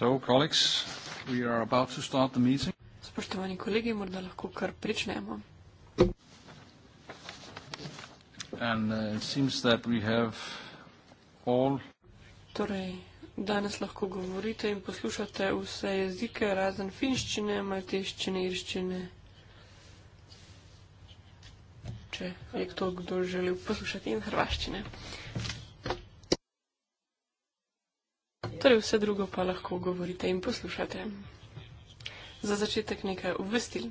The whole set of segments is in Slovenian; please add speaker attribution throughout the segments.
Speaker 1: So, colleagues, we are about to start the meeting. Spoštovani kolegi, morda lahko kar pričnemo. And uh, it seems that we have all. Torej, danes lahko govorite in poslušate vse jezike, razen finščine, malteščine, irščine. Če je to kdo želel poslušati in hrvaščine. Torej, vse drugo pa lahko govorite in poslušate. Za začetek nekaj obvestil.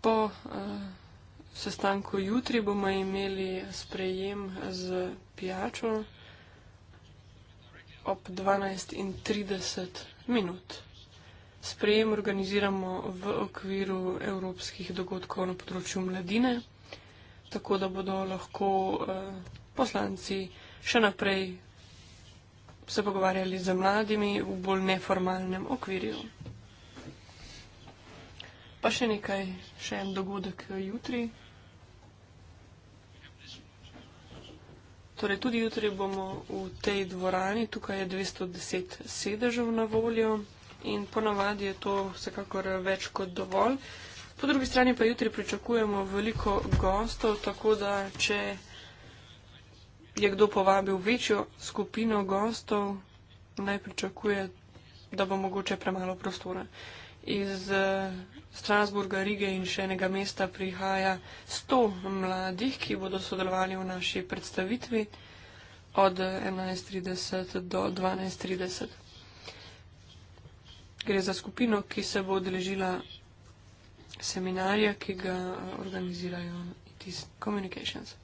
Speaker 1: Po uh, sestanku jutri bomo imeli sprejem z pijačo ob 12.30 minut. Sprejem organiziramo v okviru evropskih dogodkov na področju mladine, tako da bodo lahko uh, poslanci še naprej se pogovarjali z mladimi v bolj neformalnem okvirju. Pa še nekaj, še en dogodek jutri. Torej, tudi jutri bomo v tej dvorani, tukaj je 210 sedežev na voljo in ponavadi je to vsekakor več kot dovolj. Po drugi strani pa jutri pričakujemo veliko gostov, tako da če je kdo povabil večjo skupino gostov, naj pričakuje, da bo mogoče premalo prostora. Iz eh, Strasburga, Rige in še enega mesta prihaja 100 mladih, ki bodo sodelovali v naši predstavitvi od 11.30 do 12.30. Gre za skupino, ki se bo odeležila seminarja, ki ga eh, organizirajo ITIS Communications.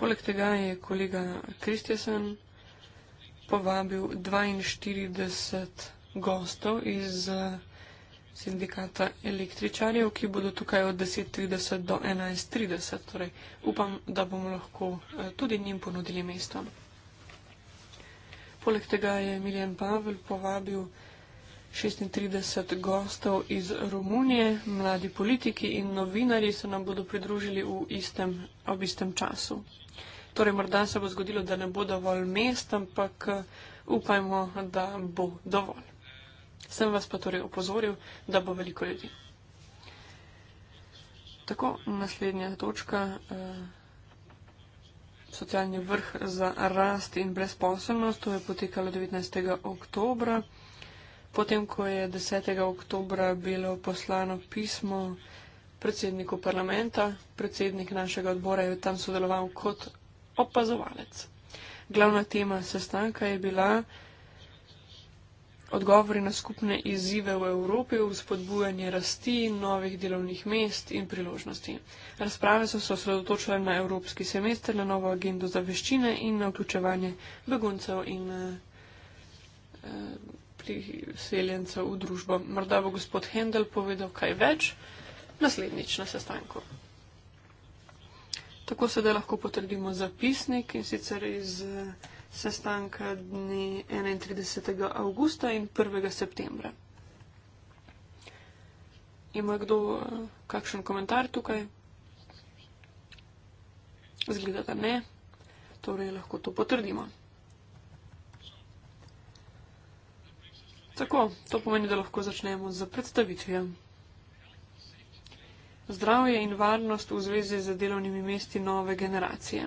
Speaker 1: Poleg tega je kolega Kristjesen povabil 42 gostov iz eh, sindikata električarjev, ki bodo tukaj od 10.30 do 11.30. Torej, upam, da bomo lahko eh, tudi njim ponudili mesto. Poleg tega je Miljen Pavel povabil 36 gostov iz Romunije, mladi politiki in novinari se nam bodo pridružili v istem, ob istem času. Torej, morda se bo zgodilo, da ne bo dovolj mest, ampak eh, upajmo, da bo dovolj. Sem vas pa torej opozoril, da bo veliko ljudi. Tako, naslednja točka. Eh, socialni vrh za rast in brezposobnost. To je potekalo 19. oktobra. Potem, ko je 10. oktobra bilo poslano pismo predsedniku parlamenta, predsednik našega odbora je tam sodeloval kot opazovalec. Glavna tema sestanka je bila odgovori na skupne izzive v Evropi, vzpodbujanje rasti, novih delovnih mest in priložnosti. Razprave so se osredotočile na evropski semester, na novo agendo za veščine in na vključevanje beguncev in eh, eh, priseljencev v družbo. Morda bo gospod Hendel povedal kaj več naslednjič na sestanku. Tako sedaj lahko potrdimo zapisnik in sicer iz eh, sestanka dni 31. augusta in 1. septembra. Ima kdo eh, kakšen komentar tukaj? Zgleda, da ne. Torej lahko to potrdimo. Tako, to pomeni, da lahko začnemo z predstavitvijo zdravje in varnost v zvezi z delovnimi mesti nove generacije.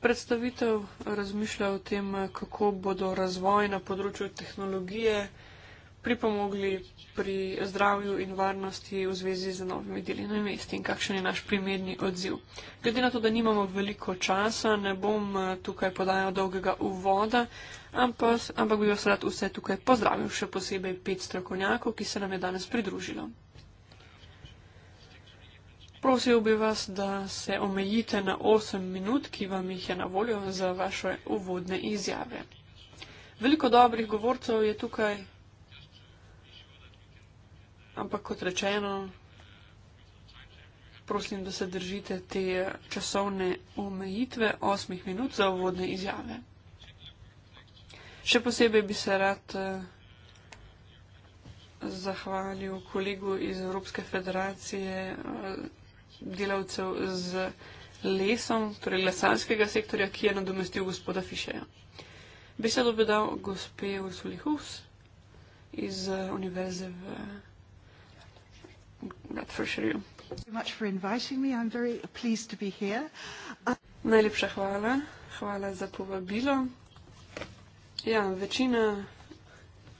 Speaker 1: Predstavitev razmišlja o tem, kako bodo razvoj na področju tehnologije pripomogli pri zdravju in varnosti v zvezi z novimi delovnimi mesti in kakšen je naš primerni odziv. Glede na to, da nimamo veliko časa, ne bom eh, tukaj podajal dolgega uvoda, ampak, ampak bi vas rad vse tukaj pozdravil, še posebej pet strokovnjakov, ki se nam je danes pridružilo. Prosil bi vas, da se omejite na 8 minut, ki vam jih je na voljo za vaše uvodne izjave. Veliko dobrih govorcev je tukaj, ampak kot rečeno, prosim, da se držite te časovne omejitve 8 minut za uvodne izjave. Še posebej bi se rad eh, zahvalil kolegu iz Evropske federacije eh, delavcev z lesom, torej lesanskega sektorja, ki je nadomestil gospoda Fišeja. Besedo bi dal gospe Ursuli Hus iz eh, Univerze v Bradfordshireju. Najlepša hvala. Hvala za povabilo. Ja, večina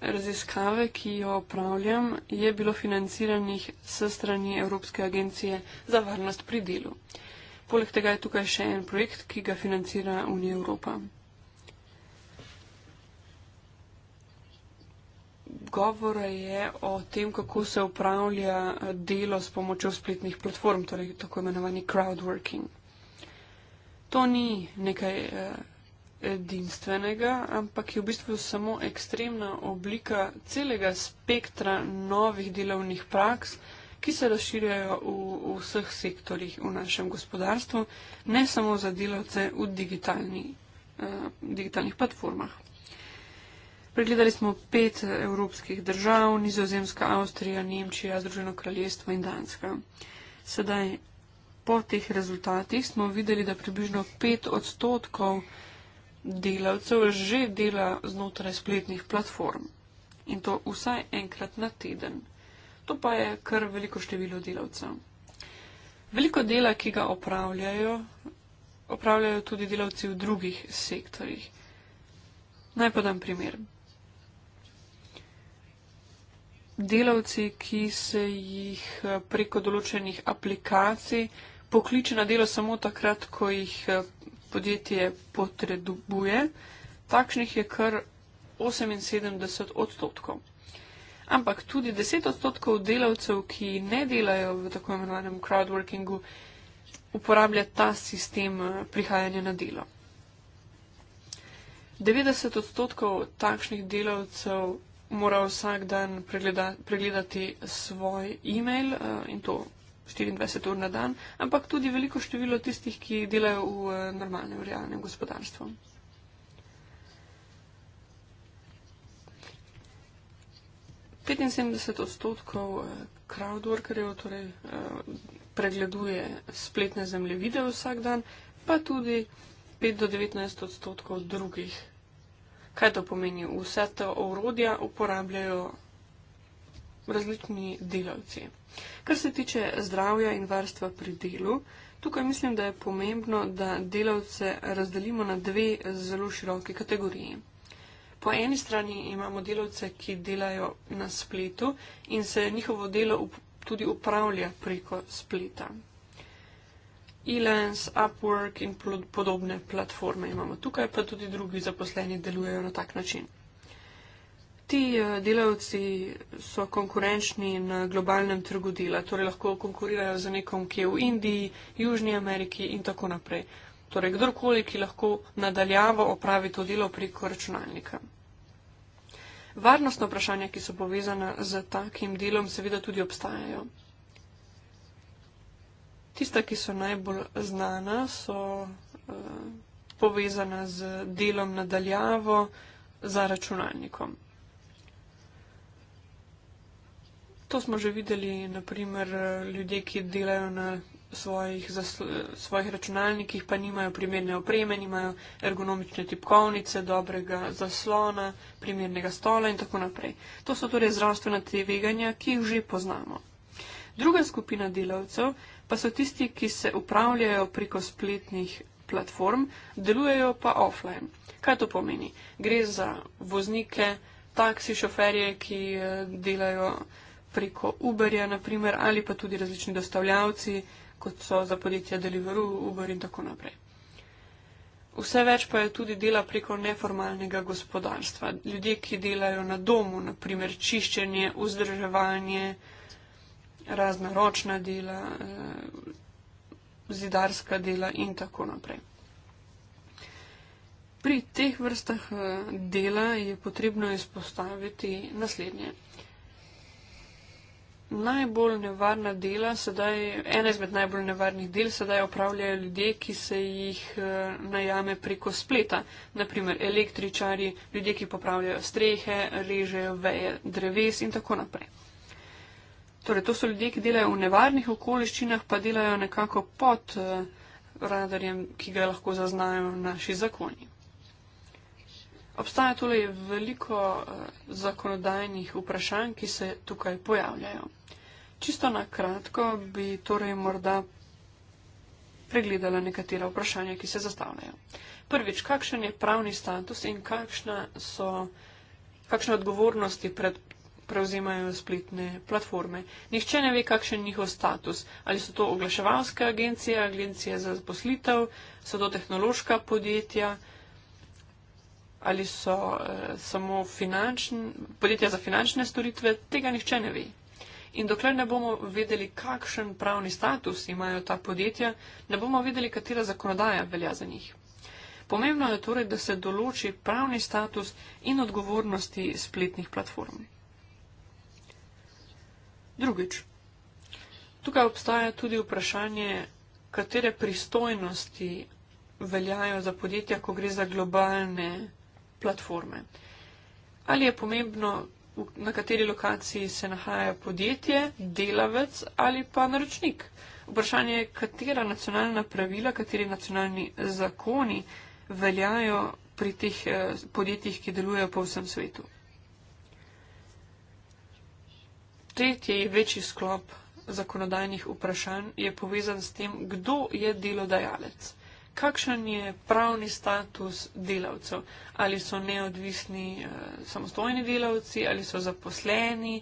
Speaker 1: raziskave, ki jo opravljam, je bilo financiranih s strani Evropske agencije za varnost pri delu. Poleg tega je tukaj še en projekt, ki ga financira Unija Evropa. Govora je o tem, kako se upravlja delo s pomočjo spletnih platform, torej tako imenovani crowdworking. To ni nekaj. Eh, edinstvenega, ampak je v bistvu samo ekstremna oblika celega spektra novih delovnih praks, ki se razširjajo v, v vseh sektorjih v našem gospodarstvu, ne samo za delavce v digitalni, uh, digitalnih platformah. Pregledali smo pet evropskih držav, Nizozemska, Avstrija, Nemčija, Združeno kraljestvo in Danska. Sedaj, po teh rezultatih smo videli, da približno pet odstotkov delavcev že dela znotraj spletnih platform in to vsaj enkrat na teden. To pa je kar veliko število delavcev. Veliko dela, ki ga opravljajo, opravljajo tudi delavci v drugih sektorjih. Naj podam primer. Delavci, ki se jih eh, preko določenih aplikacij pokliče na delo samo takrat, ko jih eh, podjetje potrebuje, takšnih je kar 78 odstotkov. Ampak tudi 10 odstotkov delavcev, ki ne delajo v tako imenovanem crowdworkingu, uporablja ta sistem eh, prihajanja na delo. 90 odstotkov takšnih delavcev mora vsak dan pregledati svoj e-mail eh, in to 24 ur na dan, ampak tudi veliko število tistih, ki delajo v eh, normalnem, realnem gospodarstvu. Petinsedemdeset odstotkov eh, crowdworkerjev torej, eh, pregleduje spletne zemljevide vsak dan, pa tudi pet do devetnajst odstotkov drugih. Kaj to pomeni? Vse ta orodja uporabljajo različni delavci. Kar se tiče zdravja in varstva pri delu, tukaj mislim, da je pomembno, da delavce razdelimo na dve zelo široke kategorije. Po eni strani imamo delavce, ki delajo na spletu in se njihovo delo up tudi upravlja preko spleta. Elance, Upwork in podobne platforme imamo tukaj, pa tudi drugi zaposleni delujejo na tak način. Ti eh, delavci so konkurenčni na globalnem trgu dela, torej lahko konkurirajo za nekom, ki je v Indiji, Južni Ameriki in tako naprej. Torej, kdorkoli, ki lahko nadaljavo opravi to delo preko računalnika. Varnostno vprašanje, ki so povezane z takim delom, seveda tudi obstajajo. Tista, ki so najbolj znana, so uh, povezana z delom nadaljavo za računalnikom. to smo že videli, naprimer, ljudje, ki delajo na svojih, svojih računalnikih, pa nimajo primerne opreme, nimajo ergonomične tipkovnice, dobrega zaslona, primernega stola in tako naprej. To so torej zdravstvena tveganja, ki jih že poznamo. Druga skupina delavcev pa so tisti, ki se upravljajo preko spletnih platform, delujejo pa offline. Kaj to pomeni? Gre za voznike, taksi, šoferje, ki eh, delajo preko Uberja, naprimer, ali pa tudi različni dostavljavci, kot so za podjetja Deliveroo, Uber in tako naprej. Vse več pa je tudi dela preko neformalnega gospodarstva. Ljudje, ki delajo na domu, naprimer čiščenje, vzdrževanje, razna ročna dela, eh, zidarska dela in tako naprej. Pri teh vrstah eh, dela je potrebno izpostaviti naslednje. Najbolj nevarna dela sedaj, ena izmed najbolj nevarnih del sedaj opravljajo ljudje, ki se jih eh, najame preko spleta. Naprimer električari, ljudje, ki popravljajo strehe, režejo veje dreves in tako naprej. Torej, to so ljudje, ki delajo v nevarnih okoliščinah, pa delajo nekako pod eh, radarjem, ki ga lahko zaznajo naši zakoni. Obstaja torej veliko uh, zakonodajnih vprašanj, ki se tukaj pojavljajo. Čisto na kratko bi torej morda pregledala nekatera vprašanja, ki se zastavljajo. Prvič, kakšen je pravni status in so, kakšne odgovornosti pred, prevzimajo spletne platforme. Nihče ne ve, kakšen je njihov status. Ali so to oglaševalske agencije, agencije za zaposlitev, so to tehnološka podjetja ali so uh, samo finančn, podjetja za finančne storitve, tega nihče ne ve. In dokler ne bomo vedeli, kakšen pravni status imajo ta podjetja, ne bomo vedeli, katera zakonodaja velja za njih. Pomembno je torej, da se določi pravni status in odgovornosti spletnih platform. Drugič. Tukaj obstaja tudi vprašanje, katere pristojnosti veljajo za podjetja, ko gre za globalne platforme. Ali je pomembno, na kateri lokaciji se nahaja podjetje, delavec ali pa naročnik? Vprašanje je, katera nacionalna pravila, kateri nacionalni zakoni veljajo pri teh eh, podjetjih, ki delujejo po vsem svetu. Tretji večji sklop zakonodajnih vprašanj je povezan s tem, kdo je delodajalec kakšen je pravni status delavcev. Ali so neodvisni eh, samostojni delavci, ali so zaposleni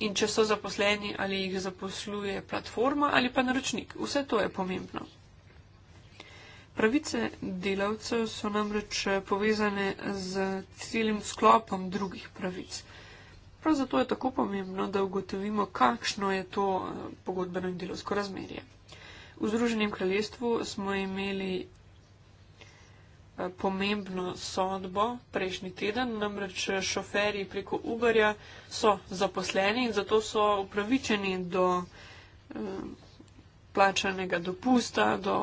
Speaker 1: in če so zaposleni, ali jih zaposluje platforma ali pa naročnik. Vse to je pomembno. Pravice delavcev so namreč eh, povezane z celim sklopom drugih pravic. Prav zato je tako pomembno, da ugotovimo, kakšno je to eh, pogodbeno in delovsko razmerje. V Združenem kraljestvu smo imeli eh, pomembno sodbo prejšnji teden, namreč eh, šoferji preko Uberja so zaposleni in zato so upravičeni do eh, plačanega dopusta, do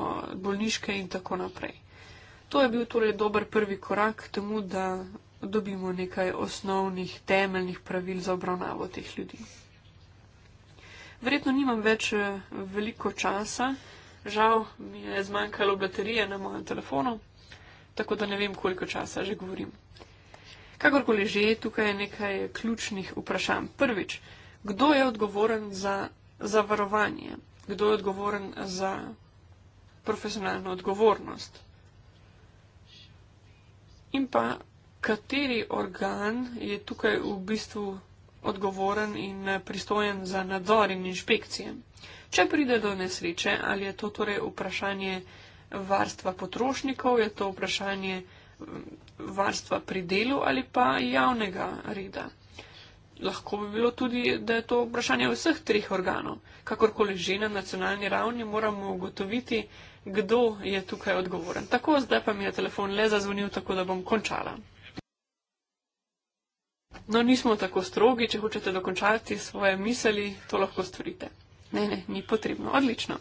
Speaker 1: bolniške in tako naprej. To je bil torej dober prvi korak k temu, da dobimo nekaj osnovnih temeljnih pravil za obravnavo teh ljudi. Verjetno nimam več eh, veliko časa, žal mi je zmanjkalo baterije na mojem telefonu, tako da ne vem, koliko časa že govorim. Kakorkoli že, tukaj je nekaj ključnih vprašanj. Prvič, kdo je odgovoren za zavarovanje? Kdo je odgovoren za profesionalno odgovornost? In pa, kateri organ je tukaj v bistvu odgovoren in eh, pristojen za nadzor in inšpekcije. Če pride do nesreče, ali je to torej vprašanje varstva potrošnikov, je to vprašanje mm, varstva pri delu ali pa javnega reda. Lahko bi bilo tudi, da je to vprašanje vseh treh organov. Kakorkoli že na nacionalni ravni moramo ugotoviti, kdo je tukaj odgovoren. Tako, zdaj pa mi je telefon le zazvonil, tako da bom končala. No, nismo tako strogi, če hočete dokončati svoje misli, to lahko storite. Ne, ne, ni potrebno. Odlično.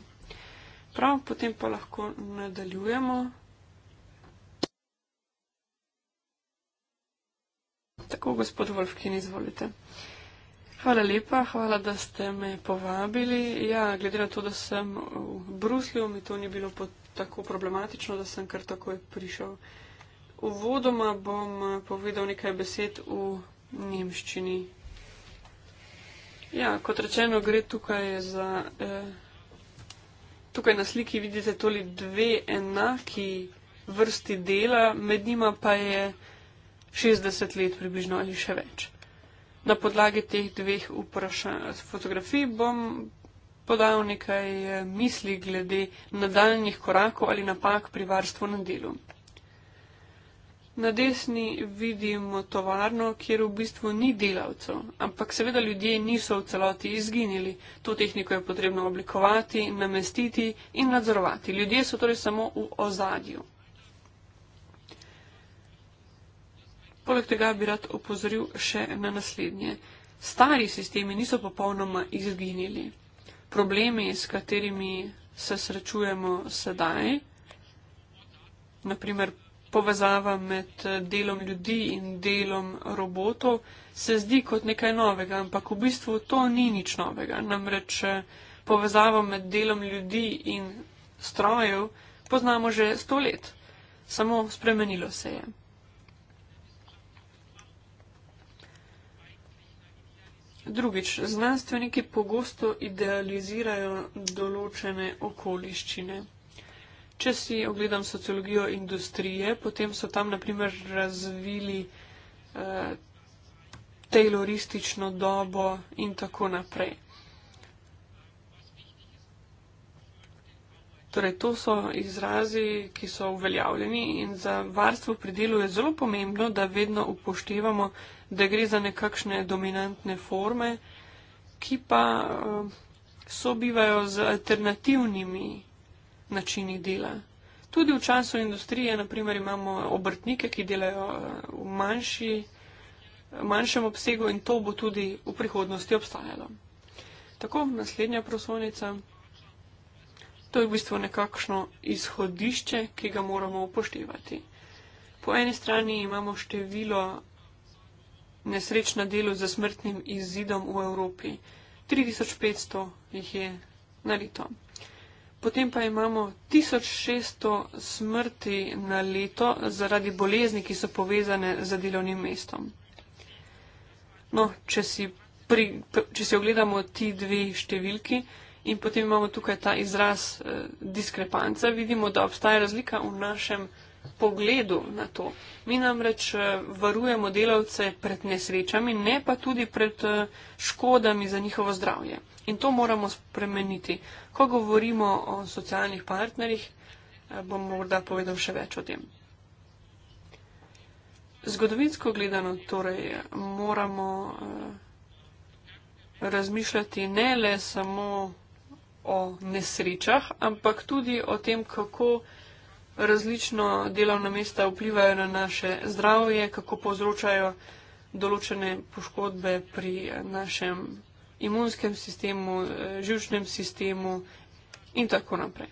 Speaker 1: Prav, potem pa lahko nadaljujemo. Tako, gospod Wolfkin, izvolite. Hvala lepa, hvala, da ste me povabili. Ja, glede na to, da sem v Bruslju, mi to ni bilo tako problematično, da sem kar takoj prišel. Uvodoma bom eh, povedal nekaj besed v nemščini. Ja, kot rečeno, gre tukaj za. Eh, tukaj na sliki vidite tudi dve enaki vrsti dela, med njima pa je 60 let približno ali še več. Na podlagi teh dveh fotografij bom podal nekaj eh, misli glede nadaljnih korakov ali napak pri varstvu na delu. Na desni vidimo tovarno, kjer v bistvu ni delavcev, ampak seveda ljudje niso v celoti izginili. To tehniko je potrebno oblikovati, namestiti in nadzorovati. Ljudje so torej samo v ozadju. Poleg tega bi rad opozoril še na naslednje. Stari sistemi niso popolnoma izginili. Problemi, s katerimi se srečujemo sedaj, naprimer povezava med eh, delom ljudi in delom robotov se zdi kot nekaj novega, ampak v bistvu to ni nič novega. Namreč eh, povezavo med delom ljudi in strojev poznamo že sto let, samo spremenilo se je. Drugič, znanstveniki pogosto idealizirajo določene okoliščine. Če si ogledam sociologijo industrije, potem so tam naprimer razvili eh, tayloristično dobo in tako naprej. Torej, to so izrazi, ki so uveljavljeni in za varstvo pri delu je zelo pomembno, da vedno upoštevamo, da gre za nekakšne dominantne forme, ki pa eh, sobivajo z alternativnimi načinih dela. Tudi v času industrije, naprimer, imamo obrtnike, ki delajo eh, v manjši, manjšem obsegu in to bo tudi v prihodnosti obstajalo. Tako, naslednja prosovnica. To je v bistvu nekakšno izhodišče, ki ga moramo upoštevati. Po eni strani imamo število nesreč na delu za smrtnim izidom v Evropi. 3500 jih je na leto potem pa imamo 1600 smrti na leto zaradi bolezni, ki so povezane z delovnim mestom. No, če si, pri, če si ogledamo ti dve številki in potem imamo tukaj ta izraz eh, diskrepanca, vidimo, da obstaja razlika v našem pogledu na to. Mi namreč eh, varujemo delavce pred nesrečami, ne pa tudi pred eh, škodami za njihovo zdravje. In to moramo spremeniti. Ko govorimo o socialnih partnerjih, eh, bom morda povedal še več o tem. Zgodovinsko gledano torej moramo eh, razmišljati ne le samo o nesrečah, ampak tudi o tem, kako različno delovna mesta vplivajo na naše zdravje, kako povzročajo določene poškodbe pri našem imunskem sistemu, eh, žilčnem sistemu in tako naprej.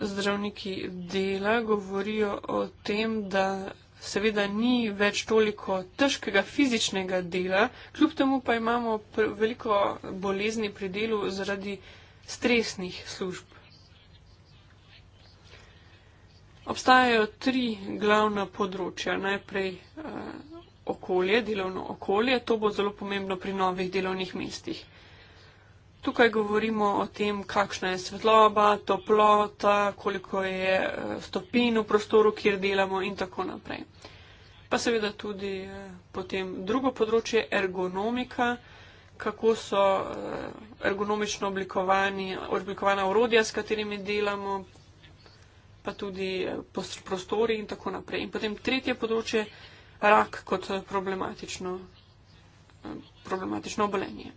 Speaker 1: Zdravniki dela govorijo o tem, da seveda ni več toliko težkega fizičnega dela, kljub temu pa imamo veliko bolezni pri delu zaradi stresnih služb. Obstajajo tri glavna področja. Najprej eh, okolje, delovno okolje, to bo zelo pomembno pri novih delovnih mestih. Tukaj govorimo o tem, kakšna je svetloba, toplota, koliko je eh, stopin v prostoru, kjer delamo in tako naprej. Pa seveda tudi eh, potem drugo področje, ergonomika, kako so eh, ergonomično oblikovana orodja, s katerimi delamo, pa tudi prostori in tako naprej. In potem tretje področje, rak kot problematično, problematično obolenje.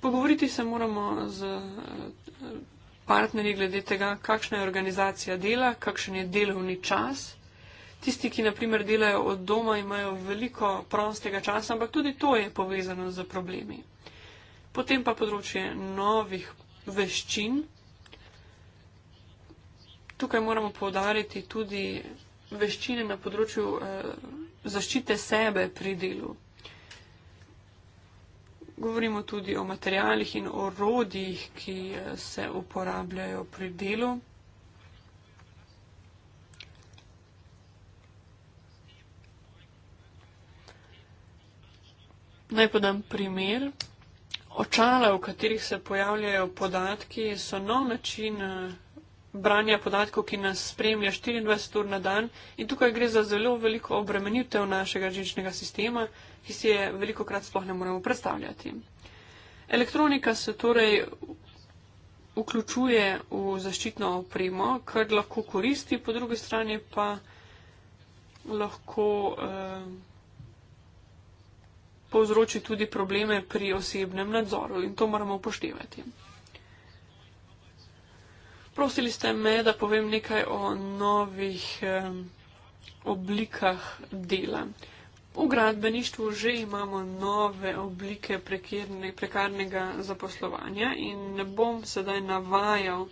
Speaker 1: Pogovoriti se moramo z partnerji glede tega, kakšna je organizacija dela, kakšen je delovni čas. Tisti, ki naprimer delajo od doma, imajo veliko prostega časa, ampak tudi to je povezano z problemi. Potem pa področje novih veščin. Tukaj moramo povdariti tudi veščine na področju eh, zaščite sebe pri delu. Govorimo tudi o materialih in orodjih, ki eh, se uporabljajo pri delu. Naj podam primer. Očala, v katerih se pojavljajo podatki, so nov način. Eh, branja podatkov, ki nas spremlja 24 ur na dan in tukaj gre za zelo veliko obremenitev našega žičnega sistema, ki si je veliko krat sploh ne moremo predstavljati. Elektronika se torej vključuje v zaščitno opremo, kar lahko koristi, po drugi strani pa lahko eh, povzroči tudi probleme pri osebnem nadzoru in to moramo upoštevati. Prosili ste me, da povem nekaj o novih eh, oblikah dela. V gradbeništvu že imamo nove oblike prekerne, prekarnega zaposlovanja in ne bom sedaj navajal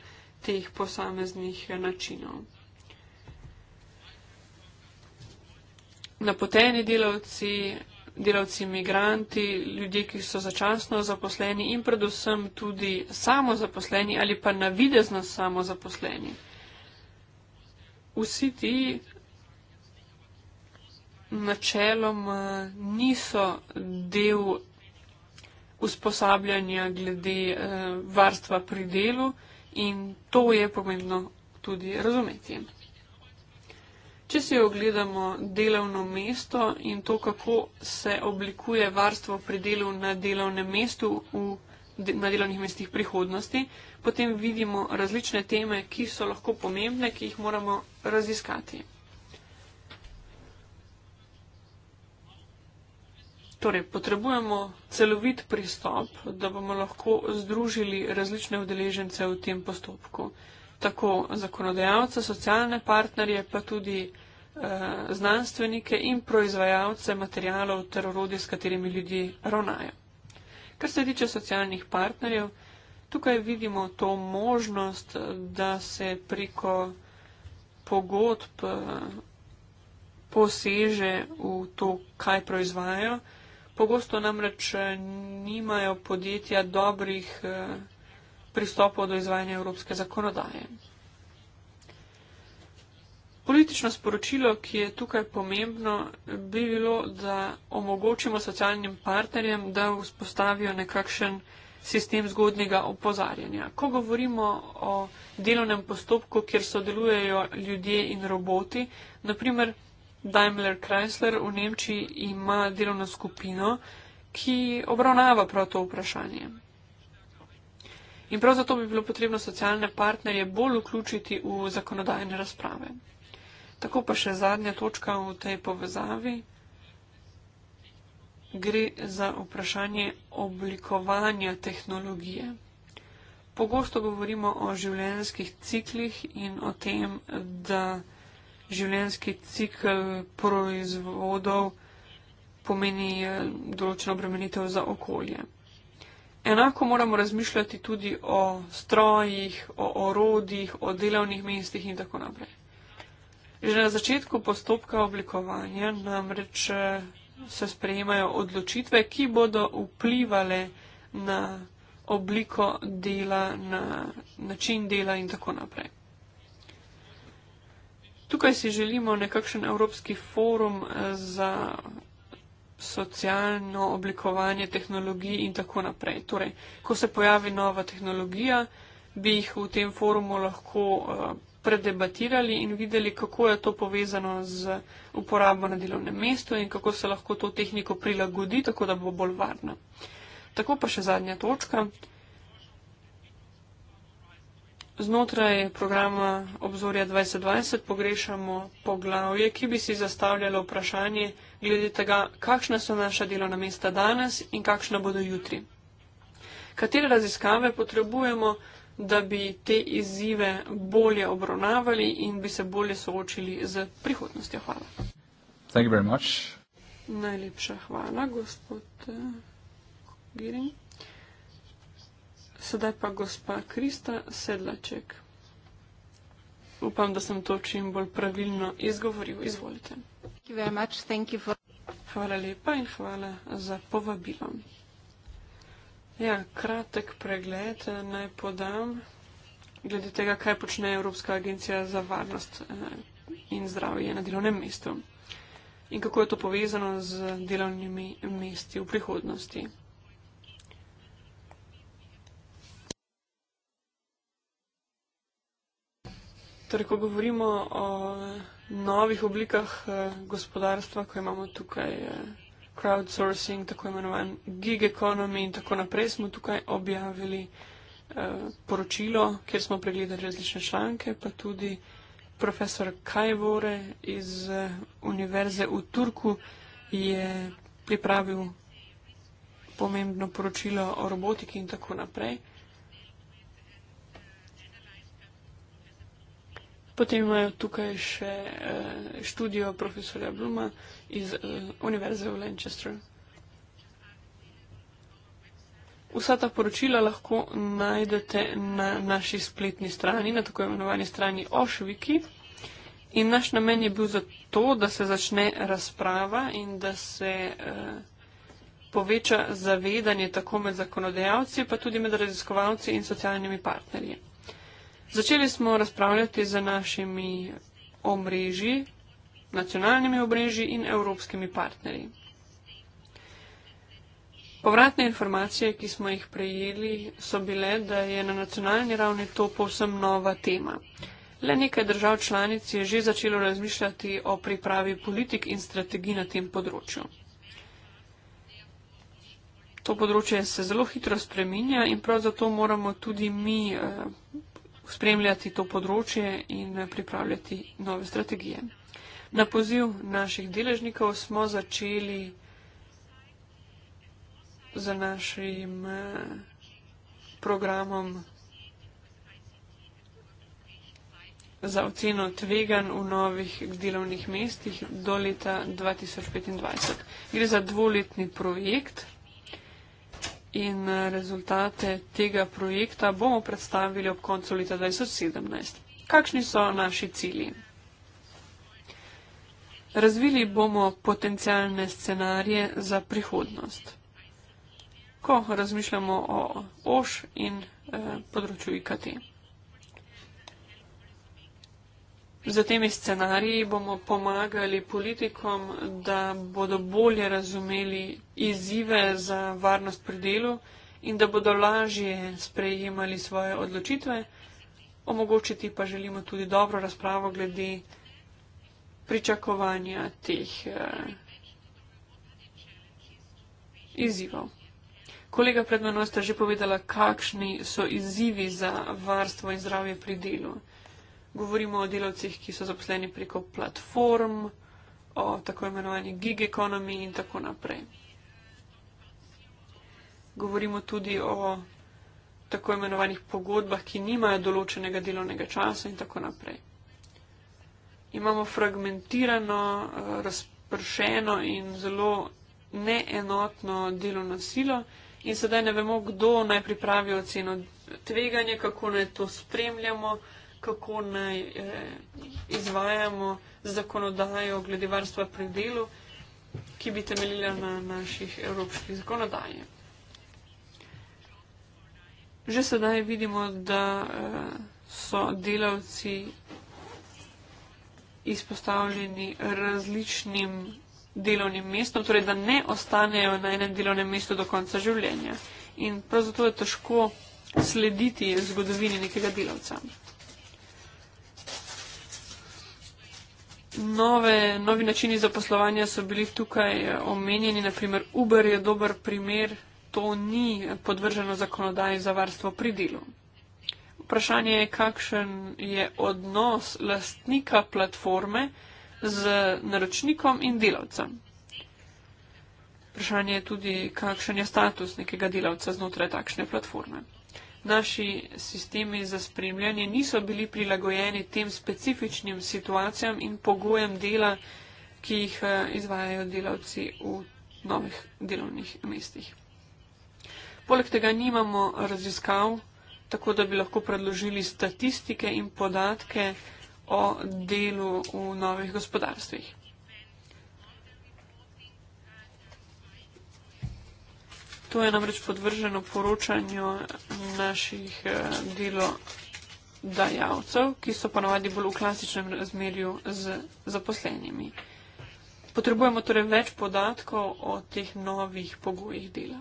Speaker 1: teh posameznih eh, načinov. Napoteni delavci delavci imigranti, ljudje, ki so začasno zaposleni in predvsem tudi samozaposleni ali pa navidezno samozaposleni. Vsi ti načelom eh, niso del usposabljanja glede eh, varstva pri delu in to je pomembno tudi razumeti. Če si ogledamo delovno mesto in to, kako se oblikuje varstvo pri delu na delovnem mestu v, na delovnih mestih prihodnosti, potem vidimo različne teme, ki so lahko pomembne, ki jih moramo raziskati. Torej, potrebujemo celovit pristop, da bomo lahko združili različne udeležence v tem postopku tako zakonodajalce, socialne partnerje, pa tudi eh, znanstvenike in proizvajalce materijalov ter orodje, s katerimi ljudje ravnajo. Kar se tiče socialnih partnerjev, tukaj vidimo to možnost, da se preko pogodb eh, poseže v to, kaj proizvajajo. Pogosto namreč eh, nimajo podjetja dobrih pristopov do izvajanja evropske zakonodaje. Politično sporočilo, ki je tukaj pomembno, bi bilo, da omogočimo socialnim partnerjem, da vzpostavijo nekakšen sistem zgodnega opozarjanja. Ko govorimo o delovnem postopku, kjer sodelujejo ljudje in roboti, naprimer Daimler Chrysler v Nemčiji ima delovno skupino, ki obravnava prav to vprašanje. In prav zato bi bilo potrebno socialne partnerje bolj vključiti v zakonodajne razprave. Tako pa še zadnja točka v tej povezavi. Gre za vprašanje oblikovanja tehnologije. Pogosto govorimo o življenjskih ciklih in o tem, da življenjski cikl proizvodov pomeni eh, določeno obremenitev za okolje. Enako moramo razmišljati tudi o strojih, o orodjih, o delovnih mestih in tako naprej. Že na začetku postopka oblikovanja namreč eh, se sprejemajo odločitve, ki bodo vplivali na obliko dela, na način dela in tako naprej. Tukaj si želimo nekakšen evropski forum eh, za socialno oblikovanje tehnologij in tako naprej. Torej, ko se pojavi nova tehnologija, bi jih v tem forumu lahko uh, predebatirali in videli, kako je to povezano z uporabo na delovnem mestu in kako se lahko to tehniko prilagodi, tako da bo bolj varna. Tako pa še zadnja točka. Znotraj programa obzorja 2020 pogrešamo poglavje, ki bi si zastavljalo vprašanje glede tega, kakšna so naša delovna mesta danes in kakšna bodo jutri. Katere raziskave potrebujemo, da bi te izzive bolje obravnavali in bi se bolje soočili z prihodnostjo?
Speaker 2: Hvala.
Speaker 1: Najlepša hvala, gospod eh, Giring. Sedaj pa gospa Krista Sedlaček. Upam, da sem to čim bolj pravilno izgovoril. Izvolite. Hvala lepa in hvala za povabilo. Ja, kratek pregled naj podam glede tega, kaj počne Evropska agencija za varnost eh, in zdravje na delovnem mestu in kako je to povezano z delovnimi mesti v prihodnosti. Torej, ko govorimo o novih oblikah eh, gospodarstva, ko imamo tukaj eh, crowdsourcing, tako imenovan gig economy in tako naprej, smo tukaj objavili eh, poročilo, kjer smo pregledali različne članke, pa tudi profesor Kajvore iz Univerze v Turku je pripravil pomembno poročilo o robotiki in tako naprej. Potem imajo tukaj še uh, študijo profesorja Bluma iz uh, Univerze v Lanchesteru. Vsa ta poročila lahko najdete na naši spletni strani, na tako imenovani strani Ošviki. In naš namen je bil zato, da se začne razprava in da se uh, poveča zavedanje tako med zakonodajalci, pa tudi med raziskovalci in socialnimi partnerji. Začeli smo razpravljati z našimi omrežji, nacionalnimi omrežji in evropskimi partnerji. Povratne informacije, ki smo jih prejeli, so bile, da je na nacionalni ravni to povsem nova tema. Le nekaj držav članic je že začelo razmišljati o pripravi politik in strategij na tem področju. To področje se zelo hitro spreminja in prav zato moramo tudi mi eh, spremljati to področje in pripravljati nove strategije. Na poziv naših deležnikov smo začeli z našim eh, programom za oceno tvegan v novih delovnih mestih do leta 2025. Gre za dvoletni projekt in eh, rezultate tega projekta bomo predstavili ob koncu leta 2017. Kakšni so naši cilji? Razvili bomo potencijalne scenarije za prihodnost. Ko razmišljamo o OŠ in eh, področju IKT. Z temi scenariji bomo pomagali politikom, da bodo bolje razumeli izzive za varnost pri delu in da bodo lažje sprejemali svoje odločitve. Omogočiti pa želimo tudi dobro razpravo glede pričakovanja teh eh, izzivov. Kolega pred mano sta že povedala, kakšni so izzivi za varstvo in zdravje pri delu. Govorimo o delavcih, ki so zaposleni preko platform, o tako imenovani gig economy in tako naprej. Govorimo tudi o tako imenovanih pogodbah, ki nimajo določenega delovnega časa in tako naprej. Imamo fragmentirano, eh, razpršeno in zelo neenotno delovno silo in sedaj ne vemo, kdo naj pripravi oceno tveganja, kako naj to spremljamo kako naj eh, izvajamo zakonodajo glede varstva pri delu, ki bi temeljila na naših evropskih zakonodaji. Že sedaj vidimo, da eh, so delavci izpostavljeni različnim delovnim mestom, torej da ne ostanejo na enem delovnem mestu do konca življenja. In prav zato je težko slediti zgodovini nekega delavca. Nove, novi načini zaposlovanja so bili tukaj eh, omenjeni, naprimer Uber je dober primer, to ni podvrženo zakonodaji za varstvo pri delu. Vprašanje je, kakšen je odnos lastnika platforme z naročnikom in delavcem. Vprašanje je tudi, kakšen je status nekega delavca znotraj takšne platforme. Naši sistemi za spremljanje niso bili prilagojeni tem specifičnim situacijam in pogojem dela, ki jih eh, izvajajo delavci v novih delovnih mestih. Poleg tega nimamo raziskav, tako da bi lahko predložili statistike in podatke o delu v novih gospodarstvih. To je namreč podvrženo poročanju naših eh, delodajalcev, ki so ponovadi bolj v klasičnem razmerju z zaposlenimi. Potrebujemo torej več podatkov o teh novih pogojih dela.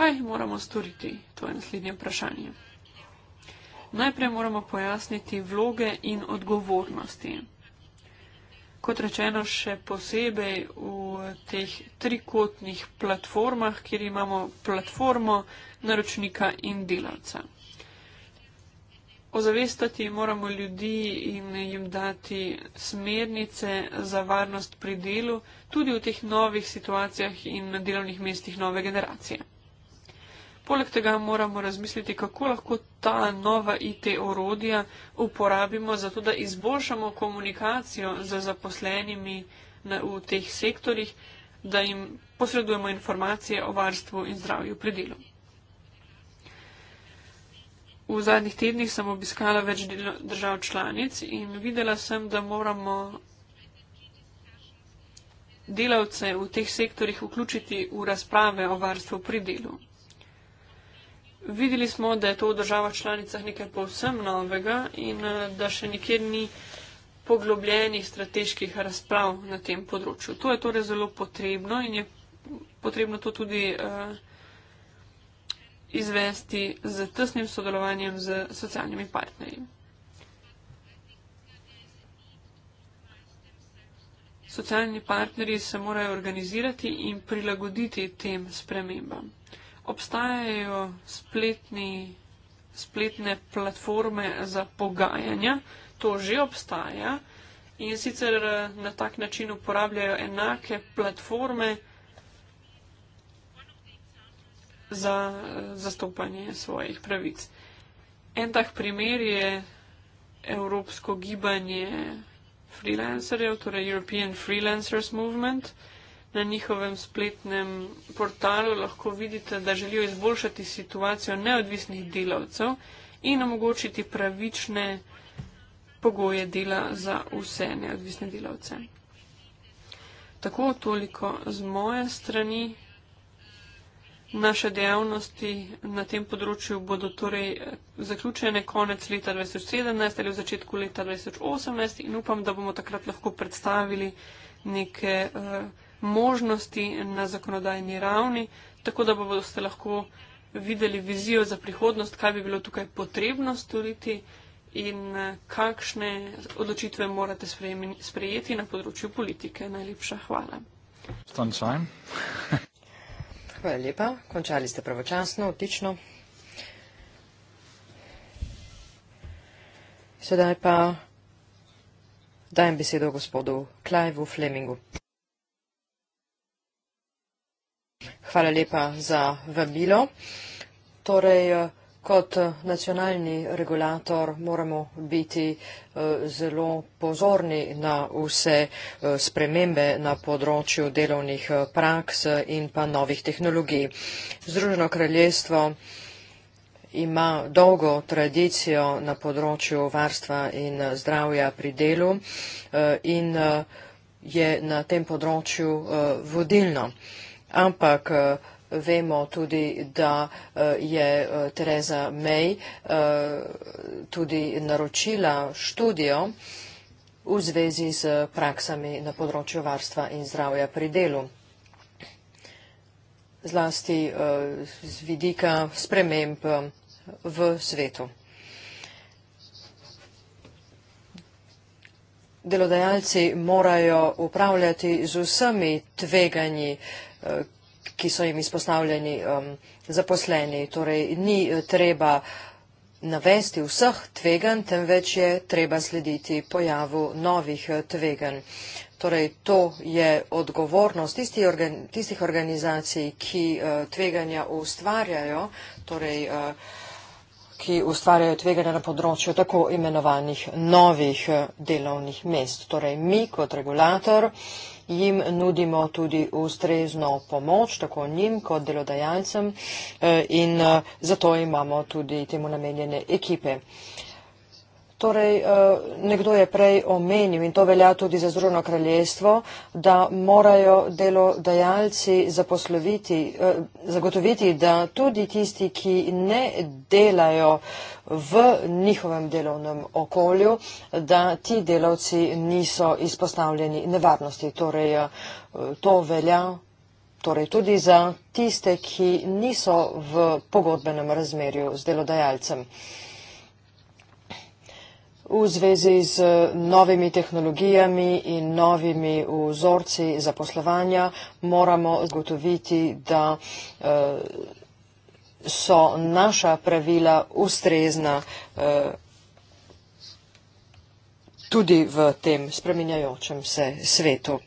Speaker 1: Kaj moramo storiti? To je naslednje vprašanje. Najprej moramo pojasniti vloge in odgovornosti kot rečeno, še posebej v teh trikotnih platformah, kjer imamo platformo naročnika in delavca. Ozavestati moramo ljudi in jim dati smernice za varnost pri delu, tudi v teh novih situacijah in na delovnih mestih nove generacije. Poleg tega moramo razmisliti, kako lahko ta nova IT orodja uporabimo za to, da izboljšamo komunikacijo z zaposlenimi na, v teh sektorjih, da jim posredujemo informacije o varstvu in zdravju pri delu. V zadnjih tednih sem obiskala več držav članic in videla sem, da moramo delavce v teh sektorjih vključiti v razprave o varstvu pri delu videli smo, da je to v državah članicah nekaj povsem novega in eh, da še nikjer ni poglobljenih strateških razprav na tem področju. To je torej zelo potrebno in je potrebno to tudi uh, izvesti z tesnim sodelovanjem z socialnimi partnerji. Socialni partnerji se morajo organizirati in prilagoditi tem spremembam obstajajo spletni, spletne platforme za pogajanja, to že obstaja in sicer eh, na tak način uporabljajo enake platforme za eh, zastopanje svojih pravic. En tak primer je Evropsko gibanje freelancerjev, torej European Freelancers Movement na njihovem spletnem portalu lahko vidite, da želijo izboljšati situacijo neodvisnih delavcev in omogočiti pravične pogoje dela za vse neodvisne delavce. Tako toliko z moje strani. Naše dejavnosti na tem področju bodo torej eh, zaključene konec leta 2017 ali v začetku leta 2018 in upam, da bomo takrat lahko predstavili neke uh, možnosti na zakonodajni ravni, tako da boste lahko videli vizijo za prihodnost, kaj bi bilo tukaj potrebno storiti in eh, kakšne odločitve morate sprejeti na področju politike. Najlepša hvala. Hvala lepa. Končali ste pravočasno, otično.
Speaker 3: Sedaj pa dajem besedo gospodu Klajvu Flemingu. Hvala lepa za vabilo. Torej, kot nacionalni regulator moramo biti eh, zelo pozorni na vse eh, spremembe na področju delovnih eh, praks in pa novih tehnologij. Združeno kraljestvo ima dolgo tradicijo na področju varstva in zdravja pri delu in je na tem področju vodilno ampak eh, vemo tudi, da eh, je eh, Tereza May tudi naročila študijo v zvezi z praksami na področju varstva in zdravja pri delu. Zlasti z vidika sprememb v svetu. Delodajalci morajo upravljati z vsemi tveganji, Eh, ki so jim izpostavljeni um, zaposleni. Torej, ni eh, treba navesti vseh tvegan, temveč je treba slediti pojavu novih eh, tvegan. Torej, to je odgovornost tisti organ, tistih organizacij, ki uh, tveganja ustvarjajo, torej, uh, ki ustvarjajo tveganja na področju tako imenovanih novih delovnih mest. Torej, mi kot regulator uh, jim nudimo tudi ustrezno pomoč, tako njim kot delodajalcem eh, in eh, zato imamo tudi temu namenjene ekipe. Torej, eh, nekdo je prej omenil in to velja tudi za Združeno kraljestvo, da morajo delodajalci eh, zagotoviti, da tudi tisti, ki ne delajo v njihovem delovnem okolju, da ti delavci niso izpostavljeni nevarnosti. Torej, eh, to velja torej, tudi za tiste, ki niso v pogodbenem razmerju z delodajalcem v zvezi z eh, novimi tehnologijami in novimi vzorci zaposlovanja moramo zagotoviti, da eh, so naša pravila ustrezna eh, tudi v tem spreminjajočem se svetu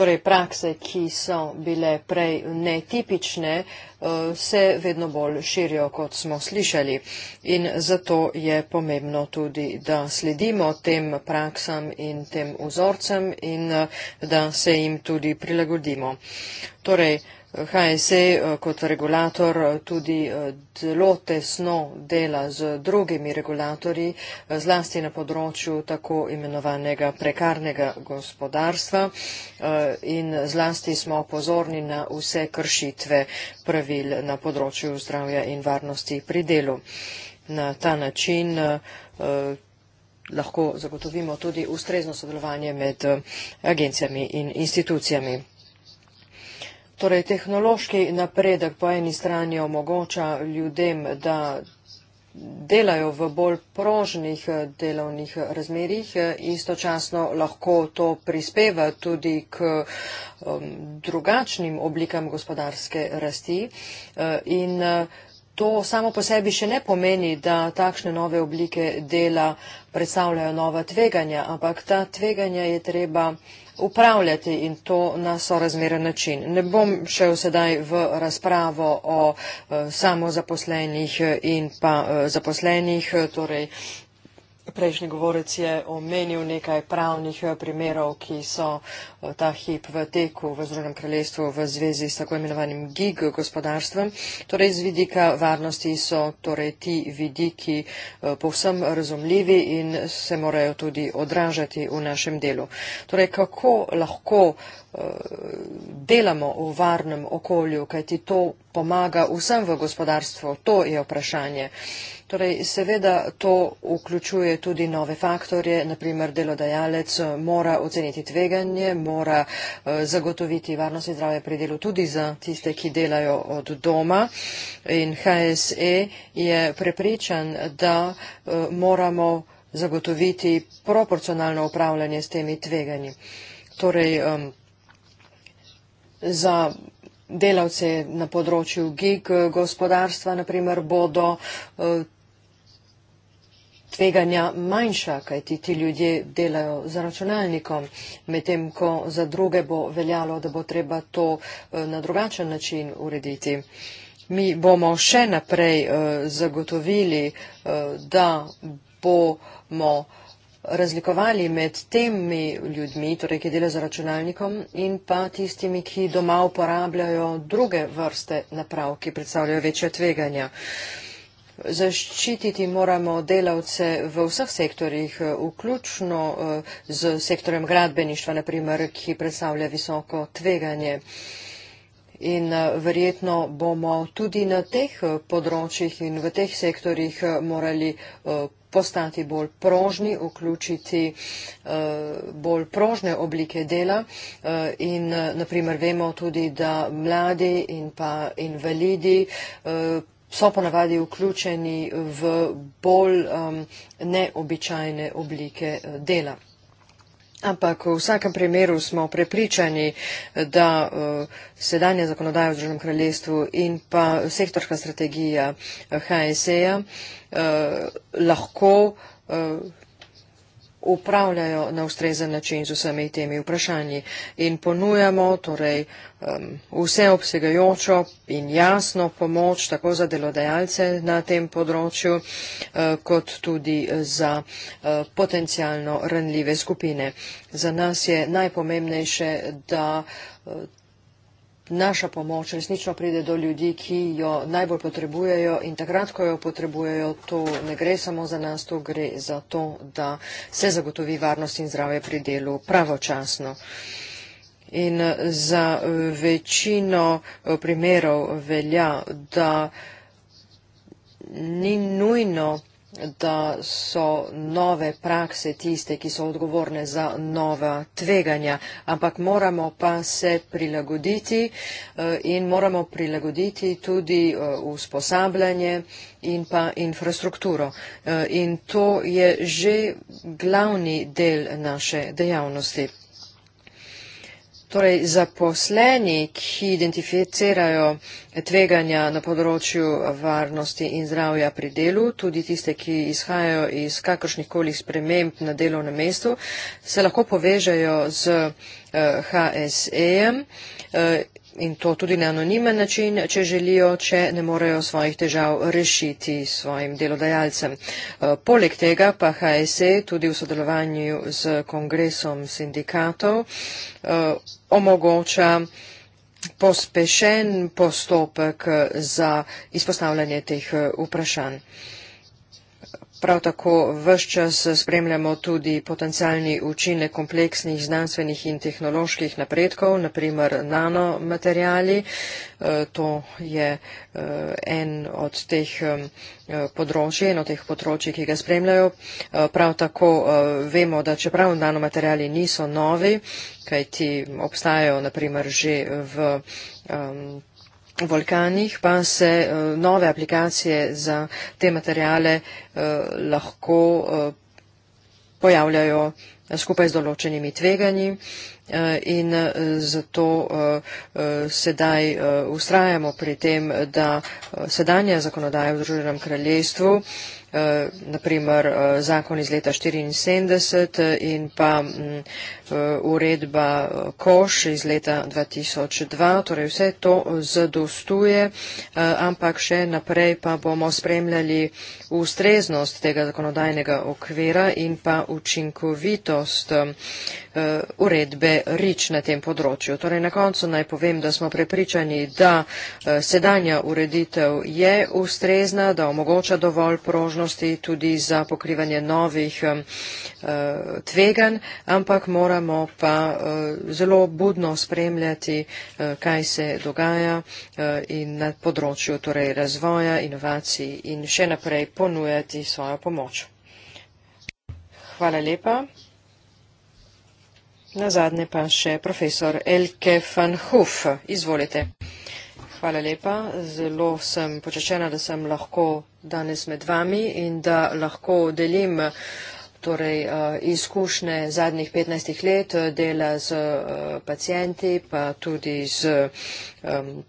Speaker 3: torej prakse, ki so bile prej netipične, eh, se vedno bolj širijo, kot smo slišali. In zato je pomembno tudi, da sledimo tem praksam in tem vzorcem in eh, da se jim tudi prilagodimo. Torej, HSE eh, kot regulator eh, tudi eh, zelo tesno dela z drugimi regulatorji, zlasti na področju tako imenovanega prekarnega gospodarstva in zlasti smo pozorni na vse kršitve pravil na področju zdravja in varnosti pri delu. Na ta način lahko zagotovimo tudi ustrezno sodelovanje med agencijami in institucijami. Torej, tehnološki napredek po eni strani omogoča ljudem, da delajo v bolj prožnih eh, delovnih eh, razmerih, eh, istočasno lahko to prispeva tudi k ehm, drugačnim oblikam gospodarske rasti. In to samo po sebi še ne pomeni, da takšne nove oblike dela predstavljajo nova tveganja, ampak ta tveganja je treba upravljati in to na sorazmeren način. Ne bom šel sedaj v razpravo o eh, samozaposlenih eh, in pa eh, zaposlenih, torej Prejšnji govorec je omenil nekaj pravnih eh, primerov, ki so eh, ta hip v teku v Združenem kraljestvu v zvezi s tako imenovanim gig gospodarstvom. Torej, z vidika varnosti so torej, ti vidiki eh, povsem razumljivi in se morajo tudi odražati v našem delu. Torej, kako lahko uh, Eh, delamo v varnem okolju, kajti to pomaga vsem v gospodarstvu, to je vprašanje. Torej, seveda to vključuje tudi nove faktorje, naprimer delodajalec eh, mora oceniti tveganje, mora eh, zagotoviti varnost in zdravje pri delu tudi za tiste, ki delajo od doma. In HSE je prepričan, da moramo zagotoviti proporcionalno upravljanje s temi tveganji. Torej, um, za delavce na področju gig gospodarstva, naprimer, bodo eh, tveganja manjša, kajti ti ljudje delajo za računalnikom, medtem ko za druge bo veljalo, da bo treba to eh, na drugačen način urediti. Mi bomo še naprej eh, zagotovili, da bomo razlikovali med temi ljudmi, torej ki delajo z računalnikom, in pa tistimi, ki doma uporabljajo druge vrste naprav, ki predstavljajo večja tveganja. Zaščititi moramo delavce v vseh sektorjih, vključno eh, z sektorjem gradbeništva, naprimer, ki predstavlja visoko tveganje in eh, verjetno bomo tudi na teh eh, področjih in v teh sektorjih eh, morali postati bolj prožni, vključiti bolj prožne oblike dela in naprimer vemo tudi, da mladi in pa invalidi so ponavadi vključeni v bolj neobičajne oblike dela. Ampak v vsakem primeru smo prepričani, da uh, sedanja zakonodaja v Združenem kraljestvu in pa sektorska strategija HSE-ja eh, uh, eh, lahko uh, upravljajo na ustrezen način z vsemi temi vprašanji in ponujamo torej um, vseobsegajočo in jasno pomoč tako za delodajalce na tem področju, uh, kot tudi eh, za uh, eh, potencijalno ranljive skupine. Za nas je najpomembnejše, da uh, naša pomoč resnično pride do ljudi, ki jo najbolj potrebujejo in takrat, ko jo potrebujejo, to ne gre samo za nas, to gre za to, da se zagotovi varnost in zdravje pri delu pravočasno. In eh, za eh, večino eh, primerov velja, da ni nujno da so nove prakse tiste, ki so odgovorne za nova tveganja, ampak moramo pa se prilagoditi eh, in moramo prilagoditi tudi eh, usposabljanje in pa infrastrukturo. Eh, in to je že glavni del naše dejavnosti. Torej, zaposleni, ki identificirajo tveganja na področju varnosti in zdravja pri delu, tudi tiste, ki izhajajo iz kakršnih koli sprememb na delovnem mestu, se lahko povežajo z HSE-jem eh, in to tudi na anonimen način, če želijo, če ne morejo svojih težav rešiti svojim delodajalcem. E, poleg tega pa HSE tudi v sodelovanju z kongresom sindikatov e, omogoča pospešen postopek za izpostavljanje teh e, vprašanj. Prav tako vse čas spremljamo tudi potencijalni učinek kompleksnih znanstvenih in tehnoloških napredkov, naprimer nanomaterijali. E, to je e, en od teh e, področji, eno teh področji, ki ga spremljajo. Prav tako vemo, da čeprav nanomaterijali niso novi, kaj ti obstajajo naprimer že v v Balkanih, pa se uh, nove aplikacije za te materijale uh, eh, lahko uh, pojavljajo skupaj z določenimi tveganji in zato sedaj ustrajamo pri tem, da sedanja zakonodaja v Združenem kraljestvu Eh, naprimer eh, zakon iz leta 1974 eh, in pa mm, uredba Koš iz leta 2002. Torej vse to zadostuje, ampak še naprej pa bomo spremljali ustreznost tega zakonodajnega okvira in pa učinkovitost uredbe Rič na tem področju. Torej na koncu naj povem, da smo prepričani, da sedanja ureditev je ustrezna, da omogoča dovolj prožnost, možnosti tudi za pokrivanje novih eh, tvegan, ampak moramo pa eh, zelo budno spremljati, eh, kaj se dogaja in na področju torej, razvoja, inovacij in še naprej ponujati svojo pomoč. Hvala lepa. Na zadnje pa še profesor Elke van Hoof. Izvolite. Uh, Hvala lepa. Zelo sem počešena, da sem lahko danes med vami in da lahko delim torej, eh, izkušnje zadnjih 15 let eh, dela z eh, pacijenti, pa tudi z um,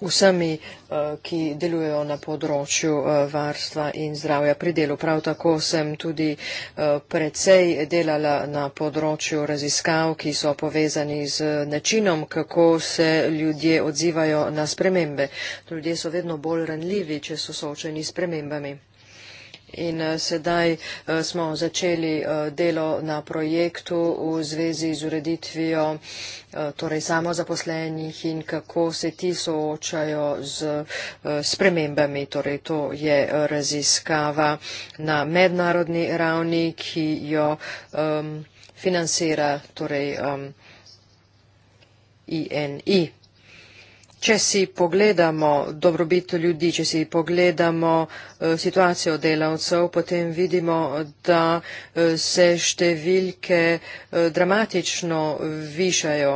Speaker 3: vsemi, eh, ki delujejo na področju eh, varstva in zdravja pri delu. Prav tako sem tudi eh, precej delala na področju raziskav, ki so povezani z načinom, kako se ljudje odzivajo na spremembe. Ljudje so vedno bolj ranljivi, če so soočeni s spremembami. In eh, sedaj eh, smo začeli eh, delo na projektu v zvezi z ureditvijo torej samozaposlenih in kako se ti soočajo z spremembami. Torej, to je raziskava na mednarodni ravni, ki jo um, financira torej, um, INI. Če si pogledamo dobrobit ljudi, če si pogledamo eh, situacijo delavcev, potem vidimo, da eh, se številke eh, dramatično višajo.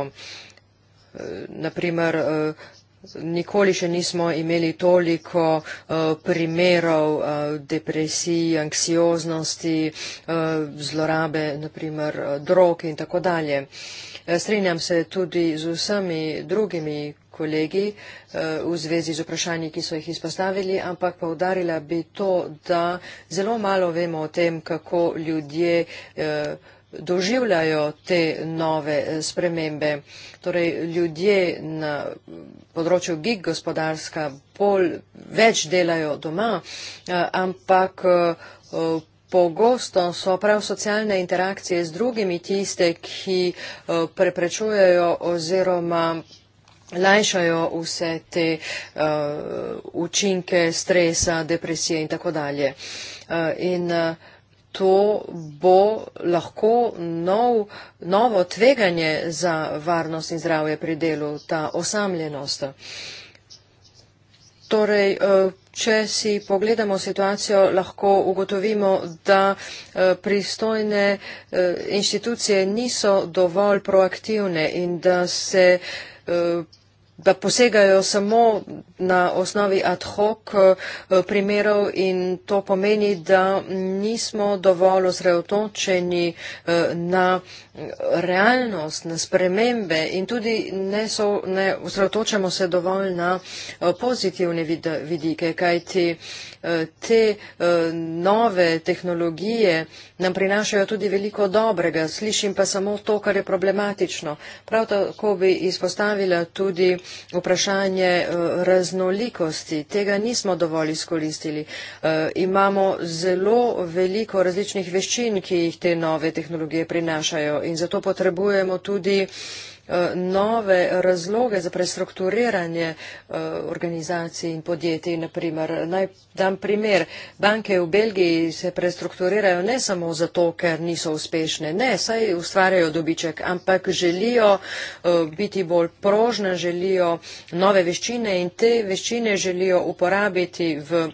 Speaker 3: Naprimer, nikoli še nismo imeli toliko primerov depresij, anksioznosti, zlorabe, naprimer, droge in tako dalje. Eh, Strenjam se tudi z vsemi drugimi kolegi eh, v zvezi z vprašanji, ki so jih izpostavili, ampak povdarila bi to, da zelo malo vemo o tem, kako ljudje eh, doživljajo te nove spremembe. Torej, ljudje na področju gig gospodarska bolj več delajo doma, ampak Pogosto so prav socialne interakcije z drugimi tiste, ki eh, preprečujejo oziroma lajšajo vse te uh, učinke stresa, depresije in tako dalje. Uh, in uh, to bo lahko nov, novo tveganje za varnost in zdravje pri delu, ta osamljenost. Torej, uh, Če si pogledamo situacijo, lahko ugotovimo, da eh, pristojne eh, inštitucije niso dovolj proaktivne in da se eh, da posegajo samo na osnovi ad hoc primerov in to pomeni, da nismo dovolj osredotočeni na realnost, na spremembe in tudi ne, so, ne osredotočamo se dovolj na eh, pozitivne vidike, kajti eh, te eh, nove tehnologije nam prinašajo tudi veliko dobrega, slišim pa samo to, kar je problematično. Prav tako bi izpostavila tudi vprašanje raznolikosti. Tega nismo dovolj izkoristili. Imamo zelo veliko različnih veščin, ki jih te nove tehnologije prinašajo in zato potrebujemo tudi eh, nove razloge za prestrukturiranje eh, organizacij in podjetij. Naprimer. Naj dam primer. Banke v Belgiji se prestrukturirajo ne samo zato, ker niso uspešne, ne, saj ustvarjajo dobiček, ampak želijo eh, biti bolj prožne, želijo nove veščine in te veščine želijo uporabiti v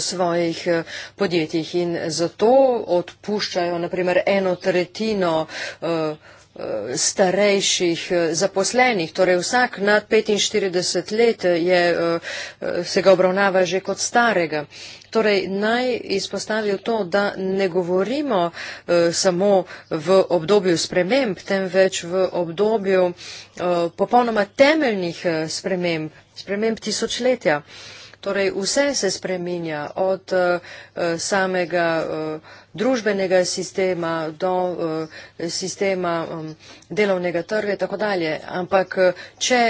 Speaker 3: svojih eh, podjetjih in zato odpuščajo naprimer eno tretjino eh, eh, starejših zaposlenih, torej vsak nad 45 let je, se ga obravnava že kot starega. Torej, naj izpostavil to, da ne govorimo samo v obdobju sprememb, temveč v obdobju popolnoma temeljnih sprememb, sprememb tisočletja. Torej, vse se spreminja od eh, samega eh, družbenega sistema do eh, sistema mm, delovnega trga in tako dalje. Ampak, če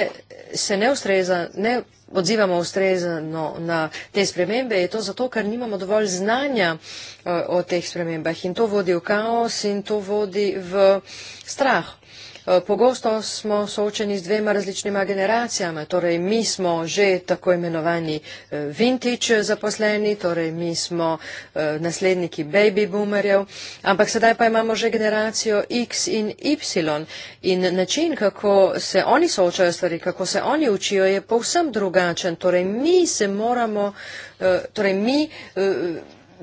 Speaker 3: se ne ustreza, ne odzivamo ustrezano na te spremembe, je to zato, ker nimamo dovolj znanja o teh spremembah in to vodi v kaos in to vodi v strah. Eh, pogosto smo soočeni z dvema različnima generacijama, torej mi smo že tako imenovani eh, vintage zaposleni, torej mi smo eh, nasledniki baby boomerjev, ampak sedaj pa imamo že generacijo X in Y in način, kako se oni soočajo stvari, kako se oni učijo, je povsem drugačen. Torej mi se moramo, torej mi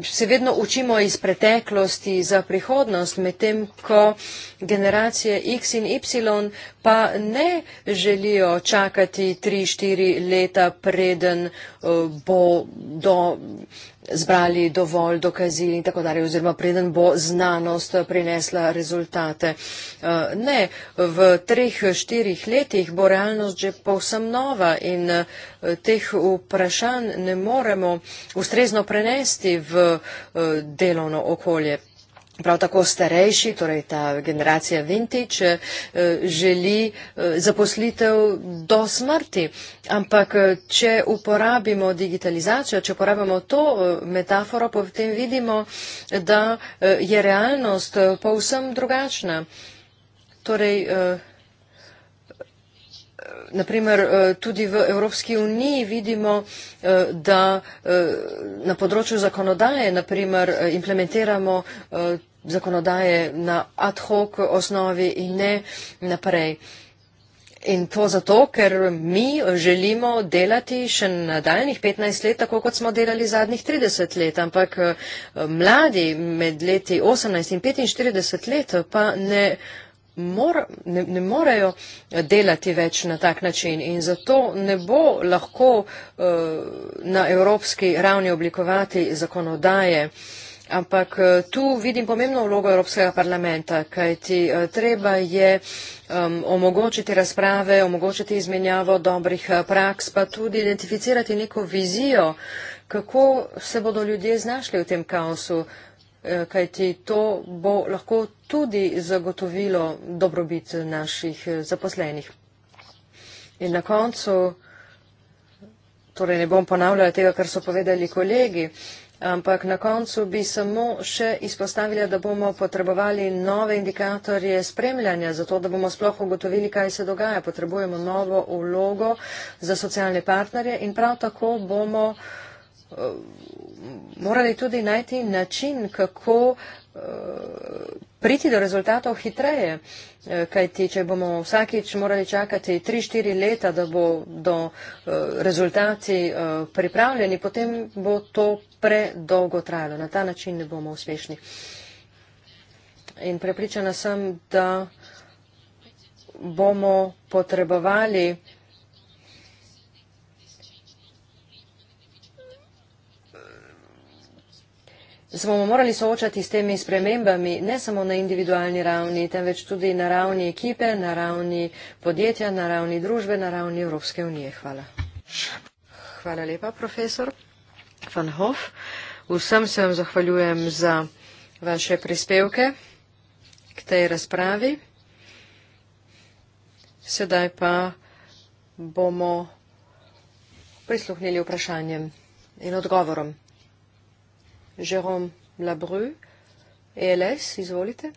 Speaker 3: se vedno učimo iz preteklosti za prihodnost, medtem ko generacije X in Y pa ne želijo čakati 3-4 leta preden eh, bo do zbrali dovolj dokazil in tako dalje, oziroma preden bo znanost prinesla rezultate. Eh, ne, v treh, štirih letih bo realnost že povsem nova in eh, teh vprašanj ne moremo ustrezno prenesti v eh, delovno okolje. Prav tako starejši, torej ta generacija vintage, eh, želi eh, zaposlitev do smrti. Ampak, eh, če uporabimo digitalizacijo, če uporabimo to metaforo, potem vidimo, da je realnost povsem drugačna. Torej, Naprimer, eh, tudi v Evropski uniji vidimo, eh, da eh, na področju zakonodaje naprimer, implementiramo zakonodaje na ad hoc osnovi in ne naprej. In to zato, ker mi želimo delati še nadaljnih 15 let, tako kot smo delali zadnjih 30 let, ampak mladi med leti 18 in 45 let pa ne mor, ne, ne morejo delati več na tak način in zato ne bo lahko uh, na evropski ravni oblikovati zakonodaje. Ampak eh, tu vidim pomembno vlogo Evropskega parlamenta, kajti eh, treba je um, omogočiti razprave, omogočiti izmenjavo dobrih praks, pa tudi identificirati neko vizijo, kako se bodo ljudje znašli v tem kaosu, uh, Eh, kajti to bo lahko tudi zagotovilo dobrobit naših eh, zaposlenih. In na koncu, torej ne bom ponavljala tega, kar so povedali kolegi, ampak na koncu bi samo še izpostavila, da bomo potrebovali nove indikatorje spremljanja, zato da bomo sploh ugotovili, kaj se dogaja. Potrebujemo novo vlogo za socialne partnerje in prav tako bomo morali tudi najti način, kako eh, priti do rezultatov hitreje, eh, kajti če bomo vsakič morali čakati 3-4 leta, da bo do eh, rezultati pripravljeni, potem bo to predolgo trajalo. Na ta način ne bomo uspešni. In prepričana sem, da bomo potrebovali da se bomo morali soočati s temi spremembami ne samo na individualni ravni, temveč tudi na ravni ekipe, na ravni podjetja, na ravni družbe, na ravni Evropske unije. Hvala. Hvala lepa, profesor Van Hof. Vsem se vam zahvaljujem za vaše prispevke k tej razpravi. Sedaj pa bomo prisluhnili vprašanjem in odgovorom. Jérôme Labru, ELS, izvolite.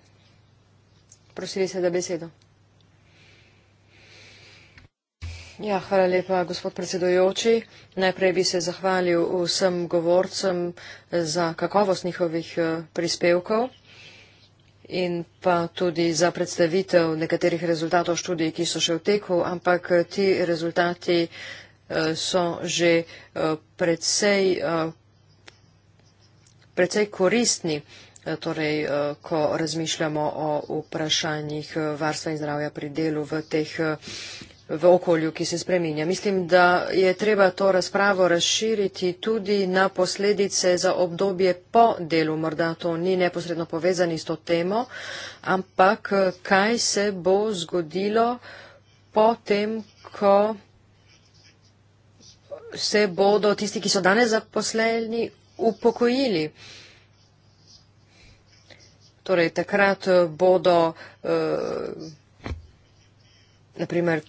Speaker 3: Prosili se, da besedo. Ja, hvala lepa, gospod predsedojoči. Najprej bi se zahvalil vsem govorcem za kakovost njihovih eh, prispevkov in pa tudi za predstavitev nekaterih rezultatov študij, ki so še v teku, ampak eh, ti rezultati eh, so že predvsej precej koristni, eh, torej, eh, ko razmišljamo o vprašanjih eh, varstva in zdravja pri delu v teh v okolju, ki se spreminja. Mislim, da je treba to razpravo razširiti tudi na posledice za obdobje po delu. Morda to ni neposredno povezani s to temo, ampak kaj se bo zgodilo potem, ko se bodo tisti, ki so danes zaposleni, upokojili. Torej, takrat bodo eh, naprimer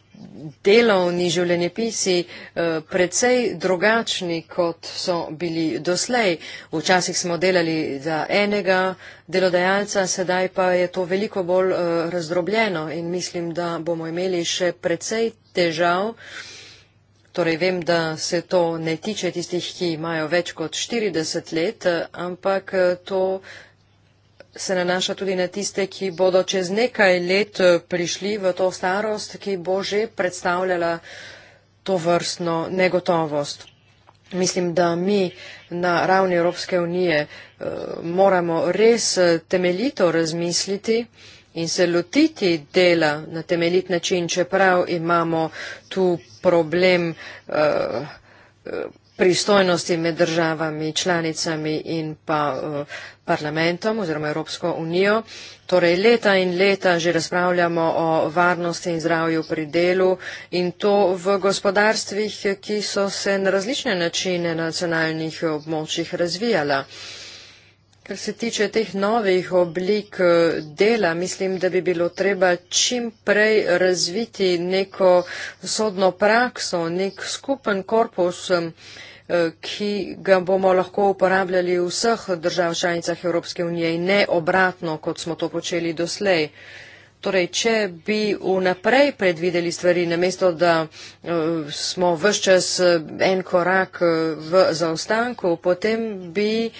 Speaker 3: delovni življenjepisi eh, precej drugačni, kot so bili doslej. Včasih smo delali za enega delodajalca, sedaj pa je to veliko bolj eh, razdrobljeno in mislim, da bomo imeli še precej težav. Eh, Torej vem, da se to ne tiče tistih, ki imajo več kot 40 let, ampak to se nanaša tudi na tiste, ki bodo čez nekaj let prišli v to starost, ki bo že predstavljala to vrstno negotovost. Mislim, da mi na ravni Evropske unije eh, moramo res temeljito razmisliti, in se lotiti dela na temeljit način, čeprav imamo tu problem eh, eh, pristojnosti med državami, članicami in pa eh, parlamentom oziroma Evropsko unijo. Torej leta in leta že razpravljamo o varnosti in zdravju pri delu in to v gospodarstvih, ki so se na različne načine na nacionalnih območjih razvijala. Kar se tiče teh novih oblik eh, dela, mislim, da bi bilo treba čim prej razviti neko sodno prakso, nek skupen korpus eh, ki ga bomo lahko uporabljali v vseh držav članicah Evropske unije in ne obratno, kot smo to počeli doslej. Torej, če bi vnaprej predvideli stvari, namesto da uh, smo vse čas en korak v zaostanku, potem bi uh,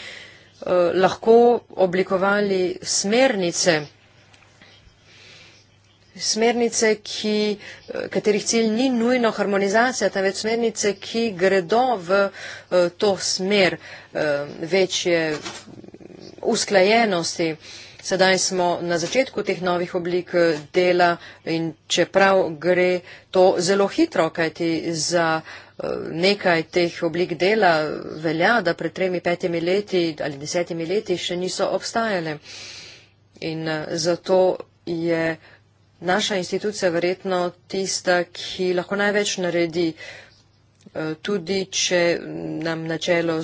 Speaker 3: Eh, lahko oblikovali smernice, smernice, ki, eh, katerih cilj ni nujno harmonizacija, temveč smernice, ki gredo v eh, to smer večje usklajenosti. Sedaj smo na začetku teh novih oblik eh, dela in čeprav gre to zelo hitro, kajti za eh, nekaj teh oblik dela eh, velja, da pred tremi, petimi leti ali desetimi leti še niso obstajale. In zato je naša institucija verjetno tista, ki lahko največ naredi, tudi če mm, nam na čelo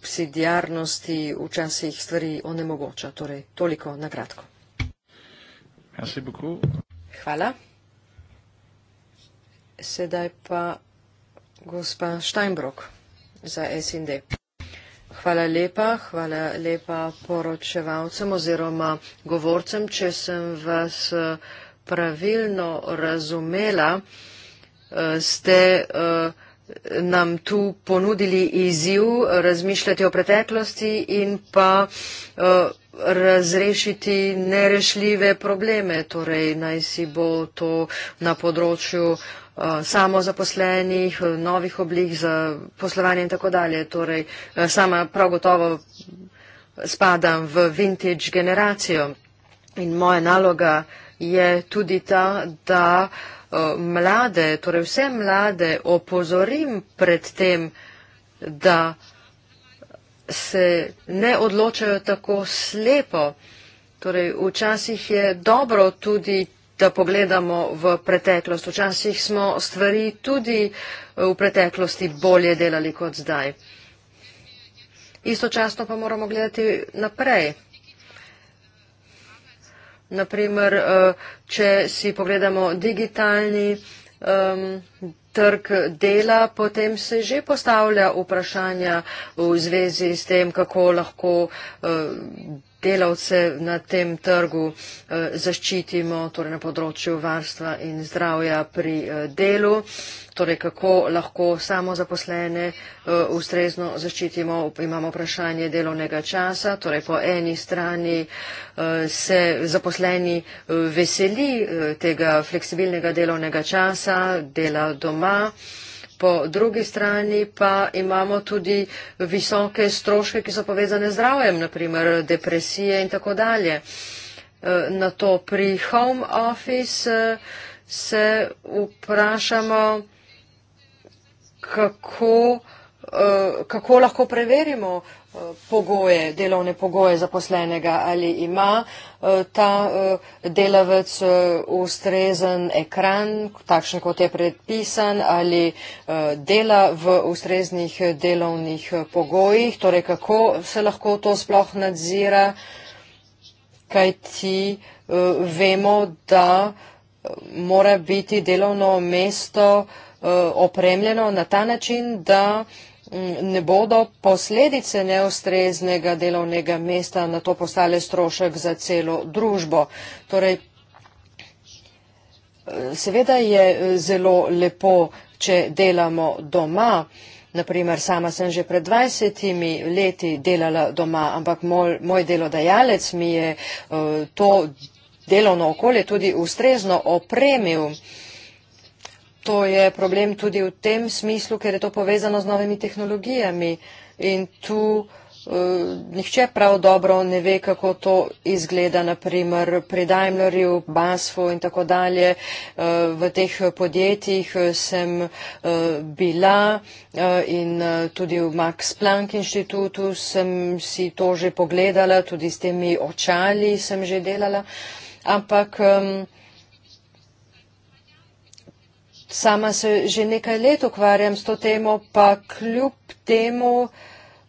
Speaker 3: subsidijarnosti včasih stvari onemogoča. Torej, toliko na kratko. Hvala. Sedaj pa gospa Steinbrock za SND. Hvala lepa, hvala lepa poročevalcem oziroma govorcem, če sem vas eh, pravilno razumela, eh, ste uh, nam tu ponudili izziv razmišljati o preteklosti in pa uh, razrešiti nerešljive probleme, torej naj si bo to na področju eh, samozaposlenih, novih oblik za poslovanje in tako dalje. Torej, eh, sama prav gotovo spadam v vintage generacijo in moja naloga je tudi ta, da uh, mlade, torej vse mlade opozorim pred tem, da se ne odločajo tako slepo. Torej, včasih je dobro tudi, da pogledamo v preteklost. Včasih smo stvari tudi eh, v preteklosti bolje delali kot zdaj. Istočasno pa moramo gledati naprej naprimer, eh, če si pogledamo digitalni um, trg dela, potem se že postavlja vprašanja v zvezi s tem, kako lahko uh, delavce na tem trgu eh, zaščitimo, torej na področju varstva in zdravja pri eh, delu, torej kako lahko samo zaposlene eh, ustrezno zaščitimo, imamo vprašanje delovnega časa, torej po eni strani se zaposleni veseli tega fleksibilnega delovnega časa, dela doma po drugi strani pa imamo tudi visoke stroške, ki so povezane z zdravjem, naprimer depresije in tako dalje. E, na to pri home office e, se vprašamo, kako, e, kako lahko preverimo, pogoje, delovne pogoje zaposlenega, ali ima eh, ta eh, delavec eh, ustrezen ekran, takšen kot je predpisan, ali dela v ustreznih delovnih pogojih, torej kako se lahko to sploh nadzira, kaj ti vemo, da mora biti delovno mesto opremljeno na ta način, da ne bodo posledice neustreznega delovnega mesta na to postale strošek za celo družbo. Torej, seveda je zelo lepo, če delamo doma. Naprimer, sama sem že pred 20 leti delala doma, ampak moj, moj delodajalec mi je uh, to delovno okolje tudi ustrezno opremil. Uh, To je problem tudi v tem smislu, ker je to povezano z novimi tehnologijami in tu uh, nihče prav dobro ne ve, kako to izgleda, naprimer pri Daimlerju, Basfu in tako dalje. Uh, v teh podjetjih eh, sem uh, bila uh, in uh, tudi v Max Planck inštitutu sem si to že pogledala, tudi s temi očali sem že delala, ampak um, Sama se že nekaj let ukvarjam s to temo, pa kljub temu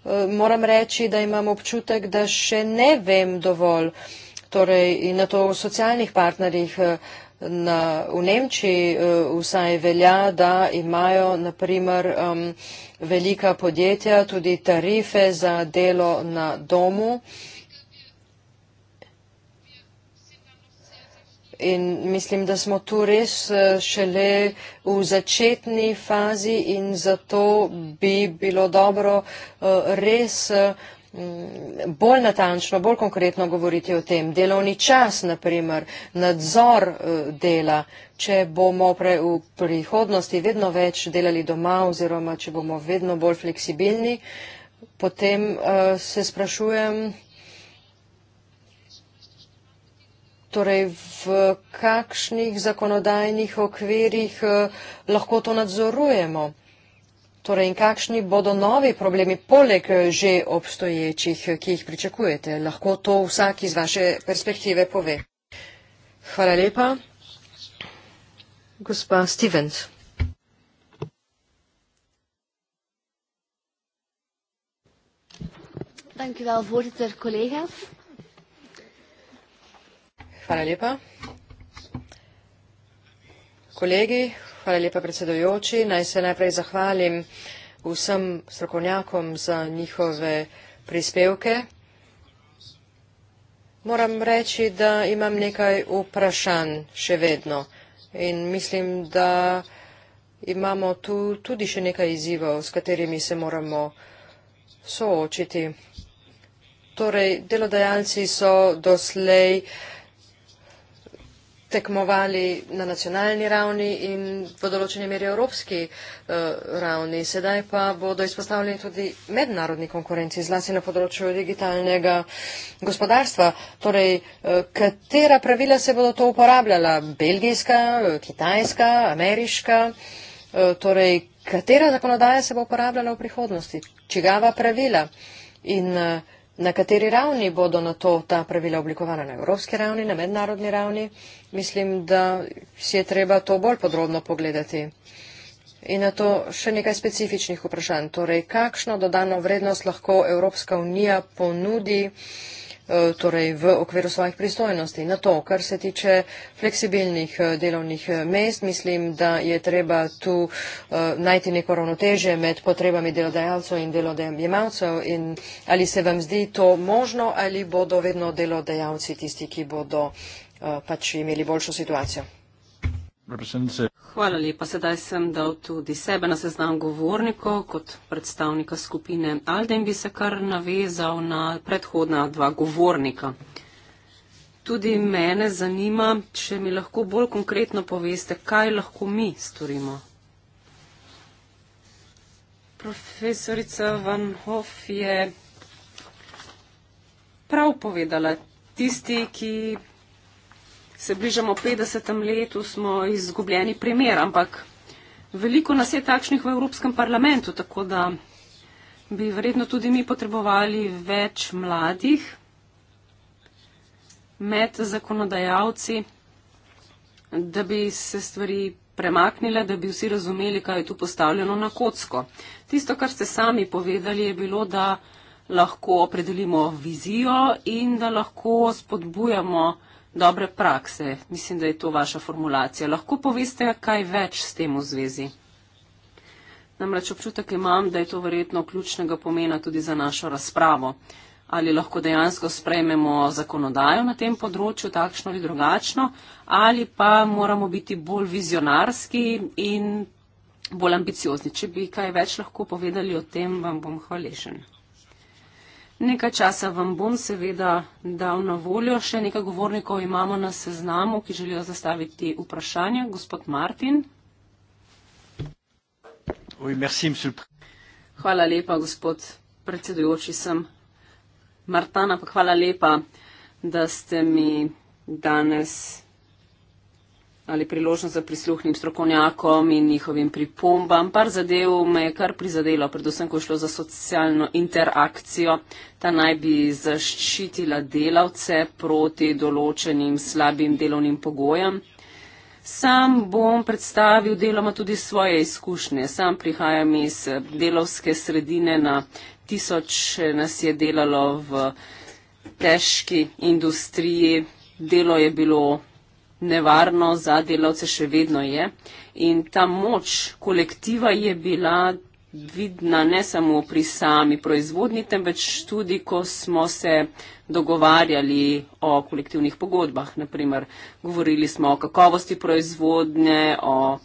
Speaker 3: eh, moram reči, da imam občutek, da še ne vem dovolj. Torej, in na to v socialnih partnerjih eh, na, v Nemčiji eh, vsaj velja, da imajo naprimer velika podjetja tudi tarife za delo na domu. in mislim, da smo tu res eh, šele v začetni fazi in zato bi bilo dobro eh, res eh, bolj natančno, bolj konkretno govoriti o tem. Delovni čas, naprimer, nadzor dela, če bomo pre, v prihodnosti vedno več delali doma oziroma če bomo vedno bolj fleksibilni, potem uh, se sprašujem, torej v kakšnih zakonodajnih okvirjih eh, lahko to nadzorujemo. Torej, in kakšni bodo novi problemi, poleg eh, že obstoječih, eh, ki jih pričakujete? Lahko to vsak iz vaše perspektive pove. Hvala lepa. Gospa Stevens.
Speaker 1: Dank u wel, voorzitter, collega's.
Speaker 3: Hvala lepa. Kolegi, hvala lepa predsedojoči. Naj se najprej zahvalim vsem strokovnjakom za njihove prispevke. Moram reči, da imam nekaj vprašanj še vedno in mislim, da imamo tu tudi še nekaj izzivov, s katerimi se moramo soočiti. Torej, delodajalci so doslej tekmovali na nacionalni ravni in v določeni meri evropski eh, ravni. Sedaj pa bodo izpostavljeni tudi mednarodni konkurenci, zlasti na področju digitalnega gospodarstva. Torej, eh, katera pravila se bodo to uporabljala? Belgijska, kitajska, ameriška? Eh, torej, katera zakonodaja se bo uporabljala v prihodnosti? Čigava pravila? In Na kateri ravni bodo na to ta pravila oblikovana? Na evropski ravni, na mednarodni ravni? Mislim, da si je treba to bolj podrobno pogledati. In na to še nekaj specifičnih vprašanj. Torej, kakšno dodano vrednost lahko Evropska unija ponudi? Eh, torej v okviru svojih pristojnosti. Na to, kar se tiče fleksibilnih eh, delovnih eh, mest, mislim, da je treba tu najti neko ravnoteže med potrebami delodajalcev in delodajemalcev in ali se vam zdi to možno ali bodo vedno delodajalci tisti, ki bodo
Speaker 2: pač imeli boljšo situacijo.
Speaker 1: Hvala
Speaker 2: lepa. Sedaj sem dal tudi sebe na seznam govornikov kot predstavnika skupine Alde in bi se kar navezal na predhodna dva govornika. Tudi mene zanima, če mi lahko bolj konkretno poveste, kaj lahko mi storimo. Profesorica Van Hoff je prav povedala, tisti, ki se bližamo 50. letu, smo izgubljeni primer, ampak veliko nas je takšnih v Evropskem parlamentu, tako da bi verjetno tudi mi potrebovali več mladih med zakonodajalci, da bi se stvari premaknile, da bi vsi razumeli, kaj je tu postavljeno na kocko. Tisto, kar ste sami povedali, je bilo, da lahko opredelimo vizijo in da lahko spodbujamo dobre prakse. Mislim, da je to vaša formulacija. Lahko poveste kaj več s tem v zvezi? Namreč občutek imam, da je to verjetno ključnega pomena tudi za našo razpravo. Ali lahko dejansko sprejmemo zakonodajo na tem področju, takšno ali drugačno, ali pa moramo biti bolj vizionarski in bolj ambiciozni. Če bi kaj več lahko povedali o tem, vam bom hvaležen. Nekaj časa vam bom seveda dal na voljo. Še nekaj govornikov imamo na seznamu, ki želijo zastaviti vprašanje. Gospod Martin. Oui, merci, hvala lepa, gospod predsedujoči sem. Martana, pa hvala lepa, da ste mi danes ali priložnost za prisluhnim strokovnjakom in njihovim pripombam. Par zadev me je kar prizadelo, predvsem, ko je šlo za socialno interakcijo. Ta naj bi zaščitila delavce proti določenim slabim delovnim pogojem. Sam bom predstavil deloma tudi svoje izkušnje. Sam prihajam iz delovske sredine na tisoč nas je delalo v težki industriji. Delo je bilo nevarno za delavce še vedno je. In ta moč kolektiva je bila vidna ne samo pri sami proizvodni, temveč tudi, ko smo se dogovarjali o kolektivnih pogodbah. Naprimer, govorili smo o kakovosti proizvodne, o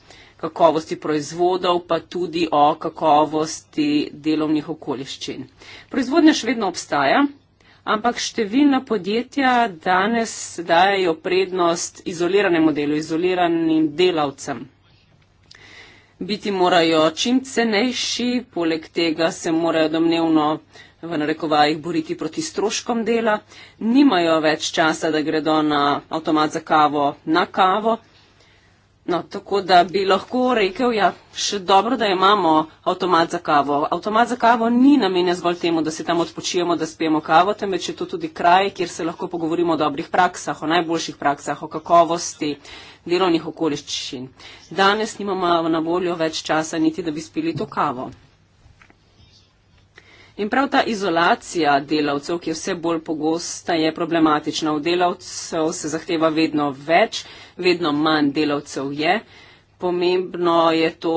Speaker 2: kakovosti proizvodov, pa tudi o kakovosti delovnih okoliščin. Proizvodnja še vedno obstaja ampak številna podjetja danes dajo prednost izoliranemu delu, izoliranim delavcem. Biti morajo čim cenejši, poleg tega se morajo domnevno v narekovajih boriti proti stroškom dela, nimajo več časa, da gredo na avtomat za kavo na kavo, No, tako da bi lahko rekel, ja, še dobro, da imamo avtomat za kavo. Avtomat za kavo ni namenjen zgolj temu, da se tam odpočijemo, da spijemo kavo, temveč je to tudi kraj, kjer se lahko pogovorimo o dobrih praksah, o najboljših praksah, o kakovosti delovnih okoliščin. Danes nimamo na voljo več časa, niti da bi spili to kavo. In prav ta izolacija delavcev, ki je vse bolj pogosta, je problematična. V delavcev se zahteva vedno več, vedno manj delavcev je. Pomembno je to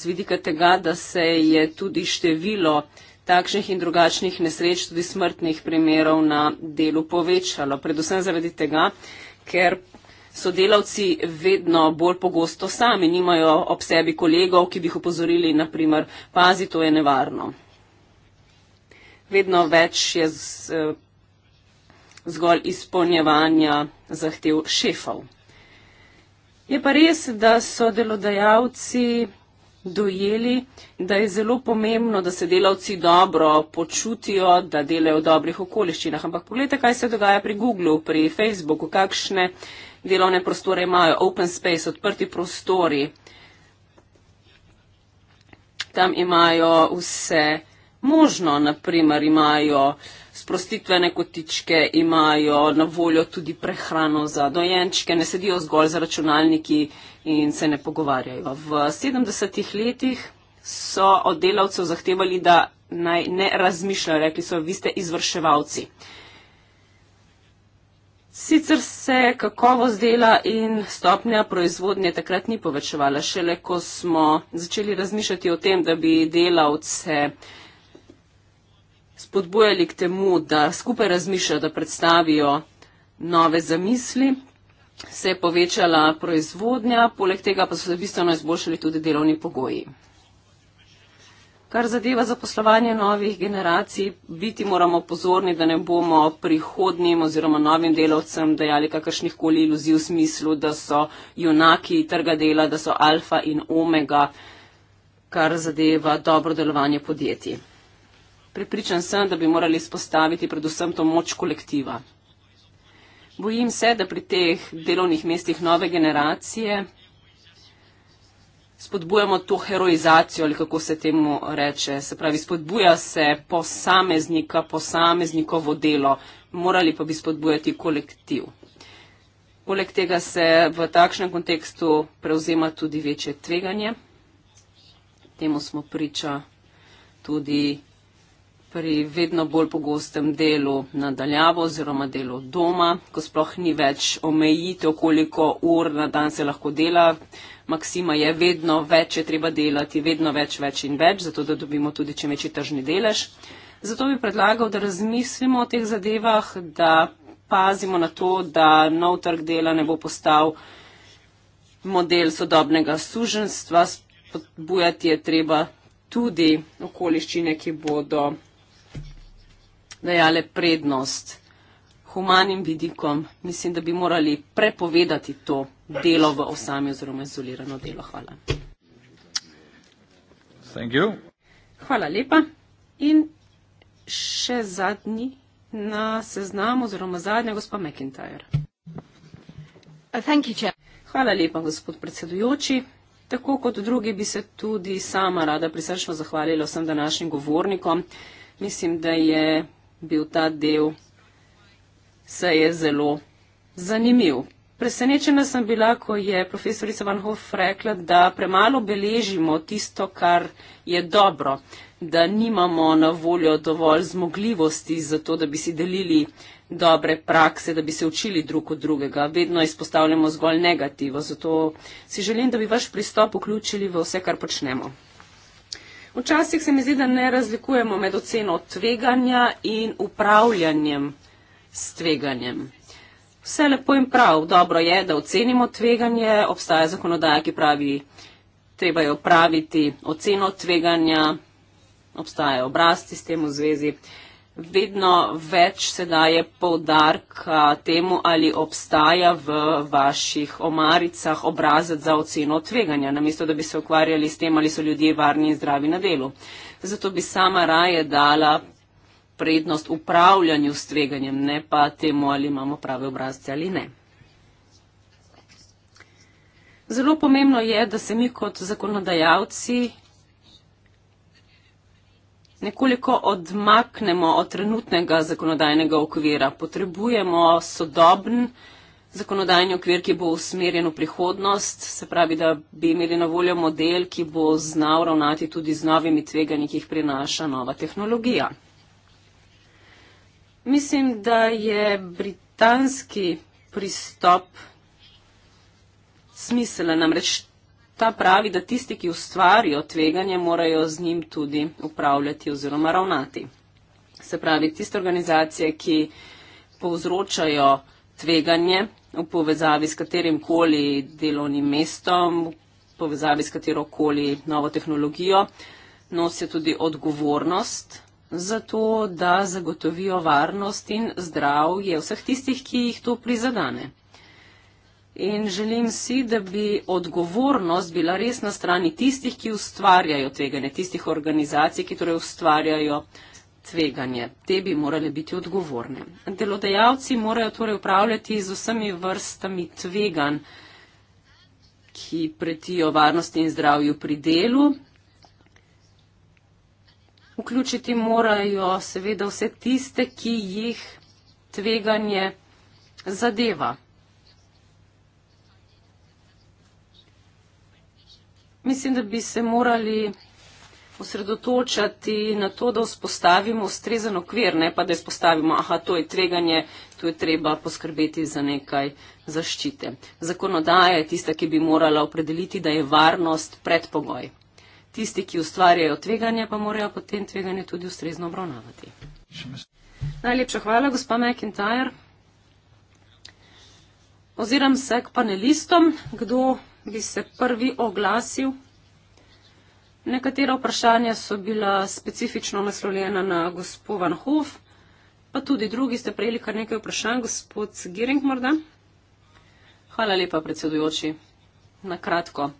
Speaker 2: z vidika tega, da se je tudi število takšnih in drugačnih nesreč, tudi smrtnih primerov na delu povečalo. Predvsem zaradi tega, ker so delavci vedno bolj pogosto sami, nimajo ob sebi kolegov, ki bi jih upozorili, naprimer, pazi, to je nevarno vedno več je z, eh, zgolj izpolnjevanja zahtev šefov. Je pa res, da so delodajalci dojeli, da je zelo pomembno, da se delavci dobro počutijo, da delajo v dobrih okoliščinah. Ampak pogledajte, kaj se dogaja pri Google, pri Facebooku, kakšne delovne prostore imajo, open space, odprti prostori. Tam imajo vse možno. Naprimer imajo sprostitvene kotičke, imajo na voljo tudi prehrano za dojenčke, ne sedijo zgolj za računalniki in se ne pogovarjajo. V 70-ih letih so od delavcev zahtevali, da naj ne razmišljajo, rekli so, vi ste izvrševalci. Sicer se kakovost dela in stopnja proizvodnje takrat ni povečevala, šele ko smo začeli razmišljati o tem, da bi delavce spodbujali k temu, da skupaj razmišljajo, da predstavijo nove zamisli, se je povečala proizvodnja, poleg tega pa so se bistveno izboljšali tudi delovni pogoji. Kar zadeva zaposlovanje novih generacij, biti moramo pozorni, da ne bomo prihodnim oziroma novim delavcem dajali kakršnih koli iluzij v smislu, da so junaki trga dela, da so alfa in omega, kar zadeva dobro delovanje podjetij. Prepričan sem, da bi morali spostaviti predvsem to moč kolektiva. Bojim se, da pri teh delovnih mestih nove generacije spodbujamo to heroizacijo ali kako se temu reče. Se pravi, spodbuja se posameznika, posameznikovo delo, morali pa bi spodbujati kolektiv. Poleg tega se v takšnem kontekstu prevzema tudi večje tveganje. Temu smo priča tudi pri vedno bolj pogostem delu nadaljavo oziroma delu doma, ko sploh ni več omejitev, koliko ur na dan se lahko dela. Maksima je vedno več, je treba delati, vedno več, več in več, zato da dobimo tudi čim večji tržni delež. Zato bi predlagal, da razmislimo o teh zadevah, da pazimo na to, da nov trg dela ne bo postal model sodobnega suženstva. Spodbujati je treba tudi okoliščine, ki bodo dajale prednost humanim vidikom. Mislim, da bi morali prepovedati to delo v osami oziroma izolirano delo. Hvala. Hvala lepa. In še zadnji na seznamu oziroma zadnja gospa McIntyre. Uh, Hvala lepa, gospod predsedujoči. Tako kot drugi bi se tudi sama rada prisrčno zahvalila vsem današnjim govornikom. Mislim, da je bil ta del, saj je zelo zanimiv. Presenečena sem bila, ko je profesorica Van Hoff rekla, da premalo beležimo tisto, kar je dobro, da nimamo na voljo dovolj zmogljivosti za to, da bi si delili dobre prakse, da bi se učili drug od drugega. Vedno izpostavljamo zgolj negativo, zato si želim, da bi vaš pristop vključili v vse, kar počnemo. Včasih se mi zdi, da ne razlikujemo med oceno tveganja in upravljanjem s tveganjem. Vse lepo in prav, dobro je, da ocenimo tveganje, obstaja zakonodaja, ki pravi, treba je upraviti oceno tveganja, obstajajo obrazci s tem v zvezi vedno več se daje povdarka temu, ali obstaja v vaših omaricah obrazec za oceno tveganja, namesto da bi se ukvarjali s tem, ali so ljudje varni in zdravi na delu. Zato bi sama raje dala prednost upravljanju s tveganjem, ne pa temu, ali imamo prave obrazce ali ne. Zelo pomembno je, da se mi kot zakonodajalci nekoliko odmaknemo od trenutnega zakonodajnega okvira. Potrebujemo sodoben zakonodajni okvir, ki bo usmerjen v prihodnost, se pravi, da bi imeli na voljo model, ki bo znal ravnati tudi z novimi tveganji, ki jih prinaša nova tehnologija. Mislim, da je britanski pristop smiselen, namreč Ta pravi, da tisti, ki ustvarijo tveganje, morajo z njim tudi upravljati oziroma ravnati. Se pravi, tiste organizacije, ki povzročajo tveganje v povezavi s katerim koli delovnim mestom, v povezavi s katero koli novo tehnologijo, nosijo tudi odgovornost za to, da zagotovijo varnost in zdravje vseh tistih, ki jih to prizadane in želim si, da bi odgovornost bila res na strani tistih, ki ustvarjajo tveganje, tistih organizacij, ki torej ustvarjajo tveganje. Te bi morale biti odgovorne. Delodajalci morajo torej upravljati z vsemi vrstami tvegan, ki pretijo varnosti in zdravju pri delu. Vključiti morajo seveda vse tiste, ki jih tveganje zadeva. Mislim, da bi se morali osredotočati na to, da vzpostavimo ustrezen okvir, ne pa da izpostavimo, aha, to je tveganje, tu je treba poskrbeti za nekaj zaščite. Zakonodaja je tista, ki bi morala opredeliti, da je varnost predpogoj. Tisti, ki ustvarjajo tveganje, pa morajo potem tveganje tudi ustrezno obravnavati. Najlepša hvala, gospa McIntyre. Oziram se k panelistom, kdo bi se prvi oglasil. Nekatera vprašanja so bila specifično naslovljena na gospod Van Hof, pa tudi drugi ste prejeli kar nekaj vprašanj, gospod Giring morda. Hvala lepa, predsedujoči. Na kratko.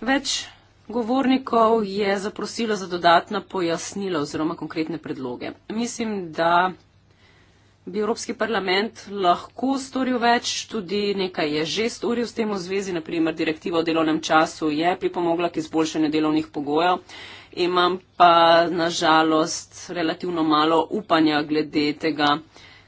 Speaker 2: Več govornikov je zaprosilo za dodatna pojasnila oziroma konkretne predloge. Mislim, da bi Evropski parlament lahko storil več, tudi nekaj je že storil s tem v zvezi, naprimer direktiva o delovnem času je pripomogla k izboljšanju delovnih pogojev. Imam pa nažalost relativno malo upanja glede tega,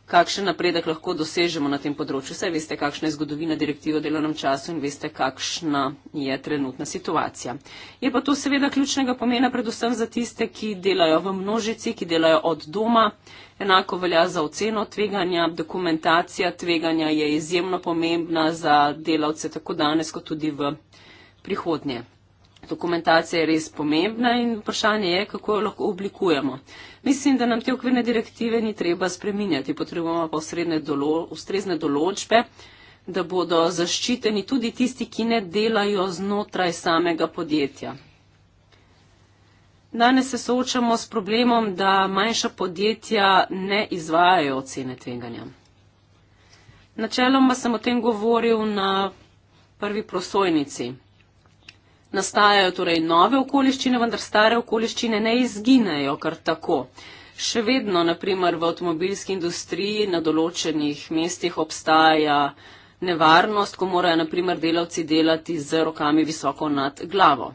Speaker 2: kakšen napredek lahko dosežemo na tem področju. Vse veste, kakšna je zgodovina direktive o delovnem času in veste, kakšna je trenutna situacija. Je pa to seveda ključnega pomena predvsem za tiste, ki delajo v množici, ki delajo od doma. Enako velja za oceno tveganja. Dokumentacija tveganja je izjemno pomembna za delavce tako danes, kot tudi v prihodnje dokumentacija je res pomembna in vprašanje je, kako jo lahko oblikujemo. Mislim, da nam te okvirne direktive ni treba spreminjati, potrebujemo pa dolo, ustrezne določbe, da bodo zaščiteni tudi tisti, ki ne delajo znotraj samega podjetja. Danes se soočamo s problemom, da manjša podjetja ne izvajajo ocene tveganja. Načeloma sem o tem govoril na prvi prosojnici. Nastajajo torej nove okoliščine, vendar stare okoliščine ne izginejo kar tako. Še vedno, naprimer, v avtomobilski industriji na določenih mestih obstaja nevarnost, ko morajo, naprimer, delavci delati z rokami visoko nad glavo.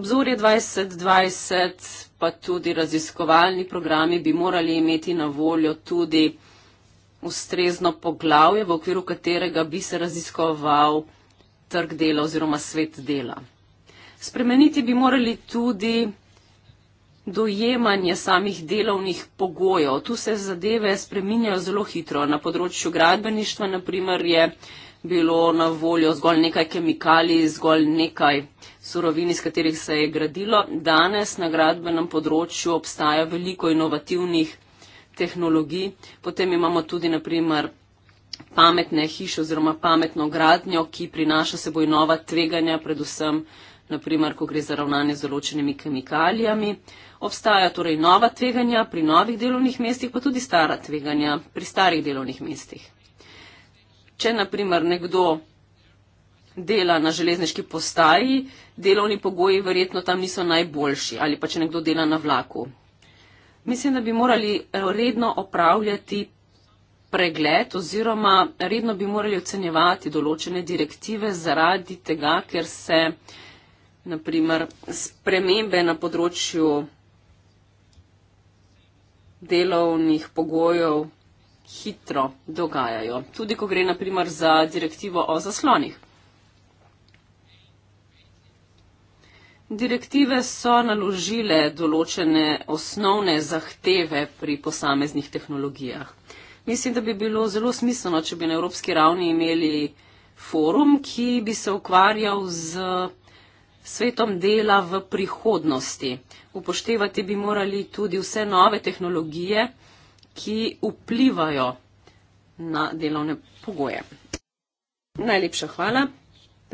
Speaker 2: Obzorje 2020 pa tudi raziskovalni programi bi morali imeti na voljo tudi ustrezno poglavje, v okviru katerega bi se raziskoval trg dela oziroma svet dela. Spremeniti bi morali tudi dojemanje samih delovnih pogojev. Tu se zadeve spreminjajo zelo hitro. Na področju gradbeništva, naprimer, je bilo na voljo zgolj nekaj kemikalij, zgolj nekaj surovin, iz katerih se je gradilo. Danes na gradbenem področju obstaja veliko inovativnih tehnologij. Potem imamo tudi, naprimer, pametne hiše oziroma pametno gradnjo, ki prinaša seboj nova tveganja, predvsem, naprimer, ko gre za ravnanje z določenimi kemikalijami. Obstajajo torej nova tveganja pri novih delovnih mestih, pa tudi stara tveganja pri starih delovnih mestih. Če naprimer nekdo dela na železniški postaji, delovni pogoji verjetno tam niso najboljši ali pa če nekdo dela na vlaku. Mislim, da bi morali redno opravljati pregled oziroma redno bi morali ocenjevati določene direktive zaradi tega, ker se naprimer spremembe na področju delovnih pogojev hitro dogajajo. Tudi ko gre naprimer za direktivo o zaslonih. Direktive so naložile določene osnovne zahteve pri posameznih tehnologijah. Mislim, da bi bilo zelo smiselno, če bi na evropski ravni imeli forum, ki bi se ukvarjal z svetom dela v prihodnosti. Upoštevati bi morali tudi vse nove tehnologije, ki vplivajo na delovne pogoje. Najlepša hvala.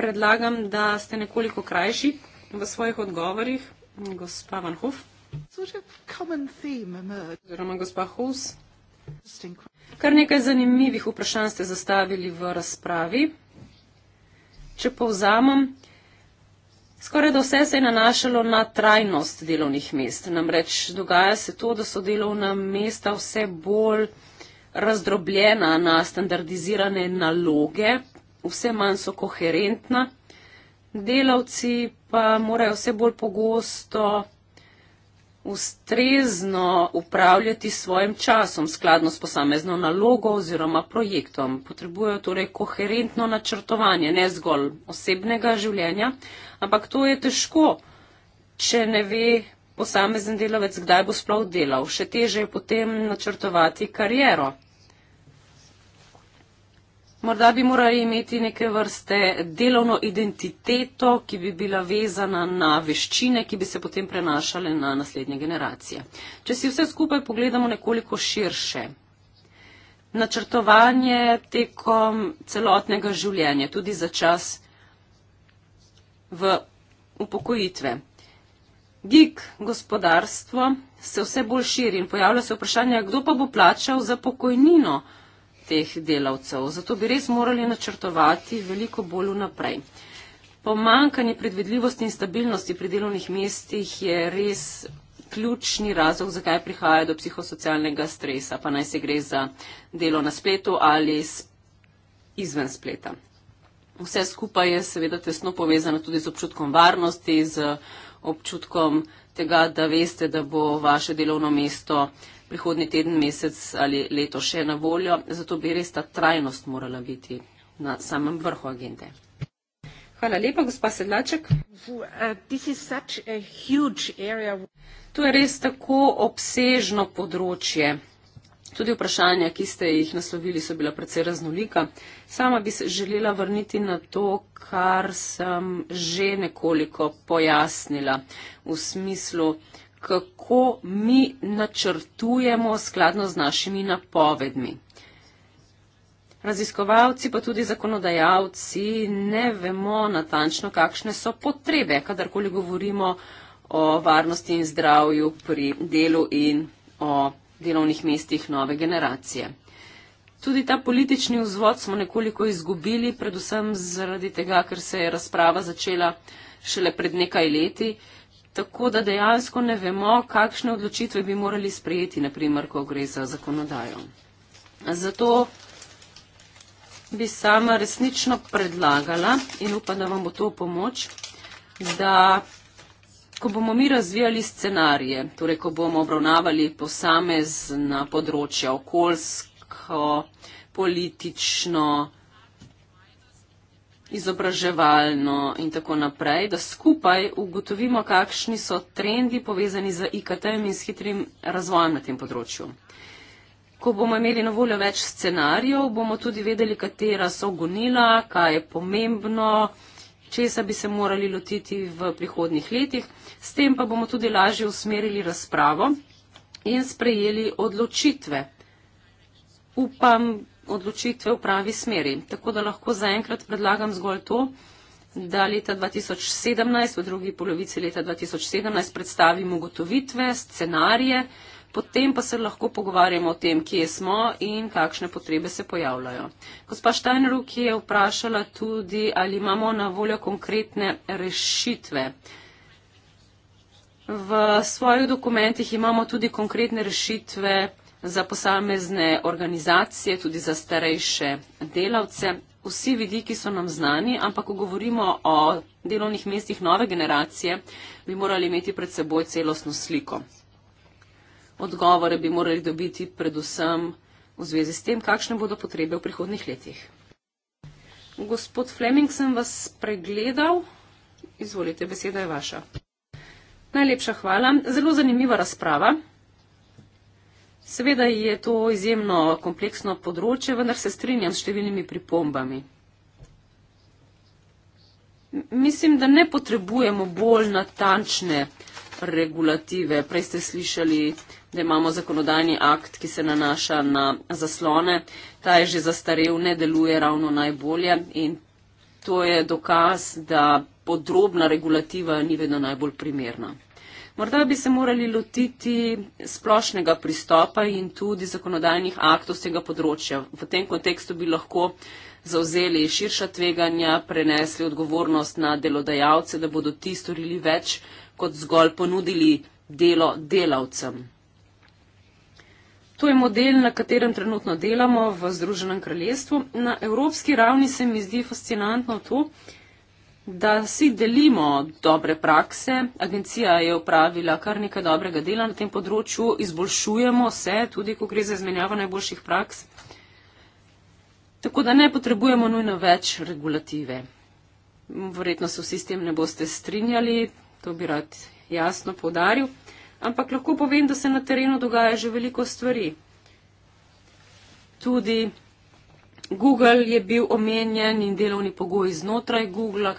Speaker 2: Predlagam, da ste nekoliko krajši v svojih odgovorih, gospa Van Hoof. Sort of common theme emerged. Kar nekaj zanimivih vprašanj ste zastavili v razpravi. Če povzamem, skoraj da vse se je nanašalo na trajnost delovnih mest. Namreč dogaja se to, da so delovna mesta vse bolj razdrobljena na standardizirane naloge, vse manj so koherentna. Delavci pa morajo vse bolj pogosto ustrezno upravljati s svojim časom, skladno s posamezno nalogo oziroma projektom. Potrebujejo torej koherentno načrtovanje, ne zgolj osebnega življenja, ampak to je težko, če ne ve posamezen delavec, kdaj bo sploh delal. Še teže je potem načrtovati kariero. Morda bi morali imeti neke vrste delovno identiteto, ki bi bila vezana na veščine, ki bi se potem prenašale na naslednje generacije. Če si vse skupaj pogledamo nekoliko širše, načrtovanje tekom celotnega življenja, tudi za čas v upokojitve. Gig gospodarstvo se vse bolj širi in pojavlja se vprašanje, kdo pa bo plačal za pokojnino teh delavcev. Zato bi res morali načrtovati veliko bolj vnaprej. Pomankanje predvidljivosti in stabilnosti pri delovnih mestih je res ključni razlog, zakaj prihaja do psihosocialnega stresa, pa naj se gre za delo na spletu ali izven spleta. Vse skupaj je seveda tesno povezano tudi z občutkom varnosti, z občutkom tega, da veste, da bo vaše delovno mesto prihodni teden, mesec ali leto še na voljo, zato bi res ta trajnost morala biti na samem vrhu agende. Hvala lepa, gospa Sedlaček. Eh, to je res tako obsežno področje. Tudi vprašanja, ki ste jih naslovili, so bila precej raznolika. Sama bi se želela vrniti na to, kar sem že nekoliko pojasnila v smislu, uh, kako mi načrtujemo skladno z našimi napovedmi. Raziskovalci, pa tudi zakonodajalci, ne vemo natančno, kakšne so potrebe, kadarkoli govorimo o varnosti in zdravju pri delu in o delovnih mestih nove generacije. Tudi ta politični vzvod smo nekoliko izgubili, predvsem zaradi tega, ker se je razprava začela šele pred nekaj leti tako da dejansko ne vemo, kakšne odločitve bi morali sprejeti, naprimer, ko gre za zakonodajo. Zato bi sama resnično predlagala in upam, da vam bo to pomoč, da ko bomo mi razvijali scenarije, torej ko bomo obravnavali posamezna področja okoljsko, politično, izobraževalno in tako naprej, da skupaj ugotovimo, kakšni so trendi povezani z IKT-jem in s hitrim razvojem na tem področju. Ko bomo imeli na voljo več scenarijev, bomo tudi vedeli, katera so gonila, kaj je pomembno, česa bi se morali lotiti v prihodnih letih. S tem pa bomo tudi lažje usmerili razpravo in sprejeli odločitve. Upam, odločitve v pravi smeri. Tako da lahko zaenkrat predlagam zgolj to, da leta 2017, v drugi polovici leta 2017 predstavim ugotovitve, scenarije, potem pa se lahko pogovarjamo o tem, kje smo in kakšne potrebe se pojavljajo. Gospa Steinru, ki je vprašala tudi, ali imamo na voljo konkretne rešitve. V svojih dokumentih imamo tudi konkretne rešitve za posamezne organizacije, tudi za starejše delavce. Vsi vidiki so nam znani, ampak ko govorimo o delovnih mestih nove generacije, bi morali imeti pred seboj celostno sliko. Odgovore bi morali dobiti predvsem v zvezi s tem, kakšne bodo potrebe v prihodnih letih. Gospod Fleming, sem vas pregledal. Izvolite, beseda je vaša. Najlepša hvala. Zelo zanimiva razprava. Seveda je to izjemno kompleksno področje, vendar se strinjam s številnimi pripombami. Mislim, da ne potrebujemo bolj natančne regulative. Prej ste slišali, da imamo zakonodajni akt, ki se nanaša na zaslone. Ta je že zastarev, ne deluje ravno najbolje in to je dokaz, da podrobna regulativa ni vedno najbolj primerna. Morda bi se morali lotiti splošnega pristopa in tudi zakonodajnih aktov z tega področja. V tem kontekstu bi lahko zauzeli širša tveganja, prenesli odgovornost na delodajalce, da bodo ti storili več kot zgolj ponudili delo delavcem. To je model, na katerem trenutno delamo v Združenem kraljestvu. Na evropski ravni se mi zdi fascinantno to, da si delimo dobre prakse. Agencija je upravila kar nekaj dobrega dela na tem področju, izboljšujemo se tudi, ko gre za izmenjavo najboljših praks. Tako da ne potrebujemo nujno več regulative. Verjetno se vsi s tem ne boste strinjali, to bi rad jasno povdaril, ampak lahko povem, da se na terenu dogaja že veliko stvari. Tudi Google je bil omenjen in delovni pogoji znotraj Google,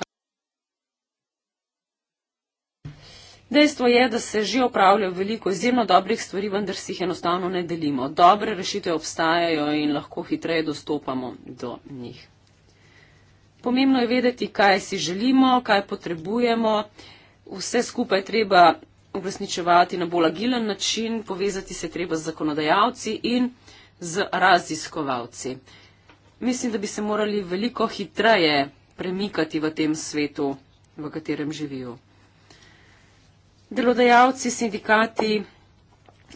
Speaker 2: Dejstvo je, da se že opravlja veliko izjemno dobrih stvari, vendar si jih enostavno ne delimo. Dobre rešitve obstajajo in lahko hitreje dostopamo do njih. Pomembno je vedeti, kaj si želimo, kaj potrebujemo. Vse skupaj treba uresničevati na bolj agilen način, povezati se treba z zakonodajalci in z raziskovalci. Mislim, da bi se morali veliko hitreje premikati v tem svetu, v katerem živijo delodajalci, sindikati,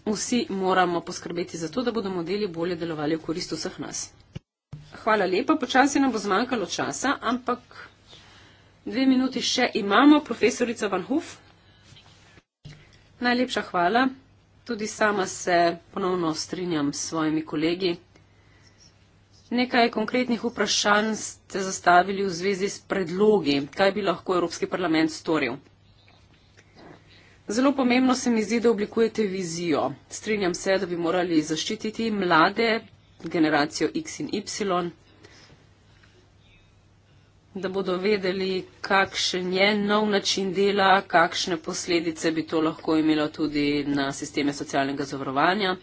Speaker 2: vsi moramo poskrbeti za to, da bodo modeli bolje delovali v korist vseh nas. Hvala lepa, počasi nam bo zmanjkalo časa, ampak dve minuti še imamo. Profesorica Van Hoof, najlepša hvala. Tudi sama se ponovno strinjam s svojimi kolegi. Nekaj konkretnih vprašanj ste zastavili v zvezi s predlogi, kaj bi lahko Evropski parlament storil. Zelo pomembno se mi zdi, da oblikujete vizijo. Strinjam se, da bi morali zaščititi mlade, generacijo X in Y, da bodo vedeli, kakšen je nov način dela, kakšne posledice bi to lahko imelo tudi na sisteme socialnega zavarovanja.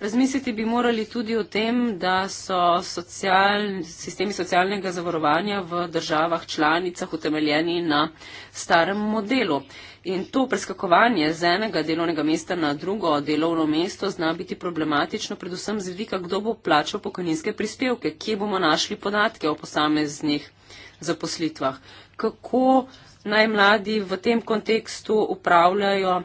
Speaker 2: Razmisliti bi morali tudi o tem, da so social, sistemi socialnega zavarovanja v državah članicah utemeljeni na starem modelu. In to preskakovanje z enega delovnega mesta na drugo delovno mesto zna biti problematično, predvsem z vidika, kdo bo plačal pokojninske prispevke, kje bomo našli podatke o posameznih zaposlitvah. Kako naj mladi v tem kontekstu upravljajo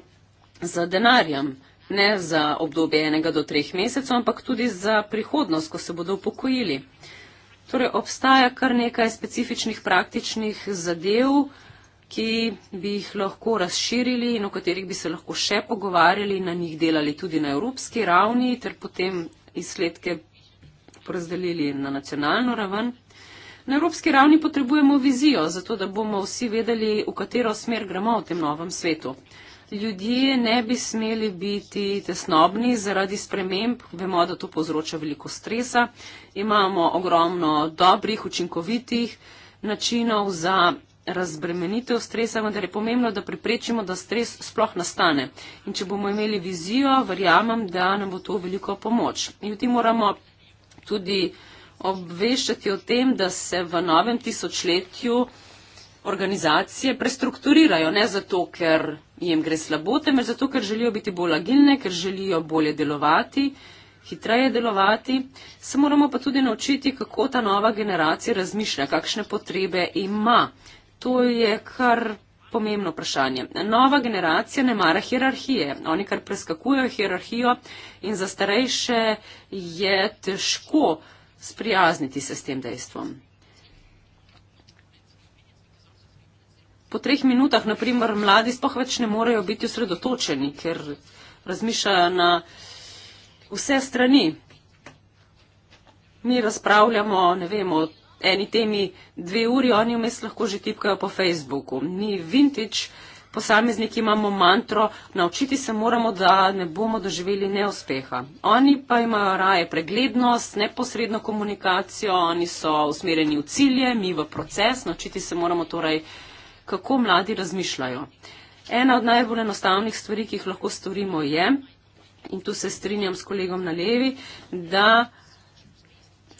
Speaker 2: z denarjem, ne za obdobje enega do treh mesecev, ampak tudi za prihodnost, ko se bodo upokojili. Torej, obstaja kar nekaj specifičnih praktičnih zadev, ki bi jih lahko razširili in o katerih bi se lahko še pogovarjali in na njih delali tudi na evropski ravni ter potem izsledke porazdelili na nacionalno raven. Na evropski ravni potrebujemo vizijo, zato da bomo vsi vedeli, v katero smer gremo v tem novem svetu. Ljudje ne bi smeli biti tesnobni zaradi sprememb, vemo, da to povzroča veliko stresa. Imamo ogromno dobrih, učinkovitih načinov za razbremenitev stresa, vendar je pomembno, da preprečimo, da stres sploh nastane. In če bomo imeli vizijo, verjamem, da nam bo to veliko pomoč. In ti moramo tudi obveščati o tem, da se v novem tisočletju organizacije prestrukturirajo, ne zato, ker jim gre slabo, temveč zato, ker želijo biti bolj agilne, ker želijo bolje delovati, hitreje delovati. Se moramo pa tudi naučiti, kako ta nova generacija razmišlja, kakšne potrebe ima. To je kar pomembno vprašanje. Nova generacija ne mara hierarhije. Oni kar preskakujo hierarhijo in za starejše je težko sprijazniti se s tem dejstvom. Po treh minutah, naprimer, mladi sploh več ne morejo biti osredotočeni, ker razmišljajo na vse strani. Mi razpravljamo, ne vem, o eni temi dve uri, oni vmes lahko že tipkajo po Facebooku. Ni vintage, posamezniki imamo mantro, naučiti se moramo, da ne bomo doživeli neuspeha. Oni pa imajo raje preglednost, neposredno komunikacijo, oni so usmerjeni v cilje, mi v proces, naučiti se moramo torej, kako mladi razmišljajo. Ena od najbolj enostavnih stvari, ki jih lahko storimo, je, in tu se strinjam s kolegom na levi, da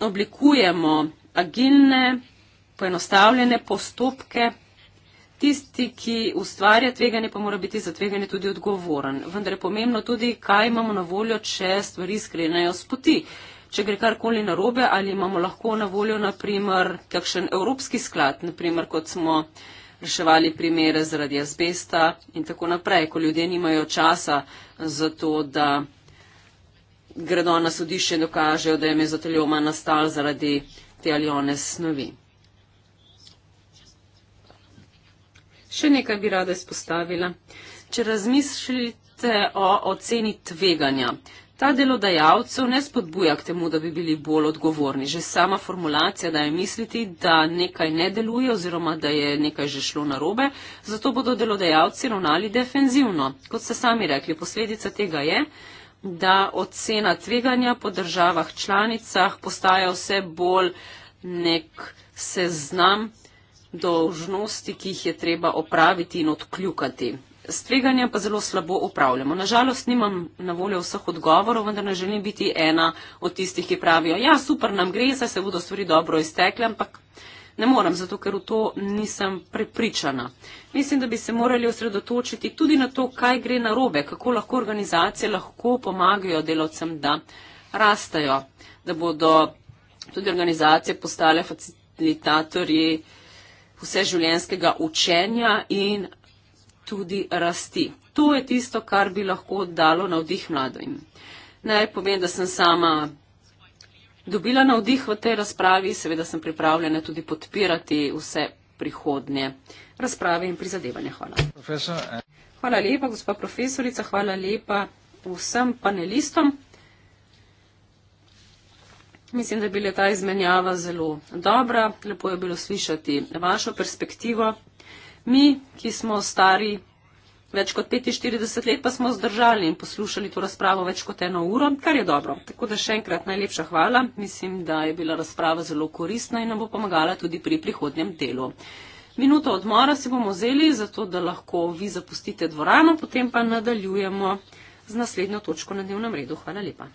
Speaker 2: oblikujemo agilne, poenostavljene postopke. Tisti, ki ustvarja tveganje, pa mora biti za tveganje tudi odgovoren. Vendar je pomembno tudi, kaj imamo na voljo, če stvari skrenajo z poti. Če gre karkoli narobe, ali imamo lahko na voljo, naprimer, kakšen evropski sklad, naprimer, kot smo reševali primere zaradi azbesta in tako naprej, ko ljudje nimajo časa za to, da gredo na sodišče in dokažejo, da je mezotelioma nastal zaradi te ali one snovi. Še nekaj bi rada izpostavila. Če razmislite o oceni tveganja, ta delodajalcev ne spodbuja k temu, da bi bili bolj odgovorni. Že sama formulacija daje misliti, da nekaj ne deluje oziroma da je nekaj že šlo narobe, zato bodo delodajalci ravnali defenzivno. Kot ste sami rekli, posledica tega je, da ocena tveganja po državah članicah postaja vse bolj nek seznam dolžnosti, ki jih je treba opraviti in odkljukati. S tveganja pa zelo slabo upravljamo. Nažalost, nimam na voljo vseh odgovorov, vendar ne želim biti ena od tistih, ki pravijo, ja, super nam gre, saj se bodo stvari dobro iztekle, ampak ne morem, zato ker v to nisem prepričana. Mislim, da bi se morali osredotočiti tudi na to, kaj gre na robe, kako lahko organizacije lahko pomagajo delavcem, da rastajo, da bodo tudi organizacije postale facilitatorji vseživljenskega učenja in tudi rasti. To je tisto, kar bi lahko dalo navdih mladim. Naj povem, da sem sama dobila navdih v tej razpravi, seveda sem pripravljena tudi podpirati vse prihodnje razprave in prizadevanja. Hvala.
Speaker 1: Eh.
Speaker 2: Hvala lepa, gospa profesorica, hvala lepa vsem panelistom. Mislim, da je bila ta izmenjava zelo dobra. Lepo je bilo slišati vašo perspektivo. Mi, ki smo stari Več kot 45 let pa smo zdržali in poslušali to razpravo več kot eno uro, kar je dobro. Tako da še enkrat najlepša hvala. Mislim, da je bila razprava zelo koristna in nam bo pomagala tudi pri prihodnjem delu. Minuto odmora si bomo vzeli, zato da lahko vi zapustite dvorano, potem pa nadaljujemo z naslednjo točko na dnevnem redu. Hvala lepa.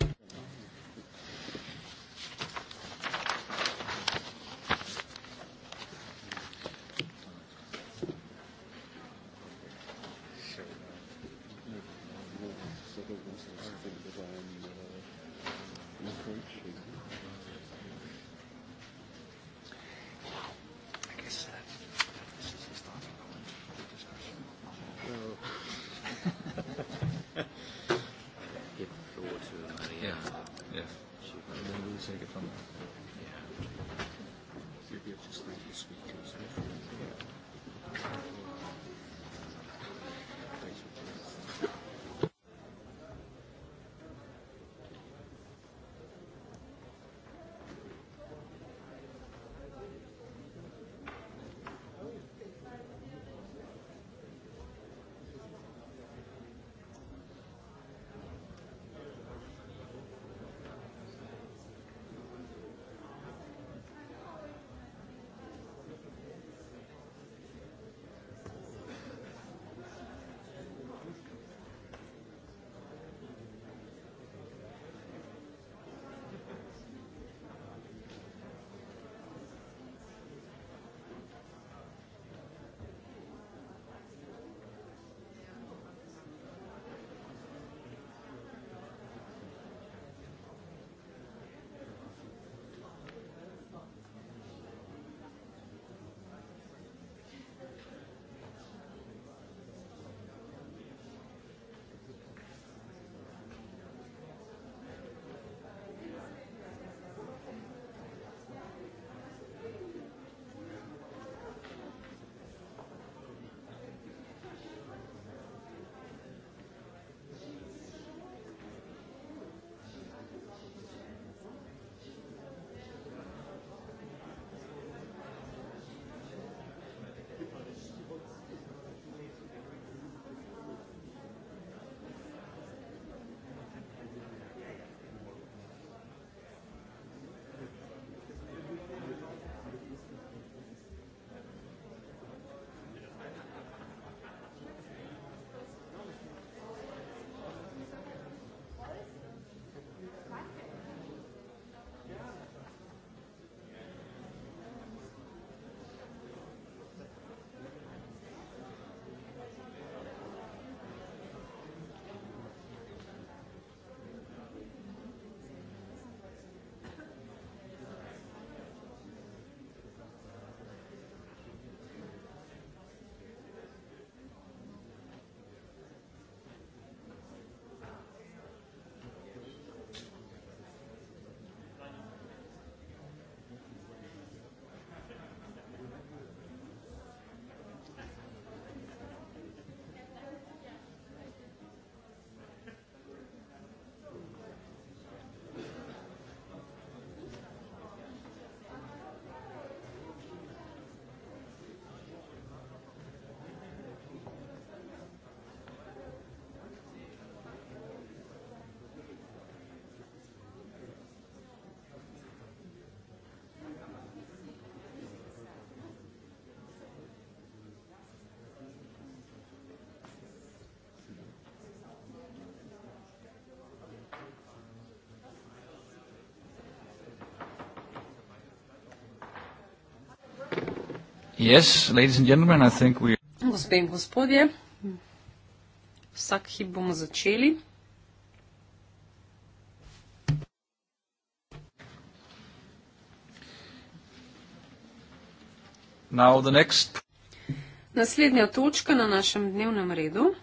Speaker 1: Yes, ladies and gentlemen, I think we...
Speaker 2: Gospe in gospodje, vsak hip bomo začeli.
Speaker 1: Now the next...
Speaker 2: Naslednja točka na našem dnevnem redu.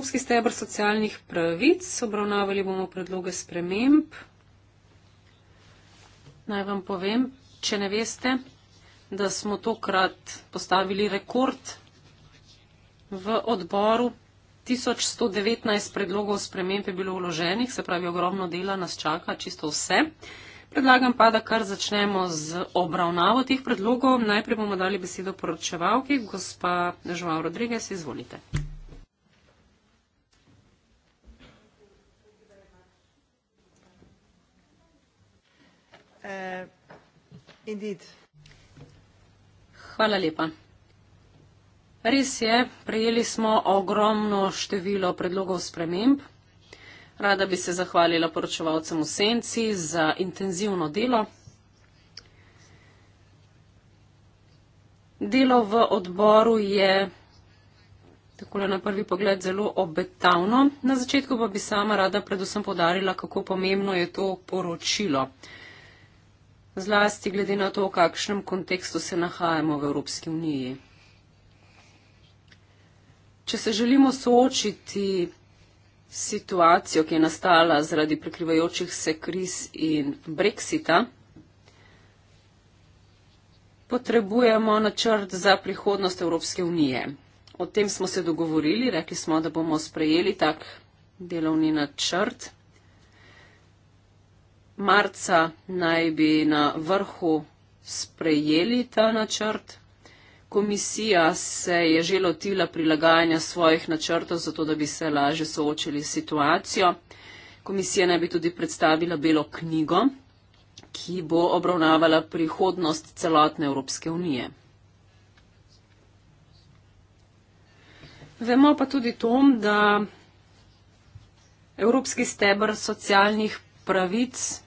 Speaker 2: Evropski stebr socialnih pravic, obravnavali bomo predloge sprememb. Naj vam povem, če ne veste, da smo tokrat postavili rekord v odboru. 1119 predlogov sprememb je bilo vloženih, se pravi ogromno dela nas čaka, čisto vse. Predlagam pa, da kar začnemo z obravnavo teh predlogov. Najprej bomo dali besedo poročevalki. Gospa Žuva Rodriguez, izvolite. Eh, Hvala lepa. Res je, prejeli smo ogromno število predlogov sprememb. Rada bi se zahvalila poročevalcem v senci za intenzivno delo. Delo v odboru je takole na prvi pogled zelo obetavno. Na začetku pa bi sama rada predvsem podarila, kako pomembno je to poročilo zlasti glede na to, v kakšnem kontekstu se nahajamo v Evropski uniji. Če se želimo soočiti situacijo, ki je nastala zaradi prekrivajočih se kriz in brexita, potrebujemo načrt za prihodnost Evropske unije. O tem smo se dogovorili, rekli smo, da bomo sprejeli tak delovni načrt marca naj bi na vrhu sprejeli ta načrt. Komisija se je že lotila prilagajanja svojih načrtov, zato da bi se laže soočili s situacijo. Komisija naj bi tudi predstavila belo knjigo, ki bo obravnavala prihodnost celotne Evropske unije. Vemo pa tudi tom, da Evropski stebr socialnih pravic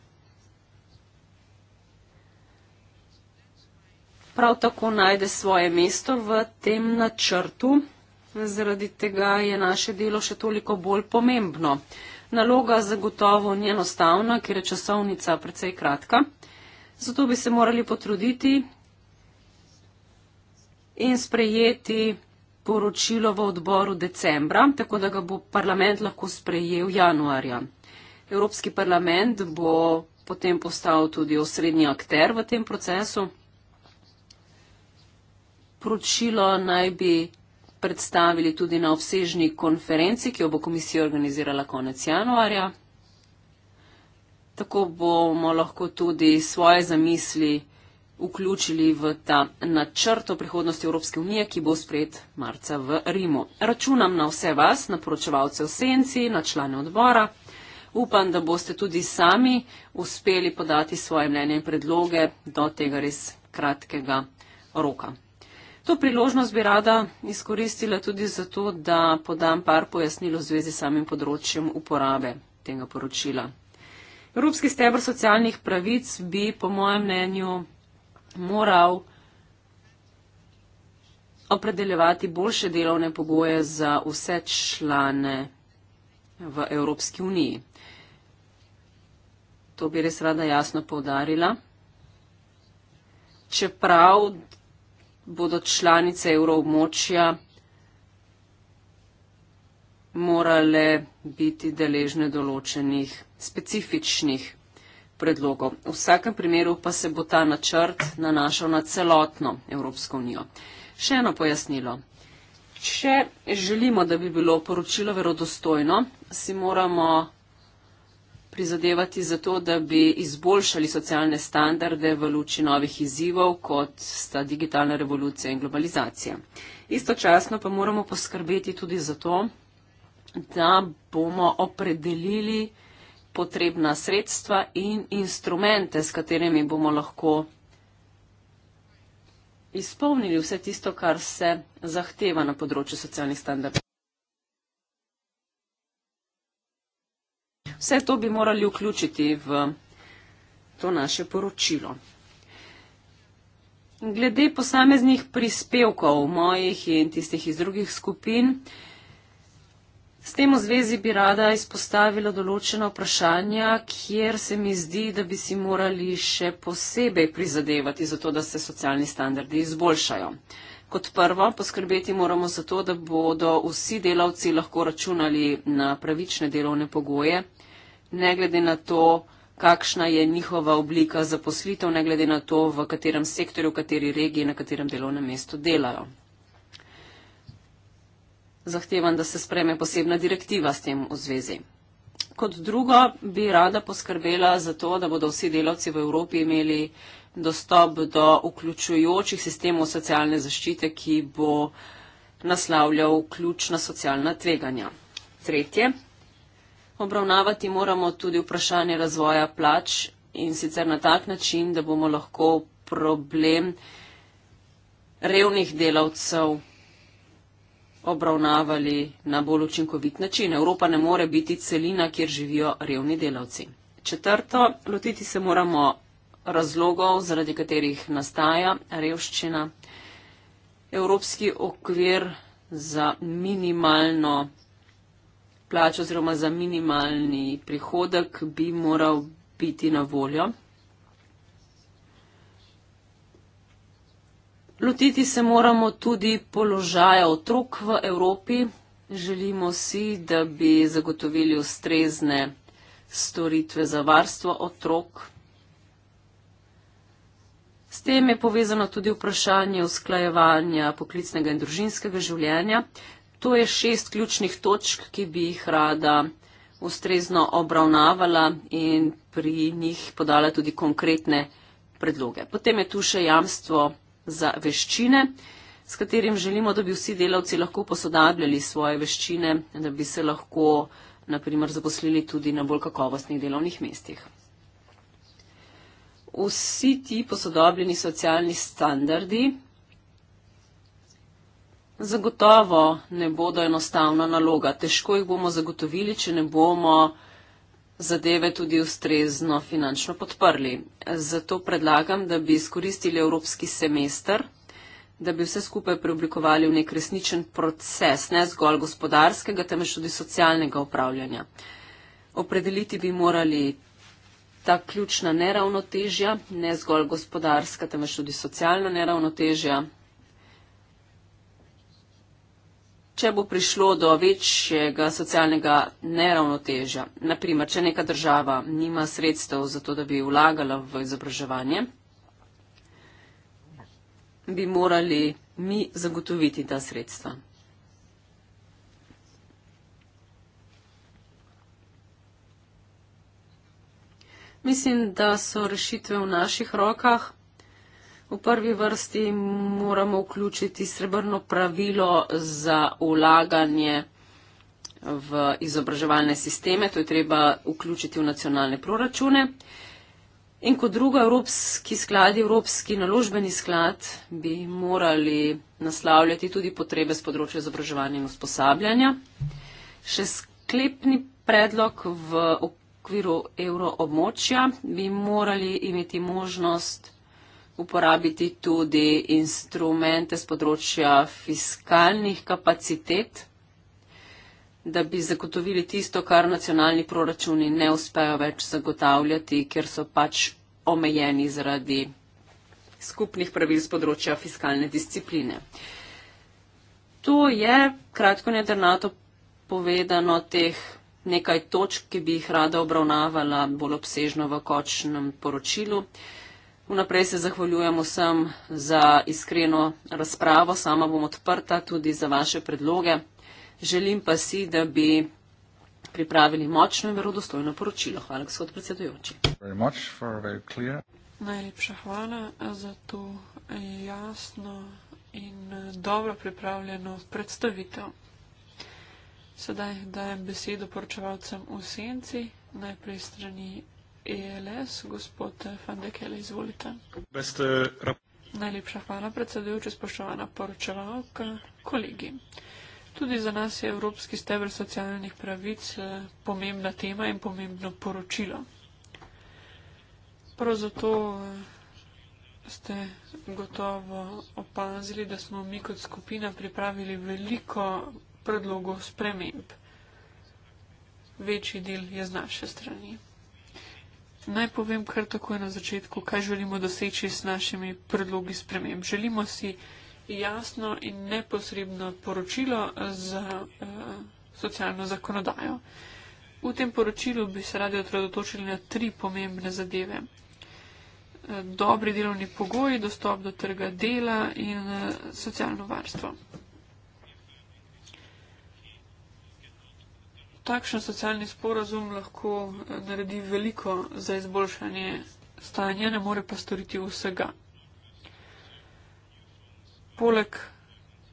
Speaker 2: prav tako najde svoje mesto v tem načrtu. Zaradi tega je naše delo še toliko bolj pomembno. Naloga zagotovo ni enostavna, ker je časovnica precej kratka. Zato bi se morali potruditi in sprejeti poročilo v odboru decembra, tako da ga bo parlament lahko sprejel januarja. Evropski parlament bo potem postal tudi osrednji akter v tem procesu poročilo naj bi predstavili tudi na obsežni konferenci, ki jo bo komisija organizirala konec januarja. Tako bomo lahko tudi svoje zamisli vključili v ta načrt o prihodnosti Evropske unije, ki bo sprejet marca v Rimu. Računam na vse vas, na poročevalce v senci, na člane odbora. Upam, da boste tudi sami uspeli podati svoje mnenje in predloge do tega res kratkega roka. To priložnost bi rada izkoristila tudi zato, da podam par pojasnil v zvezi s samim področjem uporabe tega poročila. Evropski stebr socialnih pravic bi, po mojem mnenju, moral opredeljevati boljše delovne pogoje za vse člane v Evropski uniji. To bi res rada jasno povdarila. Čeprav bodo članice evroobmočja morale biti deležne določenih specifičnih predlogov. V vsakem primeru pa se bo ta načrt nanašal na celotno Evropsko unijo. Še eno pojasnilo. Če želimo, da bi bilo poročilo verodostojno, si moramo prizadevati za to, da bi izboljšali socialne standarde v luči novih izzivov, kot sta digitalna revolucija in globalizacija. Istočasno pa moramo poskrbeti tudi za to, da bomo opredelili potrebna sredstva in instrumente, s katerimi bomo lahko izpolnili vse tisto, kar se zahteva na področju socialnih standardov. Vse to bi morali vključiti v to naše poročilo. Glede posameznih prispevkov mojih in tistih iz drugih skupin, s tem v zvezi bi rada izpostavila določena vprašanja, kjer se mi zdi, da bi si morali še posebej prizadevati za to, da se socialni standardi izboljšajo. Kot prvo, poskrbeti moramo za to, da bodo vsi delavci lahko računali na pravične delovne pogoje ne glede na to, kakšna je njihova oblika zaposlitev, ne glede na to, v katerem sektorju, v kateri regiji, na katerem delovnem mestu delajo. Zahtevam, da se spreme posebna direktiva s tem v zvezi. Kot drugo bi rada poskrbela za to, da bodo vsi delavci v Evropi imeli dostop do vključujočih sistemov socialne zaščite, ki bo naslavljal ključna socialna tveganja. Tretje, obravnavati moramo tudi vprašanje razvoja plač in sicer na tak način, da bomo lahko problem revnih delavcev obravnavali na bolj učinkovit način. Evropa ne more biti celina, kjer živijo revni delavci. Četrto, lotiti se moramo razlogov, zaradi katerih nastaja revščina. Evropski okvir za minimalno plač oziroma za minimalni prihodek bi moral biti na voljo. Lotiti se moramo tudi položaja otrok v Evropi. Želimo si, da bi zagotovili ustrezne storitve za varstvo otrok. S tem je povezano tudi vprašanje usklajevanja poklicnega in družinskega življenja. To je šest ključnih točk, ki bi jih rada ustrezno obravnavala in pri njih podala tudi konkretne predloge. Potem je tu še jamstvo za veščine, s katerim želimo, da bi vsi delavci lahko posodabljali svoje veščine, da bi se lahko naprimer zaposlili tudi na bolj kakovostnih delovnih mestih. Vsi ti posodobljeni socialni standardi Zagotovo ne bodo enostavna naloga. Težko jih bomo zagotovili, če ne bomo zadeve tudi ustrezno finančno podprli. Zato predlagam, da bi izkoristili evropski semester, da bi vse skupaj preoblikovali v nek resničen proces, ne zgolj gospodarskega, temveč tudi socialnega upravljanja. Opredeliti bi morali ta ključna neravnotežja, ne zgolj gospodarska, temveč tudi socialna neravnotežja. če bo prišlo do večjega socialnega neravnotežja. Naprimer, če neka država nima sredstev za to, da bi vlagala v izobraževanje, bi morali mi zagotoviti ta sredstva. Mislim, da so rešitve v naših rokah. V prvi vrsti moramo vključiti srebrno pravilo za ulaganje v izobraževalne sisteme, to je treba vključiti v nacionalne proračune. In kot drugo, Evropski sklad, Evropski naložbeni sklad bi morali naslavljati tudi potrebe z področja izobraževanja in usposabljanja. Še sklepni predlog v okviru evroobmočja bi morali imeti možnost uporabiti tudi instrumente z področja fiskalnih kapacitet, da bi zagotovili tisto, kar nacionalni proračuni ne uspejo več zagotavljati, ker so pač omejeni zaradi skupnih pravil z področja fiskalne discipline. To je, kratko in jedrnato povedano, teh nekaj točk, ki bi jih rada obravnavala bolj obsežno v kočnem poročilu. Vnaprej se zahvaljujem vsem za iskreno razpravo, sama bom odprta tudi za vaše predloge. Želim pa si, da bi pripravili močno in verodostojno poročilo. Hvala, gospod predsedujoči.
Speaker 1: Najlepša hvala za to jasno in dobro pripravljeno predstavitev. Sedaj dajem besedo poročevalcem v senci, najprej strani ILS, e gospod Fandekele, izvolite.
Speaker 2: Beste, eh,
Speaker 1: Najlepša hvala, predsedujoči, spoštovana poročevalka, kolegi. Tudi za nas je Evropski stebr socialnih pravic eh, pomembna tema in pomembno poročilo. Prav zato eh, ste gotovo opazili, da smo mi kot skupina pripravili veliko predlogov sprememb. Večji del je z naše strani. Naj povem kar takoj na začetku, kaj želimo doseči s našimi predlogi sprememb. Želimo si jasno in neposredno poročilo za eh, socialno zakonodajo. V tem poročilu bi se radi odredotočili na tri pomembne zadeve. Eh, dobri delovni pogoji, dostop do trga dela in eh, socialno varstvo. takšen socialni sporazum lahko eh, naredi veliko za izboljšanje stanja, ne more pa storiti vsega. Poleg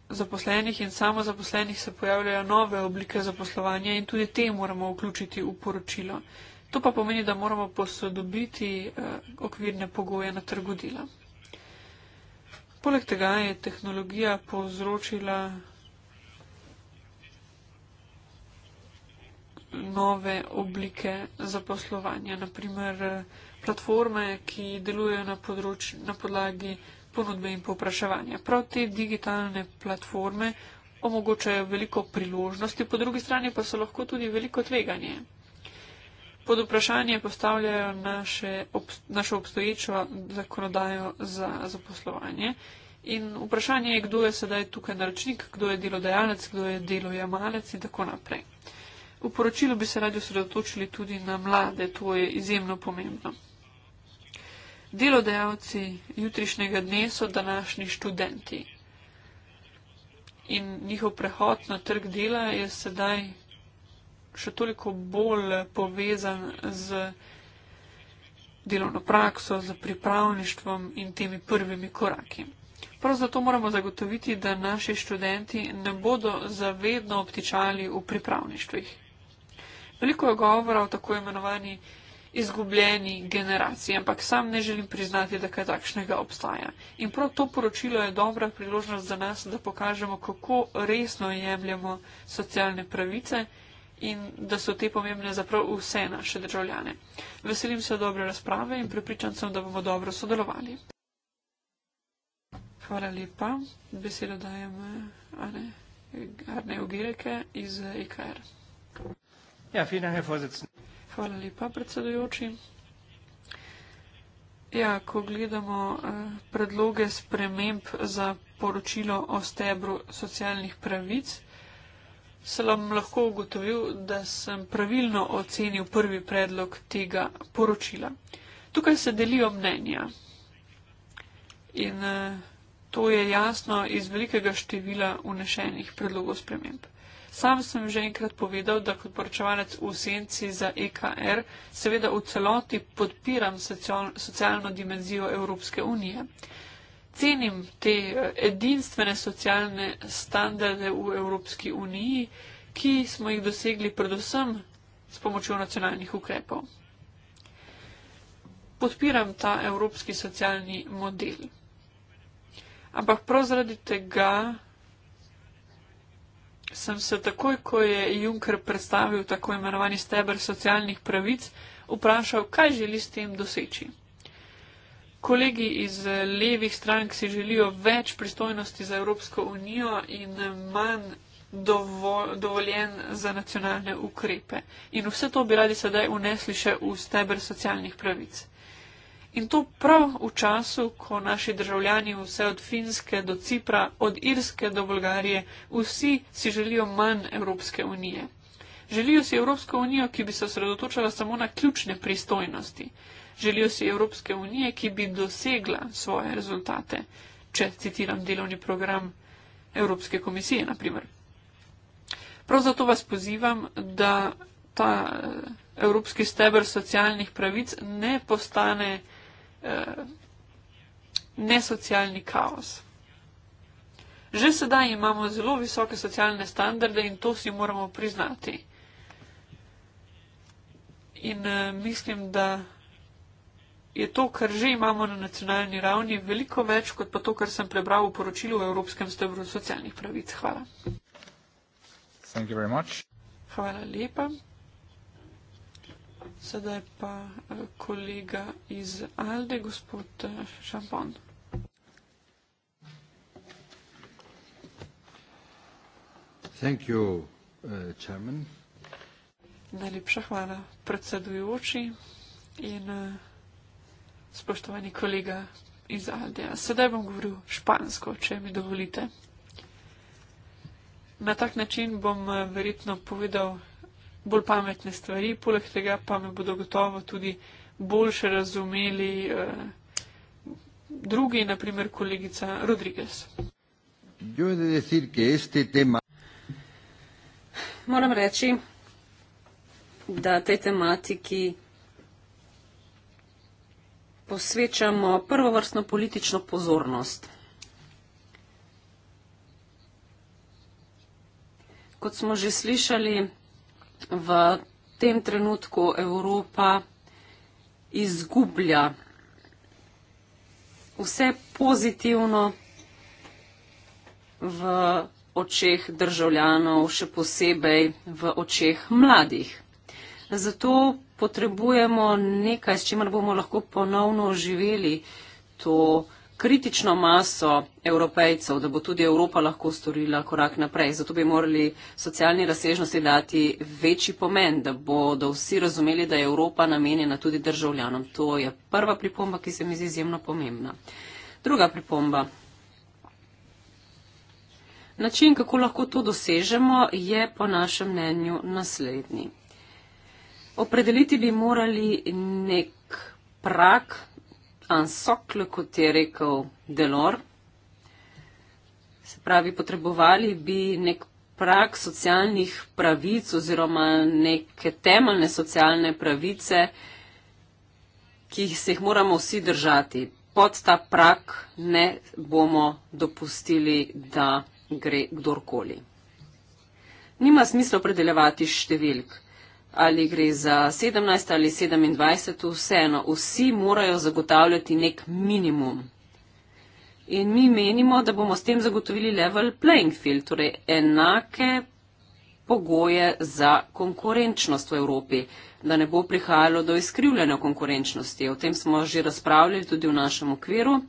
Speaker 1: zaposlenih in samozaposlenih se pojavljajo nove oblike zaposlovanja in tudi te moramo vključiti v poročilo. To pa pomeni, da moramo posodobiti eh, okvirne pogoje na trgu dela. Poleg tega je tehnologija povzročila nove oblike zaposlovanja, naprimer eh, platforme, ki delujejo na, področ, na podlagi ponudbe in popraševanja. Prav te digitalne platforme omogočajo veliko priložnosti, po drugi strani pa so lahko tudi veliko tveganje. Pod vprašanje postavljajo naše, ob, našo obstoječo zakonodajo za zaposlovanje. In vprašanje je, kdo je sedaj tukaj naročnik, kdo je delodajalec, kdo je delojemalec in tako naprej. V poročilu bi se radi osredotočili tudi na mlade, to je izjemno pomembno. Delodajalci jutrišnjega dne so današnji študenti in njihov prehod na trg dela je sedaj še toliko bolj povezan z delovno prakso, z pripravništvom in temi prvimi koraki. Prav zato moramo zagotoviti, da naši študenti ne bodo zavedno obtičali v pripravništvih. Veliko je govora o tako imenovani izgubljeni generaciji, ampak sam ne želim priznati, da kaj takšnega obstaja. In prav to poročilo je dobra priložnost za nas, da pokažemo, kako resno jemljamo socialne pravice in da so te pomembne za prav vse naše državljane. Veselim se dobre razprave in pripričan sem, da bomo dobro sodelovali. Hvala lepa. Besedo dajem Arne, Arne Ugireke iz IKR. E Ja, Hvala lepa, predsedujoči. Ja, ko gledamo eh, predloge sprememb za poročilo o stebru socialnih pravic, sem lahko ugotovil, da sem pravilno ocenil prvi predlog tega poročila. Tukaj se delijo mnenja in eh, to je jasno iz velikega števila unešenih predlogov sprememb. Sam sem že enkrat povedal, da kot poročevalec v senci za EKR seveda v celoti podpiram socialno dimenzijo Evropske unije. Cenim te eh, edinstvene socialne standarde v Evropski uniji, ki smo jih dosegli predvsem s pomočjo nacionalnih ukrepov. Podpiram ta evropski socialni model. Ampak prav zaradi tega sem se takoj, ko je Juncker predstavil tako imenovani steber socialnih pravic, vprašal, kaj želi s tem doseči. Kolegi iz levih strank si želijo več pristojnosti za Evropsko unijo in manj dovo dovoljen za nacionalne ukrepe. In vse to bi radi sedaj unesli še v steber socialnih pravic. In to prav v času, ko naši državljani vse od Finske do Cipra, od Irske do Bolgarije, vsi si želijo manj Evropske unije. Želijo si Evropsko unijo, ki bi se osredotočala samo na ključne pristojnosti. Želijo si Evropske unije, ki bi dosegla svoje rezultate, če citiram delovni program Evropske komisije, na primer. Prav zato vas pozivam, da ta eh, evropski steber socialnih pravic ne postane eh, nesocialni kaos. Že sedaj imamo zelo visoke socialne standarde in to si moramo priznati. In eh, mislim, da je to, kar že imamo na nacionalni ravni, veliko več, kot pa to, kar sem prebral v poročilu o Evropskem stebru socialnih pravic. Hvala. Hvala lepa. Sedaj pa eh, kolega iz Alde, gospod eh, Šampon. Thank you, uh, chairman. Najlepša hvala predsedujoči in uh, spoštovani kolega iz Aldeja. Sedaj bom govoril špansko, če mi dovolite. Na tak način bom uh, verjetno povedal bolj pametne stvari, poleg tega pa me bodo gotovo tudi boljše razumeli eh, drugi, naprimer kolegica
Speaker 2: Rodriguez. Moram reči, da tej tematiki posvečamo prvovrstno politično pozornost. Kot smo že slišali, v tem trenutku Evropa izgublja vse pozitivno v očeh državljanov, še posebej v očeh mladih. Zato potrebujemo nekaj, s čimer bomo lahko ponovno oživeli to kritično maso evropejcev, da bo tudi Evropa lahko storila korak naprej. Zato bi morali socialni razsežnosti dati večji pomen, da bodo vsi razumeli, da je Evropa namenjena tudi državljanom. To je prva pripomba, ki se mi zdi izjemno pomembna. Druga pripomba. Način, kako lahko to dosežemo, je po našem mnenju naslednji. Opredeliti bi morali nek prak, en socle, kot je rekel Delor. Se pravi, potrebovali bi nek prak socialnih pravic oziroma neke temeljne socialne pravice, ki se jih moramo vsi držati. Pod ta prak ne bomo dopustili, da gre kdorkoli. Nima smisla predelevati številk ali gre za 17 ali 27, vseeno, vsi morajo zagotavljati nek minimum. In mi menimo, da bomo s tem zagotovili level playing field, torej enake pogoje za konkurenčnost v Evropi, da ne bo prihajalo do izkrivljanja konkurenčnosti. O tem smo že razpravljali tudi v našem okviru.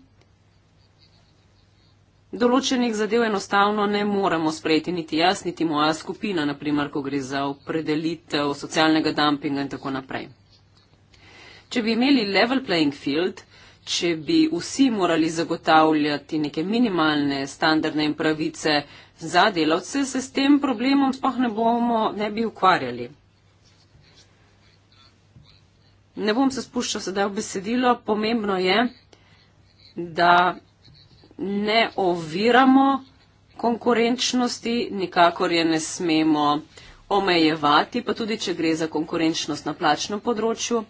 Speaker 2: Določenih zadev enostavno ne moremo sprejeti, niti jaz, niti moja skupina, naprimer, ko gre za opredelitev socialnega dumpinga in tako naprej. Če bi imeli level playing field, če bi vsi morali zagotavljati neke minimalne standarde in pravice za delavce, se s tem problemom sploh ne bomo ne bi ukvarjali. Ne bom se spuščal sedaj v besedilo, pomembno je, da ne oviramo konkurenčnosti, nikakor je ne smemo omejevati, pa tudi, če gre za konkurenčnost na plačnem področju.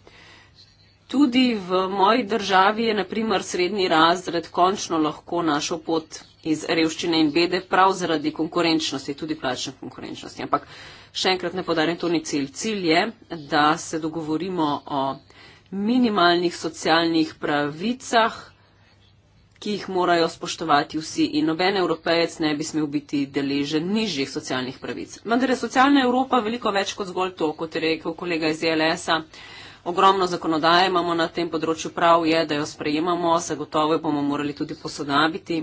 Speaker 2: Tudi v moji državi je, naprimer, srednji razred končno lahko našo pot iz revščine in bede prav zaradi konkurenčnosti, tudi plačne konkurenčnosti. Ampak še enkrat ne podarim, to ni cilj. Cilj je, da se dogovorimo o minimalnih socialnih pravicah ki jih morajo spoštovati vsi in noben evropejec ne bi smel biti deležen nižjih socialnih pravic. Vendar je socialna Evropa veliko več kot zgolj to, kot je rekel kolega iz ELS-a. Ogromno zakonodaje imamo na tem področju, prav je, da jo sprejemamo, zagotovo jo bomo morali tudi posodabiti.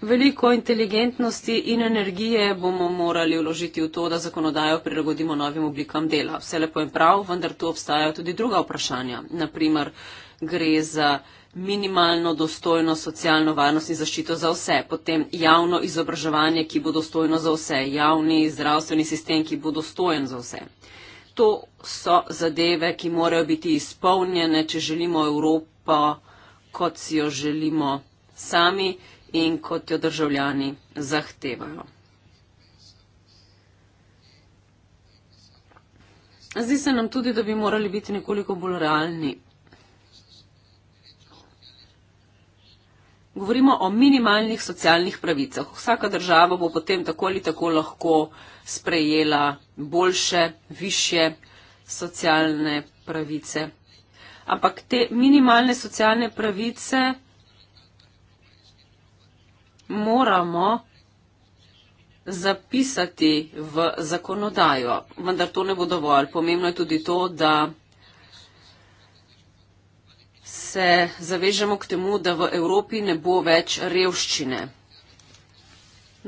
Speaker 2: Veliko inteligentnosti in energije bomo morali vložiti v to, da zakonodajo prilagodimo novim oblikam dela. Vse lepo in prav, vendar tu obstajajo tudi druga vprašanja. Naprimer, gre za minimalno dostojno socialno varnost in zaščito za vse, potem javno izobraževanje, ki bo dostojno za vse, javni zdravstveni sistem, ki bo dostojen za vse. To so zadeve, ki morajo biti izpolnjene, če želimo Evropo, kot si jo želimo sami in kot jo državljani zahtevajo. Zdi se nam tudi, da bi morali biti nekoliko bolj realni. Govorimo o minimalnih socialnih pravicah. Vsaka država bo potem tako ali tako lahko sprejela boljše, više socialne pravice. Ampak te minimalne socialne pravice moramo zapisati v zakonodajo. Vendar to ne bo dovolj. Pomembno je tudi to, da se zavežemo k temu, da v Evropi ne bo več revščine.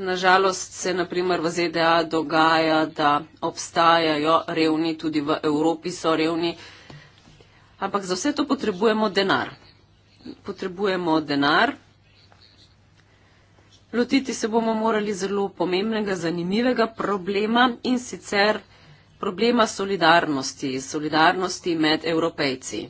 Speaker 2: Nažalost se naprimer v ZDA dogaja, da obstajajo revni, tudi v Evropi so revni, ampak za vse to potrebujemo denar. Potrebujemo denar. Lotiti se bomo morali zelo pomembnega, zanimivega problema in sicer problema solidarnosti, solidarnosti med evropejci.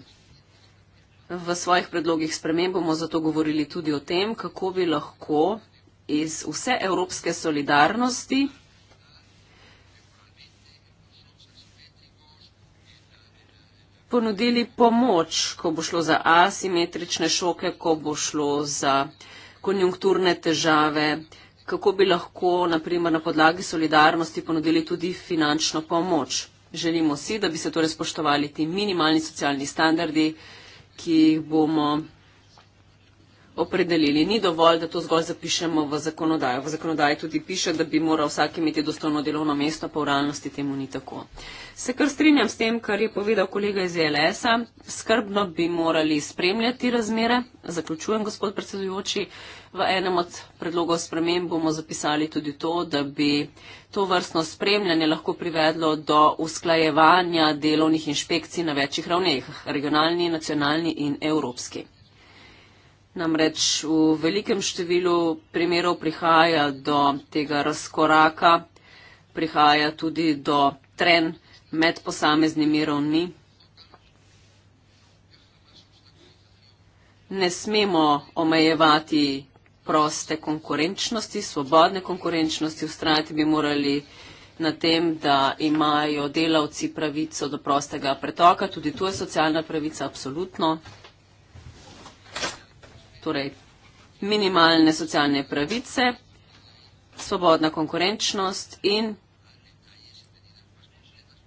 Speaker 2: V svojih predlogih sprememb bomo zato govorili tudi o tem, kako bi lahko iz vse evropske solidarnosti ponudili pomoč, ko bo šlo za asimetrične šoke, ko bo šlo za konjunkturne težave, kako bi lahko naprimer na podlagi solidarnosti ponudili tudi finančno pomoč. Želimo si, da bi se torej spoštovali ti minimalni socialni standardi, ki jih bomo opredelili. Ni dovolj, da to zgolj zapišemo v zakonodajo. V zakonodaji tudi piše, da bi moral vsak imeti dostojno delovno mesto, pa v realnosti temu ni tako. Se kar strinjam s tem, kar je povedal kolega iz ELS-a, skrbno bi morali spremljati razmere, zaključujem gospod predsedujoči, V enem od predlogov sprememb bomo zapisali tudi to, da bi to vrstno spremljanje lahko privedlo do usklajevanja delovnih inšpekcij na večjih ravneh - regionalni, nacionalni in evropski. Namreč v velikem številu primerov prihaja do tega razkoraka, prihaja tudi do tren med posameznimi ravni. Ne smemo omejevati proste konkurenčnosti, svobodne konkurenčnosti, ustrajati bi morali na tem, da imajo delavci pravico do prostega pretoka, tudi tu je socialna pravica, absolutno. Torej, minimalne socialne pravice, svobodna konkurenčnost in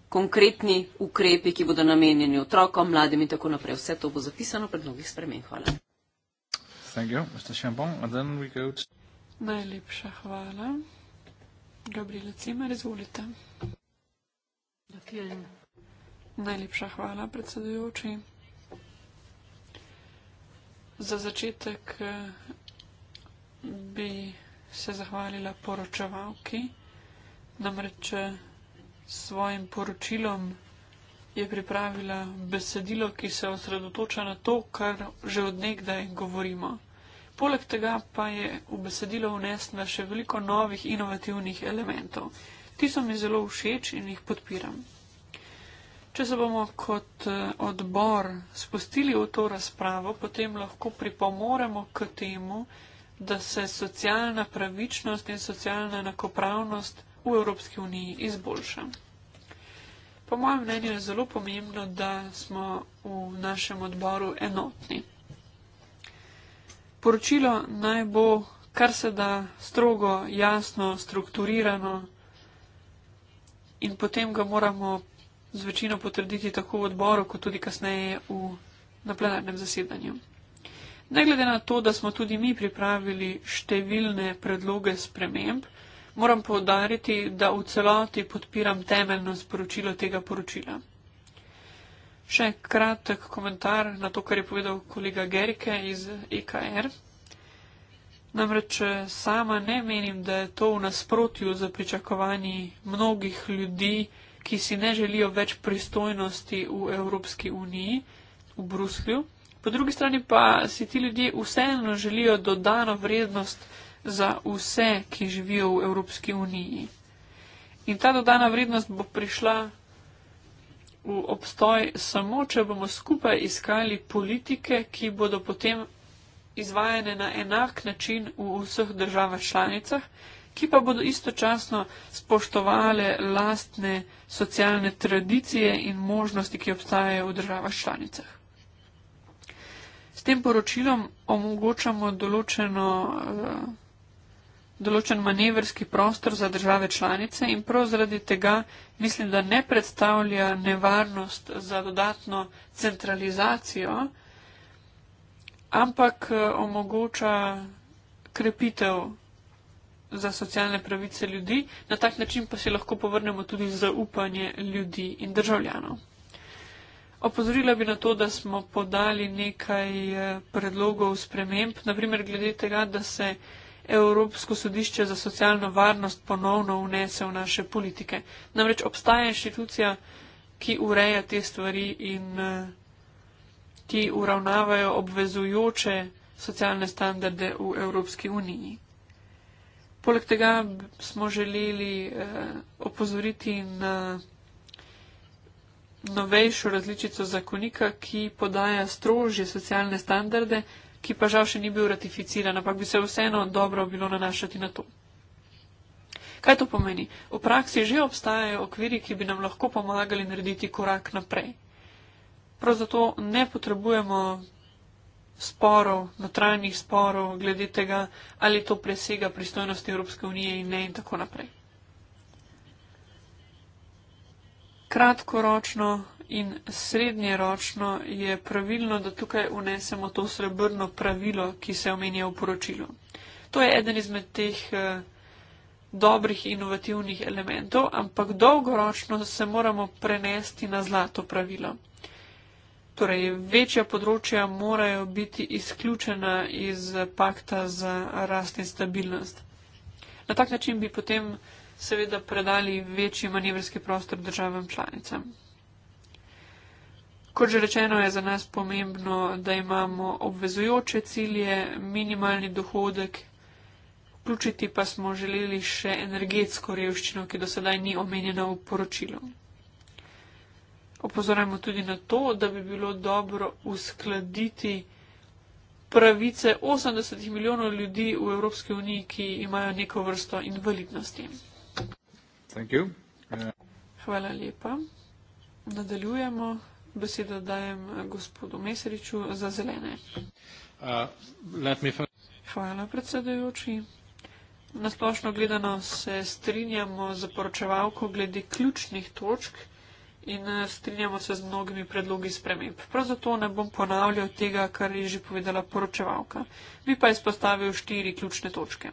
Speaker 2: konkretni ukrepi, ki bodo namenjeni otrokom, mladim in tako naprej. Vse to bo zapisano pred mnogih spremen. Hvala.
Speaker 1: Thank you, Mr. Champon. And then we go to... Najlepša hvala. Gabriela Cimer, izvolite. Najlepša hvala, predsedujoči. Za začetek bi se zahvalila poročevalki, namreč s svojim poročilom je pripravila besedilo, ki se osredotoča na to, kar že odnegdaj govorimo. Poleg tega pa je v besedilo vnesla še veliko novih inovativnih elementov. Ti so mi zelo všeč in jih podpiram. Če se bomo kot eh, odbor spustili v to razpravo, potem lahko pripomoremo k temu, da se socialna pravičnost in socialna enakopravnost v Evropski uniji izboljša. Po mojem mnenju je zelo pomembno, da smo v našem odboru enotni. Poročilo naj bo kar se da strogo, jasno, strukturirano in potem ga moramo z večino potrditi tako v odboru, kot tudi kasneje v, na plenarnem zasedanju. Ne glede na to, da smo tudi mi pripravili številne predloge sprememb, moram povdariti, da v celoti podpiram temeljno sporočilo tega poročila. Še kratek komentar na to, kar je povedal kolega Gerike iz EKR. Namreč eh, sama ne menim, da je to v nasprotju za pričakovanji mnogih ljudi, ki si ne želijo več pristojnosti v Evropski uniji, v Bruslju. Po drugi strani pa si ti ljudje vseeno želijo dodano vrednost za vse, ki živijo v Evropski uniji. In ta dodana vrednost bo prišla v obstoj samo, če bomo skupaj iskali politike, ki bodo potem izvajane na enak način v vseh državah članicah, ki pa bodo istočasno spoštovale lastne socialne tradicije in možnosti, ki obstajajo v državah članicah. S tem poročilom omogočamo določeno uh, določen manevrski prostor za države članice in prav zaradi tega mislim, da ne predstavlja nevarnost za dodatno centralizacijo, ampak eh, omogoča krepitev za socialne pravice ljudi, na tak način pa si lahko povrnemo tudi zaupanje ljudi in državljanov. Opozorila bi na to, da smo podali nekaj eh, predlogov sprememb, naprimer glede tega, da se Evropsko sodišče za socialno varnost ponovno vnese v naše politike. Namreč obstaja inštitucija, ki ureja te stvari in eh, ki uravnavajo obvezujoče socialne standarde v Evropski uniji. Poleg tega smo želeli eh, opozoriti na novejšo različico zakonika, ki podaja strožje socialne standarde ki pa žal še ni bil ratificiran, ampak bi se vseeno dobro bilo nanašati na to. Kaj to pomeni? V praksi že obstajajo okviri, ki bi nam lahko pomagali narediti korak naprej. Prav zato ne potrebujemo sporov, notranjih sporov glede tega, ali to presega pristojnosti Evropske unije in ne in tako naprej. Kratkoročno in srednjeročno je pravilno, da tukaj unesemo to srebrno pravilo, ki se omenja v poročilu. To je eden izmed teh eh, dobrih inovativnih elementov, ampak dolgoročno se moramo prenesti na zlato pravilo. Torej, večja področja morajo biti izključena iz pakta za rast in stabilnost. Na tak način bi potem seveda predali večji manevrski prostor državam članicam. Kot že rečeno, je za nas pomembno, da imamo obvezujoče cilje, minimalni dohodek, vključiti pa smo želeli še energetsko revščino, ki do sedaj ni omenjena v poročilu. Opozorajmo tudi na to, da bi bilo dobro uskladiti pravice 80 milijonov ljudi v Evropski uniji, ki imajo neko vrsto invalidnosti. Hvala lepa. Nadaljujemo. Besedo dajem gospodu Meseriču za zelene. Uh, Hvala, predsedujoči. Nasplošno gledano se strinjamo z poročevalko glede ključnih točk in eh, strinjamo se z mnogimi predlogi sprememb. Prav zato ne bom ponavljal tega, kar je že povedala poročevalka. Bi pa izpostavil štiri ključne točke.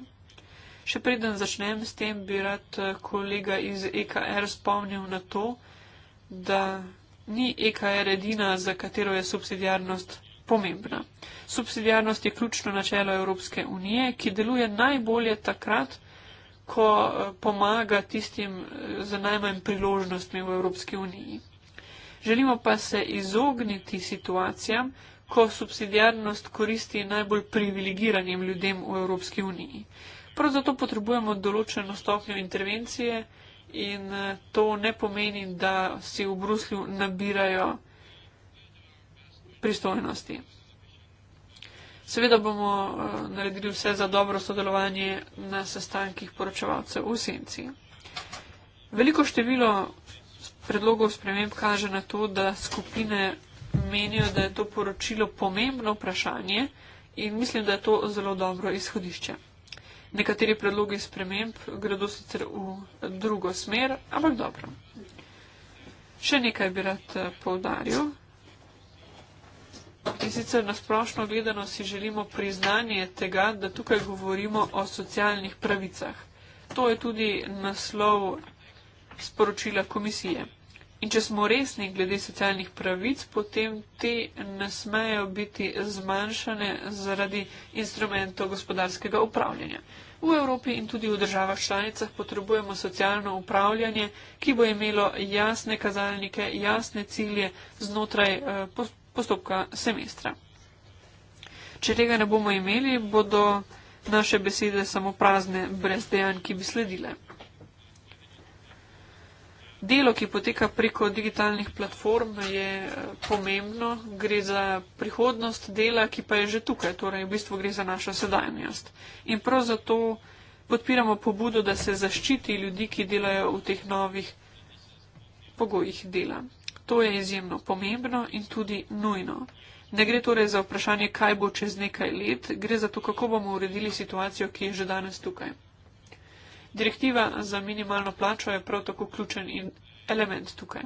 Speaker 1: Še preden začnem s tem, bi rad eh, kolega iz EKR spomnil na to, da ni EKR edina, za katero je subsidijarnost pomembna. Subsidijarnost je ključno načelo Evropske unije, ki deluje najbolje takrat, ko eh, pomaga tistim eh, z najmanj priložnostmi v Evropski uniji. Želimo pa se izogniti situacijam, ko subsidijarnost koristi najbolj privilegiranim ljudem v Evropski uniji. Prav zato potrebujemo določeno stopnjo intervencije, in eh, to ne pomeni, da si v Bruslju nabirajo pristojnosti. Seveda bomo eh, naredili vse za dobro sodelovanje na sestankih poročevalcev v Senci. Veliko število predlogov sprememb kaže na to, da skupine menijo, da je to poročilo pomembno vprašanje in mislim, da je to zelo dobro izhodišče. Nekateri predlogi sprememb gredo sicer v drugo smer, ampak dobro. Še nekaj bi rad eh, povdaril. In sicer nasplošno gledano si želimo priznanje tega, da tukaj govorimo o socialnih pravicah. To je tudi naslov sporočila komisije. In če smo resni glede socialnih pravic, potem te ne smejo biti zmanjšane zaradi instrumentov gospodarskega upravljanja. V Evropi in tudi v državah članicah potrebujemo socialno upravljanje, ki bo imelo jasne kazalnike, jasne cilje znotraj eh, postopka semestra. Če tega ne bomo imeli, bodo naše besede samo prazne, brez dejanj, ki bi sledile. Delo, ki poteka preko digitalnih platform, je eh, pomembno. Gre za prihodnost dela, ki pa je že tukaj, torej v bistvu gre za našo sedanjost. In prav zato podpiramo pobudo, da se zaščiti ljudi, ki delajo v teh novih pogojih dela. To je izjemno pomembno in tudi nujno. Ne gre torej za vprašanje, kaj bo čez nekaj let, gre za to, kako bomo uredili situacijo, ki je že danes tukaj. Direktiva za minimalno plačo je prav tako ključen element tukaj.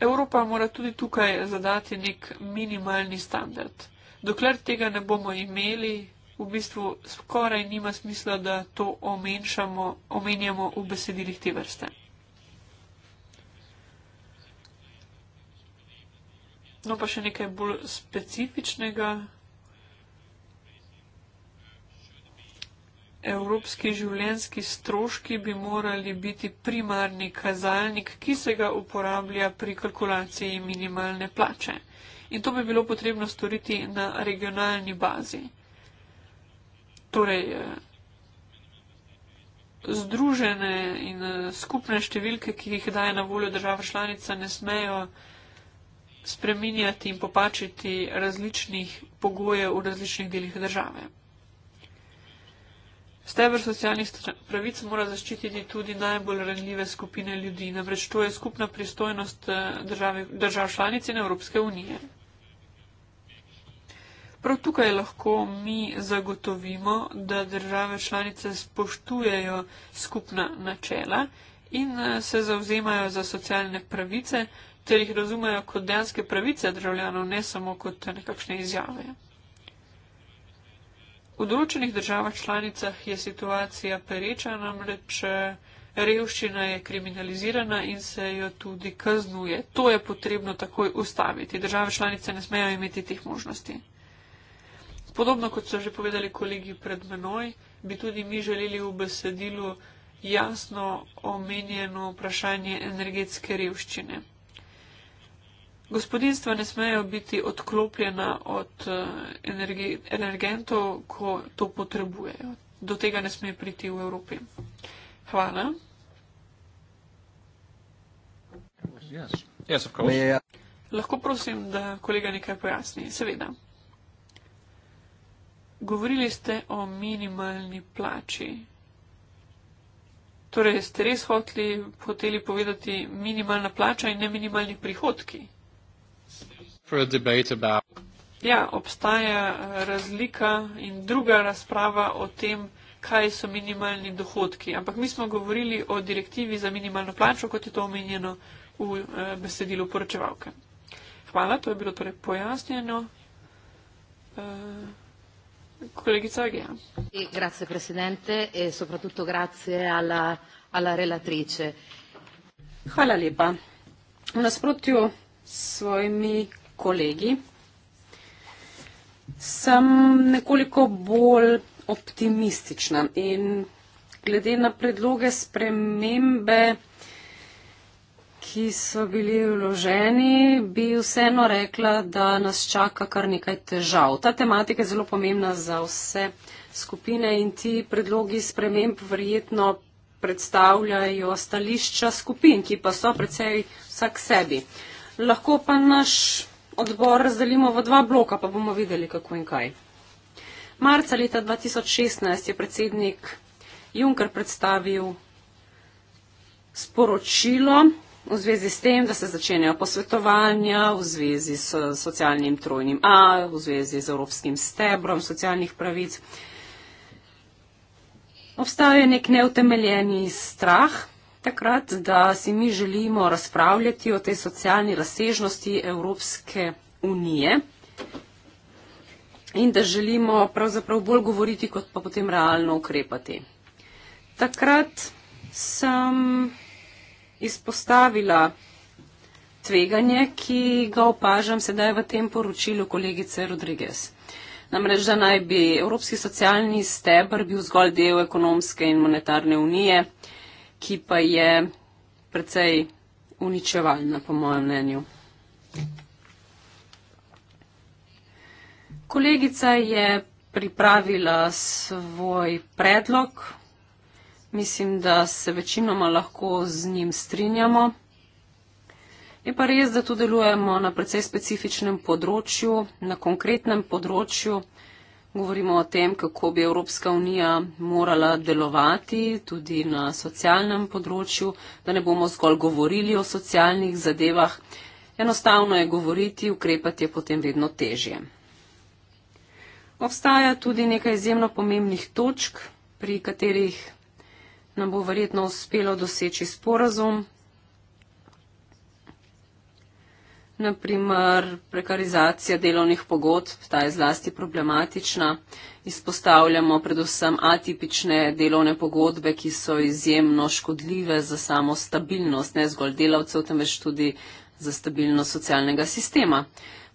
Speaker 1: Evropa mora tudi tukaj zadati nek minimalni standard. Dokler tega ne bomo imeli, v bistvu skoraj nima smisla, da to omenjamo v besedilih te vrste. No pa še nekaj bolj specifičnega. evropski življenski stroški bi morali biti primarni kazalnik, ki se ga uporablja pri kalkulaciji minimalne plače. In to bi bilo potrebno storiti na regionalni bazi. Torej, eh, združene in eh, skupne številke, ki jih daje na voljo država članica, ne smejo spreminjati in popačiti različnih pogojev v različnih delih države. Steber socialnih pravic mora zaščititi tudi najbolj ranljive skupine ljudi, namreč to je skupna pristojnost eh, držav članic in Evropske unije. Prav tukaj lahko mi zagotovimo, da države članice spoštujejo skupna načela in eh, se zauzemajo za socialne pravice, ter jih razumejo kot dejanske pravice državljanov, ne samo kot eh, nekakšne izjave. V določenih državah članicah je situacija pereča, namreč eh, revščina je kriminalizirana in se jo tudi kaznuje. To je potrebno takoj ustaviti. Države članice ne smejo imeti teh možnosti. Podobno kot so že povedali kolegi pred menoj, bi tudi mi želeli v besedilu jasno omenjeno vprašanje energetske revščine. Gospodinstva ne smejo biti odklopljena od eh, energentov, ko to potrebujejo. Do tega ne sme priti v Evropi. Hvala. Yes. Yes, Lahko prosim, da kolega nekaj pojasni. Seveda. Govorili ste o minimalni plači. Torej, ste res hoteli, hoteli povedati minimalna plača in ne minimalni prihodki? Ja, obstaja eh, razlika in druga razprava o tem, kaj so minimalni dohodki. Ampak mi smo govorili o direktivi za minimalno plačo, kot je to omenjeno v eh, besedilu poročevalke. Hvala, to je bilo torej pojasnjeno. Eh, kolegica Agija. Grazie, presidente, e soprattutto grazie alla, alla relatrice.
Speaker 2: Hvala lepa. V nasprotju s svojimi kolegi. Sem nekoliko bolj optimistična in glede na predloge spremembe, ki so bili vloženi, bi vseeno rekla, da nas čaka kar nekaj težav. Ta tematika je zelo pomembna za vse skupine in ti predlogi sprememb verjetno predstavljajo stališča skupin, ki pa so predvsej vsak sebi. Lahko pa naš odbor razdelimo v dva bloka, pa bomo videli, kako in kaj. Marca leta 2016 je predsednik Juncker predstavil sporočilo v zvezi s tem, da se začenjajo posvetovanja v zvezi s socialnim trojnim A, v zvezi z evropskim stebrom socialnih pravic. Obstaja nek neutemeljeni strah, takrat, da si mi želimo razpravljati o tej socialni razsežnosti Evropske unije in da želimo pravzaprav bolj govoriti, kot pa potem realno ukrepati. Takrat sem izpostavila tveganje, ki ga opažam sedaj v tem poročilu kolegice Rodriguez. Namreč, da naj bi Evropski socialni stebr bil zgolj del ekonomske in monetarne unije, ki pa je precej uničevalna, po mojem mnenju. Kolegica je pripravila svoj predlog. Mislim, da se večinoma lahko z njim strinjamo. Je pa res, da tu delujemo na precej specifičnem področju, na konkretnem področju. Govorimo o tem, kako bi Evropska unija morala delovati tudi na socialnem področju, da ne bomo zgolj govorili o socialnih zadevah. Enostavno je govoriti, ukrepati je potem vedno težje. Obstaja tudi nekaj izjemno pomembnih točk, pri katerih nam bo verjetno uspelo doseči sporazum, naprimer prekarizacija delovnih pogodb, ta je zlasti problematična. Izpostavljamo predvsem atipične delovne pogodbe, ki so izjemno škodljive za samo stabilnost, ne zgolj delavcev, temveč tudi za stabilnost socialnega sistema.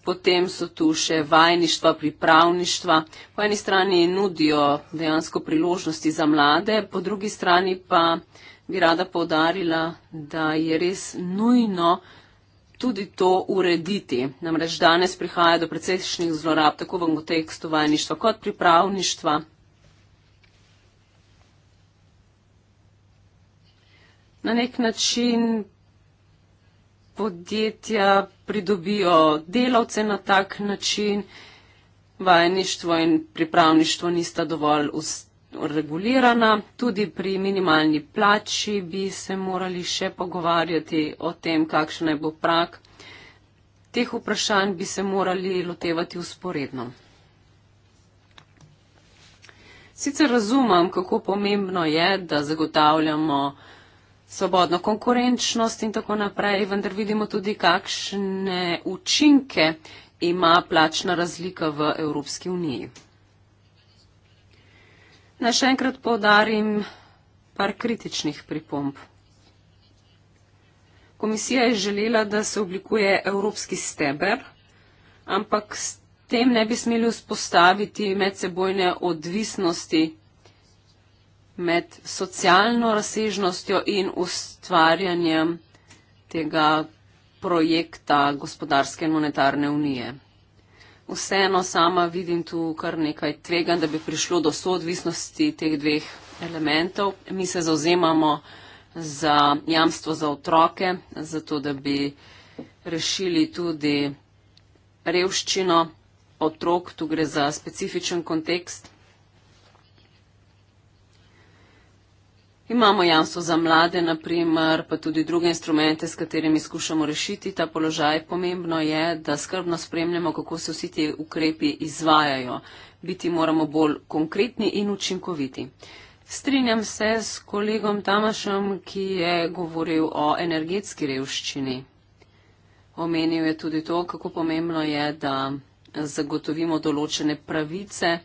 Speaker 2: Potem so tu še vajništva, pripravništva. Po eni strani nudijo dejansko priložnosti za mlade, po drugi strani pa bi rada povdarila, da je res nujno, tudi to urediti. Namreč danes prihaja do precejšnjih zlorab, tako v kontekstu vajništva kot pripravništva. Na nek način podjetja pridobijo delavce na tak način, vajništvo in pripravništvo nista dovolj ustavljena regulirana. Tudi pri minimalni plači bi se morali še pogovarjati o tem, kakšen je bo prak. Teh vprašanj bi se morali lotevati usporedno. Sicer razumem, kako pomembno je, da zagotavljamo svobodno konkurenčnost in tako naprej, vendar vidimo tudi, kakšne učinke ima plačna razlika v Evropski uniji. Naj še enkrat povdarim par kritičnih pripomb. Komisija je želela, da se oblikuje evropski steber, ampak s tem ne bi smeli vzpostaviti medsebojne odvisnosti med socialno razsežnostjo in ustvarjanjem tega projekta gospodarske in monetarne unije vseeno sama vidim tu kar nekaj tvega, da bi prišlo do soodvisnosti teh dveh elementov. Mi se zauzemamo za jamstvo za otroke, zato da bi rešili tudi revščino otrok, tu gre za specifičen kontekst. Imamo jamstvo za mlade, naprimer, pa tudi druge instrumente, s katerimi skušamo rešiti ta položaj. Pomembno je, da skrbno spremljamo, kako se vsi ti ukrepi izvajajo. Biti moramo bolj konkretni in učinkoviti. Strinjam se s kolegom Tamašem, ki je govoril o energetski revščini. Omenil je tudi to, kako pomembno je, da zagotovimo določene pravice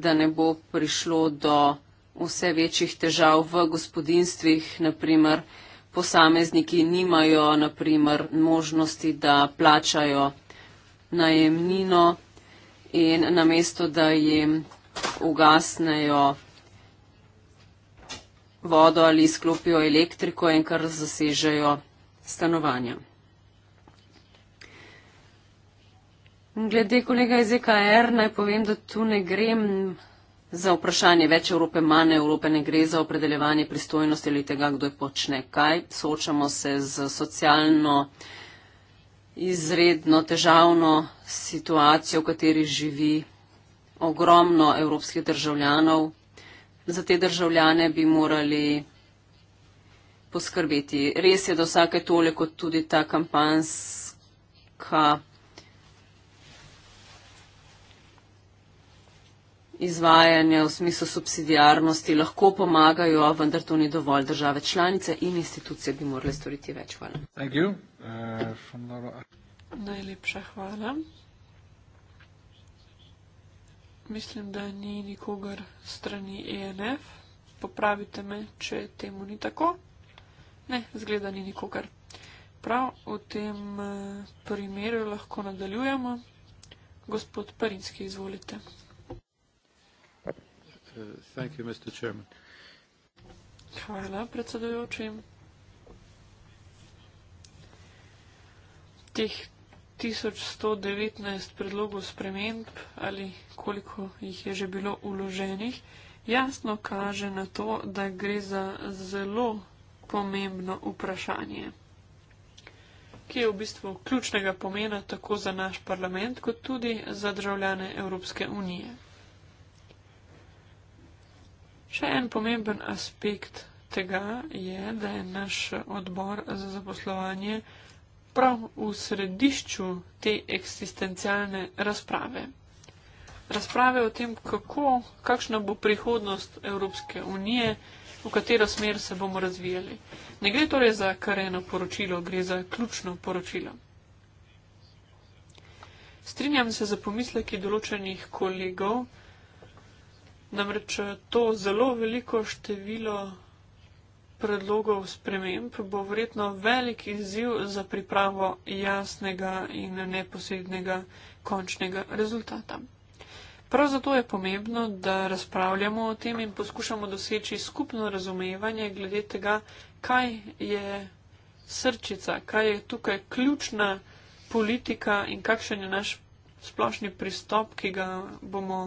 Speaker 2: da ne bo prišlo do vse večjih težav v gospodinstvih, naprimer posamezniki nimajo naprimer, možnosti, da plačajo najemnino in namesto, da jim ugasnejo vodo ali izklopijo elektriko in kar zasežejo stanovanja. Glede kolega iz EKR, naj povem, da tu ne grem za vprašanje več Evrope, manj Evrope, ne gre za opredeljevanje pristojnosti ali tega, kdo je počne kaj. Soočamo se z socialno izredno težavno situacijo, v kateri živi ogromno evropskih državljanov. Za te državljane bi morali poskrbeti. Res je, da vsake toliko tudi ta kampanska izvajanja v smislu subsidijarnosti lahko pomagajo, vendar to ni dovolj. Države članice in institucije bi morali storiti več. Hvala.
Speaker 1: Uh, Najlepša hvala. Mislim, da ni nikogar strani ENF. Popravite me, če temu ni tako. Ne, zgleda ni nikogar. Prav v tem eh, primeru lahko nadaljujemo. Gospod Parinski, izvolite. Hvala predsedujočim. Teh 1119 predlogov sprememb ali koliko jih je že bilo uloženih, jasno kaže na to, da gre za zelo pomembno vprašanje, ki je v bistvu ključnega pomena tako za naš parlament, kot tudi za državljane Evropske unije. Še en pomemben aspekt tega je, da je naš odbor za zaposlovanje prav v središču te eksistencialne razprave. Razprave o tem, kako, kakšna bo prihodnost Evropske unije, v katero smer se bomo razvijali. Ne gre torej za kar eno poročilo, gre za ključno poročilo. Strinjam se za pomisleki določenih kolegov, Namreč eh, to zelo veliko število predlogov sprememb bo verjetno velik izziv za pripravo jasnega in neposrednega končnega rezultata. Prav zato je pomembno, da razpravljamo o tem in poskušamo doseči skupno razumevanje glede tega, kaj je srčica, kaj je tukaj ključna politika in kakšen je naš splošni pristop, ki ga bomo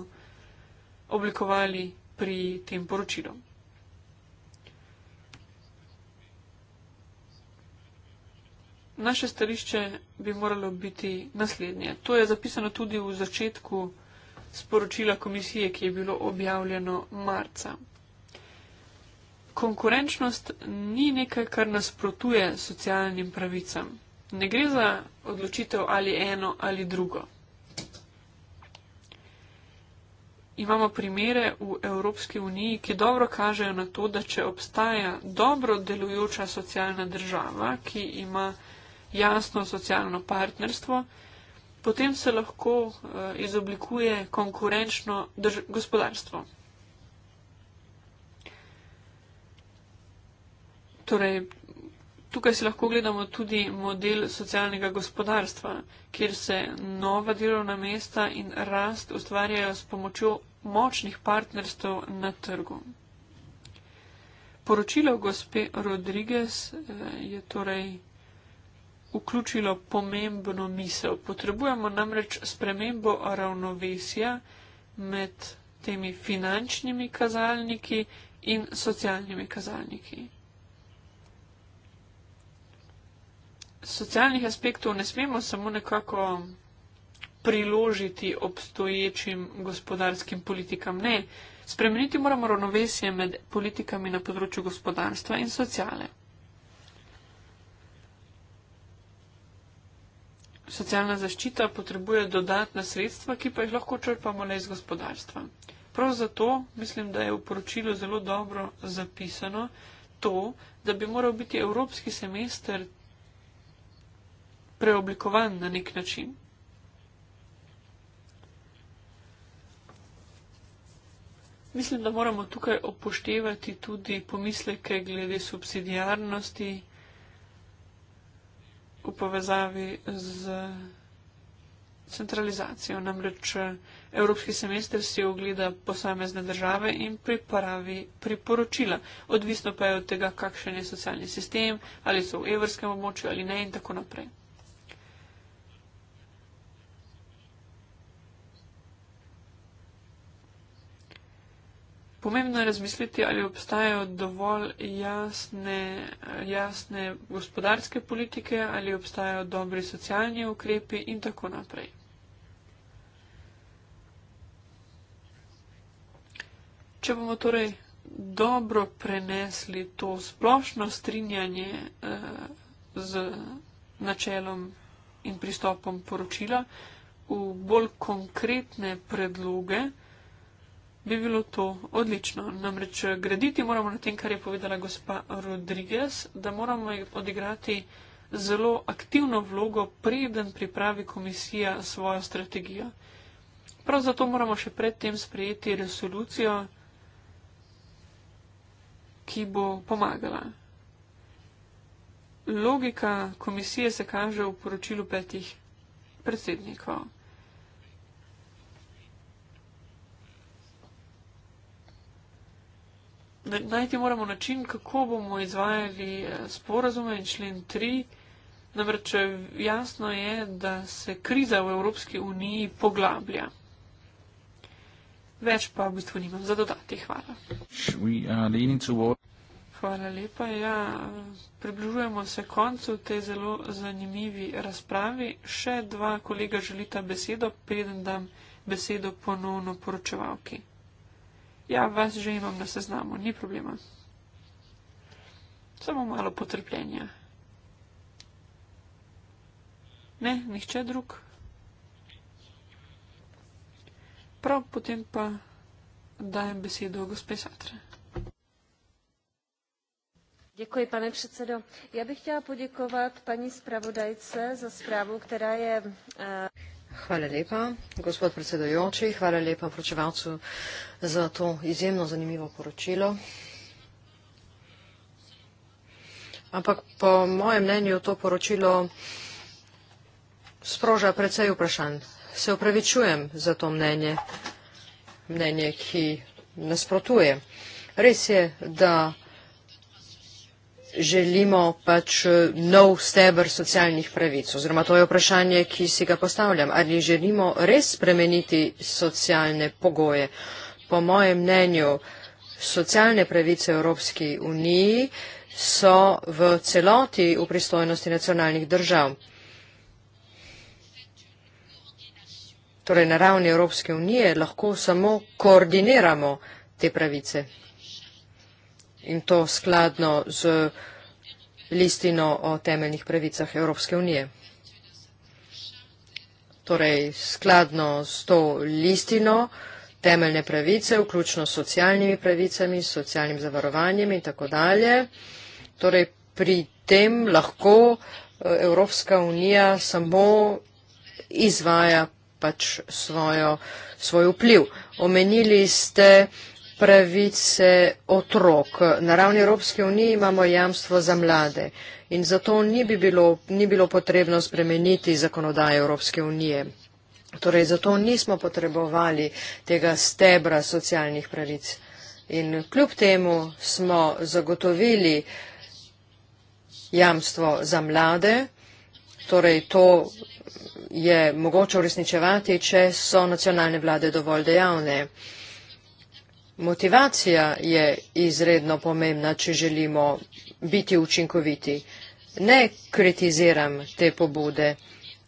Speaker 1: oblikovali pri tem poročilu. Naše stališče bi moralo biti naslednje. To je zapisano tudi v začetku sporočila komisije, ki je bilo objavljeno marca. Konkurenčnost ni nekaj, kar nasprotuje socialnim pravicam. Ne gre za odločitev ali eno ali drugo. imamo primere v Evropski uniji, ki dobro kažejo na to, da če obstaja dobro delujoča socialna država, ki ima jasno socialno partnerstvo, potem se lahko eh, izoblikuje konkurenčno drž- gospodarstvo. Torej, Tukaj si lahko gledamo tudi model socialnega gospodarstva, kjer se nova delovna mesta in rast ustvarjajo s pomočjo močnih partnerstv na trgu. Poročilo gospe Rodriguez eh, je torej vključilo pomembno misel. Potrebujemo namreč spremembo ravnovesja med temi finančnimi kazalniki in socialnimi kazalniki. socialnih aspektov ne smemo samo nekako priložiti obstoječim gospodarskim politikam. Ne, spremeniti moramo ravnovesje med politikami na področju gospodarstva in sociale. Socialna zaščita potrebuje dodatna sredstva, ki pa jih lahko črpamo le iz gospodarstva. Prav zato mislim, da je v poročilu zelo dobro zapisano to, da bi moral biti evropski semester preoblikovan na nek način. Mislim, da moramo tukaj upoštevati tudi pomisleke glede subsidijarnosti v povezavi z centralizacijo. Namreč eh, Evropski semester si ogleda posamezne države in pripravi priporočila. Odvisno pa je od tega, kakšen je socialni sistem, ali so v evrskem območju ali ne in tako naprej. Pomembno je razmisliti, ali obstajajo dovolj jasne, jasne gospodarske politike, ali obstajajo dobri socialni ukrepi in tako naprej. Če bomo torej dobro prenesli to splošno strinjanje eh, z načelom in pristopom poročila v bolj konkretne predloge, bi bilo to odlično. Namreč graditi moramo na tem, kar je povedala gospa Rodriguez, da moramo odigrati zelo aktivno vlogo, preden pripravi komisija svojo strategijo. Prav zato moramo še predtem sprejeti resolucijo, ki bo pomagala. Logika komisije se kaže v poročilu petih predsednikov. najti moramo način, kako bomo izvajali eh, sporazume in člen 3. Namreč eh, jasno je, da se kriza v Evropski uniji poglablja. Več pa v bistvu nimam za dodati. Hvala.
Speaker 2: Uh,
Speaker 1: Hvala lepa. Ja, približujemo se koncu te zelo zanimivi razpravi. Še dva kolega želita besedo, preden dam besedo ponovno poročevalki. Okay. Ja, vas že imam na seznamu, ni problema. Samo malo potrpljenja. Ne, nihče drug. Prav potem pa dajem besedo gospe Satre.
Speaker 2: Děkuji, pane předsedo. Já bych chtěla poděkovat paní zpravodajce za zprávu, která je. Uh...
Speaker 3: Hvala lepa, gospod predsedojoči, hvala lepa vročevalcu za to izjemno zanimivo poročilo. Ampak po mojem mnenju to poročilo sproža precej vprašanj. Se upravičujem za to mnenje, mnenje, ki nasprotuje. Res je, da želimo pač eh, nov stebr socialnih pravic? Oziroma to je vprašanje, ki si ga postavljam. Ali želimo res spremeniti socialne pogoje? Po mojem mnenju, socialne pravice Evropski uniji so v celoti v pristojnosti nacionalnih držav. Torej, na ravni Evropske unije lahko samo koordiniramo te pravice in to skladno z listino o temeljnih pravicah Evropske unije. Torej, skladno s to listino temeljne pravice, vključno s socialnimi pravicami, s socialnim zavarovanjem in tako dalje. Torej, pri tem lahko eh, Evropska unija samo izvaja pač svojo, svoj vpliv. Omenili ste uh, pravice otrok. Na ravni Evropske unije imamo jamstvo za mlade in zato ni, bi bilo, ni bilo potrebno spremeniti zakonodaje Evropske unije. Torej, zato nismo potrebovali tega stebra socialnih pravic. In kljub temu smo zagotovili jamstvo za mlade, torej to je mogoče uresničevati, če so nacionalne vlade dovolj dejavne. Motivacija je izredno pomembna, če želimo biti učinkoviti. Ne kritiziram te pobude,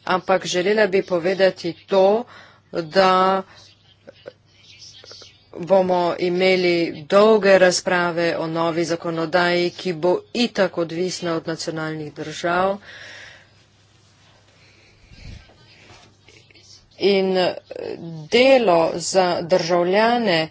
Speaker 3: ampak želela bi povedati to, da bomo imeli dolge razprave o novi zakonodaji, ki bo itak odvisna od nacionalnih držav. In delo za državljane,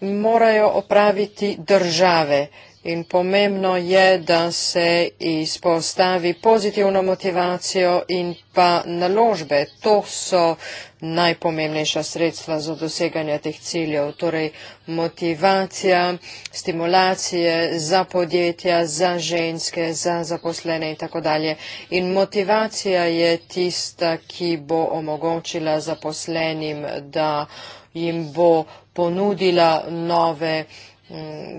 Speaker 3: morajo opraviti države. In pomembno je, da se izpostavi pozitivno motivacijo in pa naložbe. To so najpomembnejša sredstva za doseganje teh ciljev. Torej motivacija, stimulacije za podjetja, za ženske, za zaposlene in tako dalje. In motivacija je tista, ki bo omogočila zaposlenim, da uh, jim bo ponudila nove mm,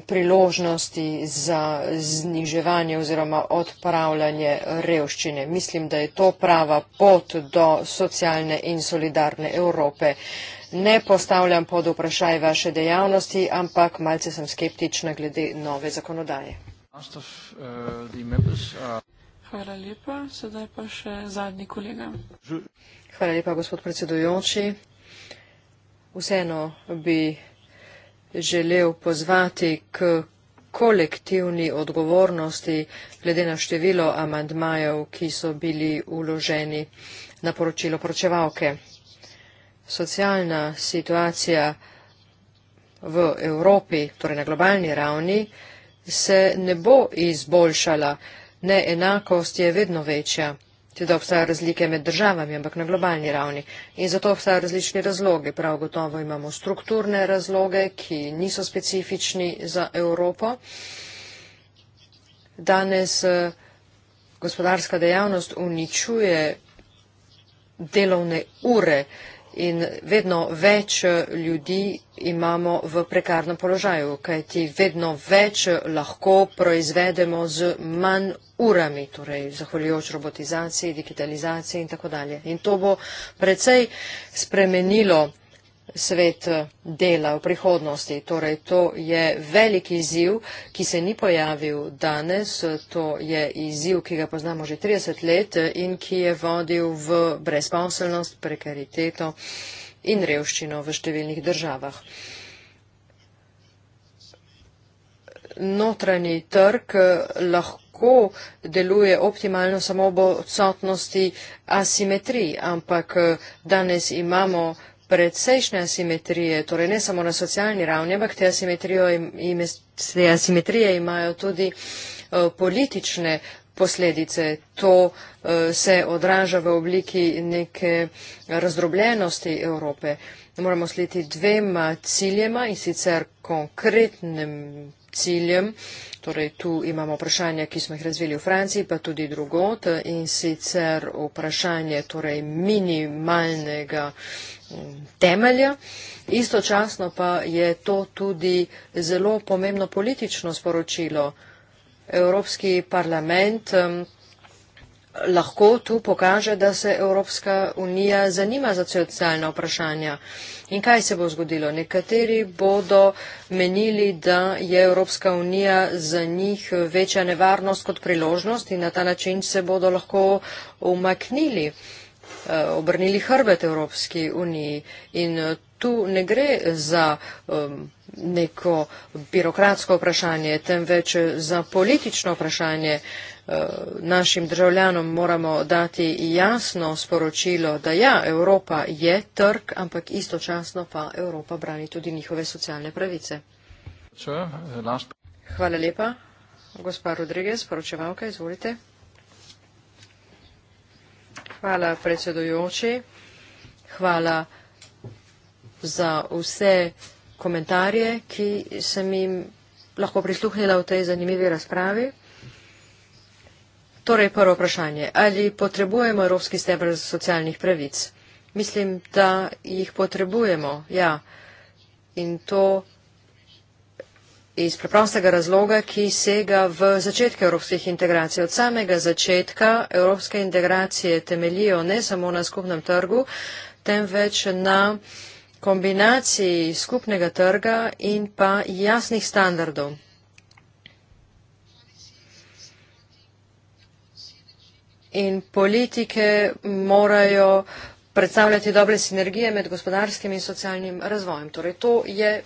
Speaker 3: priložnosti za zniževanje oziroma odpravljanje revščine. Mislim, da je to prava pot do socialne in solidarne Evrope. Ne postavljam pod vprašaj vaše dejavnosti, ampak malce sem skeptična glede nove zakonodaje.
Speaker 1: Hvala lepa. Sedaj pa še zadnji kolega.
Speaker 3: Hvala lepa, gospod predsedujoči vseeno bi želel pozvati k kolektivni odgovornosti glede na število amandmajev, ki so bili uloženi na poročilo pročevalke. Socialna situacija v Evropi, torej na globalni ravni, se ne bo izboljšala. Neenakost je vedno večja. Tudi obstajajo razlike med državami, ampak na globalni ravni. In zato obstajajo različni razlogi. Prav gotovo imamo strukturne razloge, ki niso specifični za Evropo. Danes eh, gospodarska dejavnost uničuje delovne ure in vedno več eh, ljudi imamo v prekarnem položaju, kajti vedno več eh, lahko proizvedemo z manj urami, torej zahvaljujoč robotizaciji, digitalizaciji in tako dalje. In to bo precej spremenilo svet eh, dela v prihodnosti. Torej, to je veliki izziv, ki se ni pojavil danes, to je izziv, ki ga poznamo že 30 let eh, in ki je vodil v brezposelnost, prekariteto in revščino v številnih državah. Notranji trg eh, lahko deluje optimalno samo ob odsotnosti asimetrij, ampak danes imamo precejšnje asimetrije, torej ne samo na socialni ravni, ampak te asimetrije, im, te asimetrije imajo tudi uh, politične posledice. To uh, se odraža v obliki neke razdrobljenosti Evrope. Moramo slediti dvema ciljema in sicer konkretnim ciljem, torej tu imamo vprašanja, ki smo jih razvili v Franciji, pa tudi drugot in sicer vprašanje torej minimalnega uh, temelja. Istočasno pa je to tudi zelo pomembno politično sporočilo. Evropski parlament lahko tu pokaže, da se Evropska unija zanima za socialna vprašanja. In kaj se bo zgodilo? Nekateri bodo menili, da je Evropska unija za njih večja nevarnost kot priložnost in na ta način se bodo lahko umaknili. Eh, obrnili hrbet Evropski uniji in eh, tu ne gre za neko birokratsko vprašanje, temveč za politično vprašanje. Eh, našim državljanom moramo dati jasno sporočilo, da ja, Evropa je trg, ampak istočasno pa Evropa brani tudi njihove socialne pravice. Hvala lepa. Gospa Rodriguez, poročevalka, izvolite. Hvala, predsedujoči. Hvala za vse komentarje, ki sem jim lahko prisluhnila v tej zanimivi razpravi. Torej, prvo vprašanje. Ali potrebujemo evropski stebr socialnih pravic? Mislim, da jih potrebujemo, ja. In to iz preprostega razloga, ki sega v začetke evropskih integracij. Od samega začetka evropske integracije temelijo ne samo na skupnem trgu, temveč na kombinaciji skupnega trga in pa jasnih standardov. In politike morajo predstavljati dobre sinergije med gospodarskim in socialnim razvojem. Torej, to je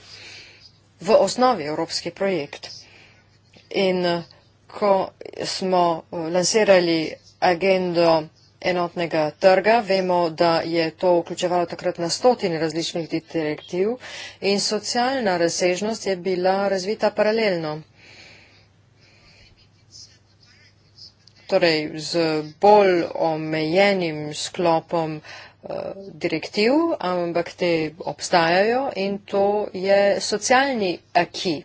Speaker 3: v osnovi evropski projekt. In ko smo eh, lansirali agendo enotnega trga, vemo, da je to vključevalo takrat na stotine različnih direktiv in socialna razsežnost je bila razvita paralelno. Torej, z bolj omejenim sklopom uh, direktiv, ampak te obstajajo in to je socialni aki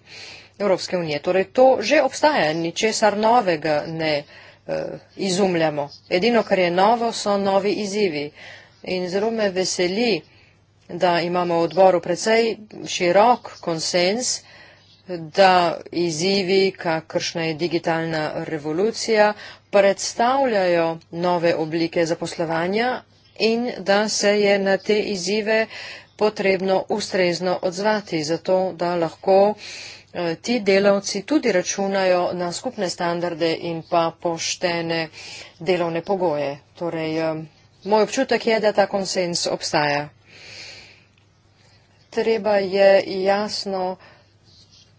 Speaker 3: Evropske unije. Torej to že obstaja, ničesar novega ne uh, izumljamo. Edino, kar je novo, so novi izzivi. In zelo me veseli, da imamo v odboru precej širok konsens, da izzivi, kakršna je digitalna revolucija, predstavljajo nove oblike zaposlovanja, in da se je na te izzive potrebno ustrezno odzvati, zato da lahko eh, ti delavci tudi računajo na skupne standarde in pa poštene delovne pogoje. Torej, eh, moj občutek je, da ta konsens obstaja. Treba je jasno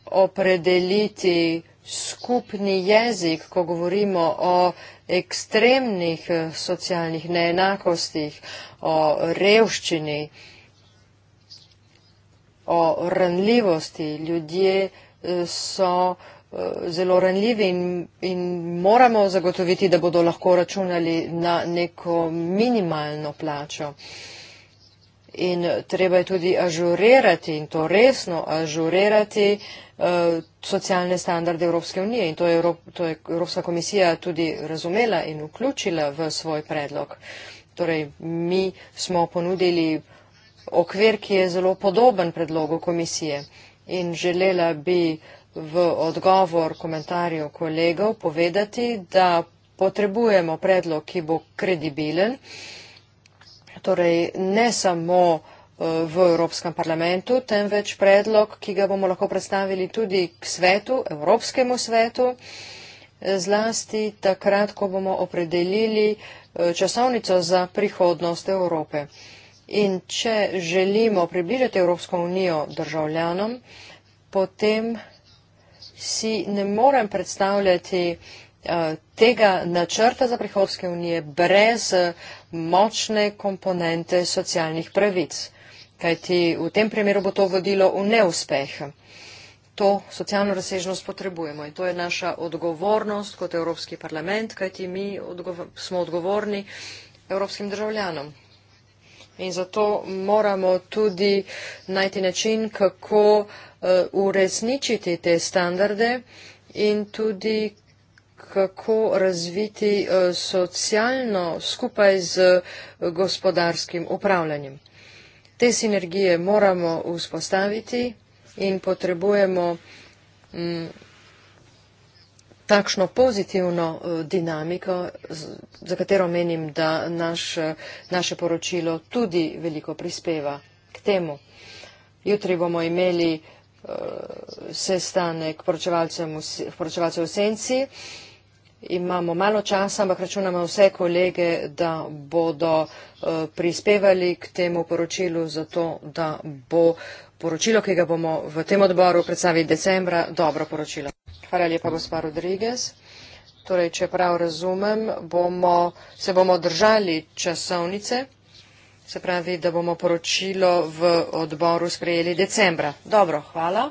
Speaker 3: opredeliti skupni jezik, ko govorimo o ekstremnih eh, socialnih neenakostih, o revščini, o ranljivosti. Ljudje eh, so eh, zelo ranljivi in, in moramo zagotoviti, da bodo lahko računali na neko minimalno plačo. In treba je tudi ažurirati, in to resno ažurirati, uh, uh, socialne standarde Evropske unije in to je, Evrop, to je Evropska komisija tudi razumela in vključila v svoj predlog. Torej, mi smo ponudili okvir, ki je zelo podoben predlogu komisije in želela bi v odgovor komentarju kolegov povedati, da potrebujemo predlog, ki bo kredibilen. Torej, ne samo uh, v Evropskem parlamentu, temveč predlog, ki ga bomo lahko predstavili tudi k svetu, Evropskemu svetu, zlasti takrat, ko bomo opredelili eh, časovnico za prihodnost Evrope. In če želimo približati Evropsko unijo državljanom, potem si ne morem predstavljati eh, tega načrta za prihodske unije brez eh, močne komponente socialnih pravic kajti v tem primeru bo to vodilo v neuspeh. To socialno razsežnost potrebujemo in to je naša odgovornost kot Evropski parlament, kajti mi odgovor, smo odgovorni evropskim državljanom. In zato moramo tudi najti način, kako uh, uresničiti te standarde in tudi kako razviti uh, socialno skupaj z uh, gospodarskim upravljanjem. Te sinergije moramo vzpostaviti in potrebujemo m, mm, takšno pozitivno eh, dinamiko, za katero menim, da naš, naše poročilo tudi veliko prispeva k temu. Jutri bomo imeli uh, sestanek poročevalcev v senci. Uh, Imamo malo časa, ampak računamo vse kolege, da bodo eh, prispevali k temu poročilu, zato da bo poročilo, ki ga bomo v tem odboru predstavili decembra, dobro poročilo. Hvala lepa, gospod Rodriguez. Torej, če prav razumem, bomo, se bomo držali časovnice, se pravi, da bomo poročilo v odboru sprejeli decembra. Dobro, hvala.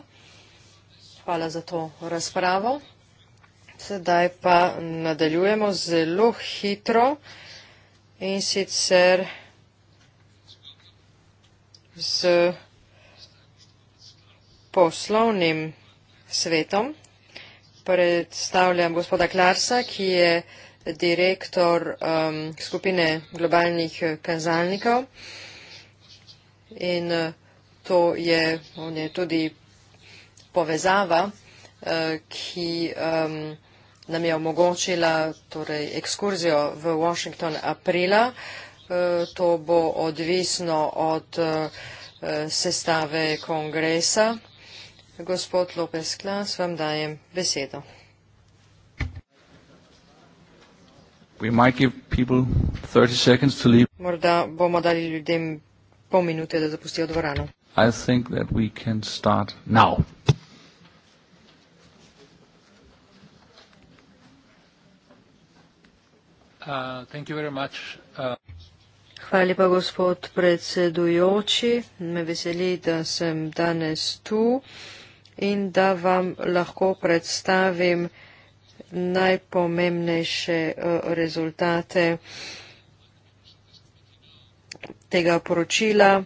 Speaker 3: Hvala za to razpravo sedaj pa nadaljujemo zelo hitro in sicer z poslovnim svetom. Predstavljam gospoda Klarsa, ki je direktor um, skupine globalnih eh, kazalnikov in eh, to je, on je tudi povezava, uh, ki um, nam je omogočila torej, ekskurzijo v Washington aprila. E, to bo odvisno od e, sestave kongresa. Gospod Lopez Klas, vam dajem besedo. Morda bomo dali ljudem pol minute, da zapustijo dvorano.
Speaker 1: I think that we can start now. Uh, uh,
Speaker 3: Hvala lepa, gospod predsedujoči. Me veseli, da sem danes tu in da vam lahko predstavim najpomembnejše uh, rezultate tega poročila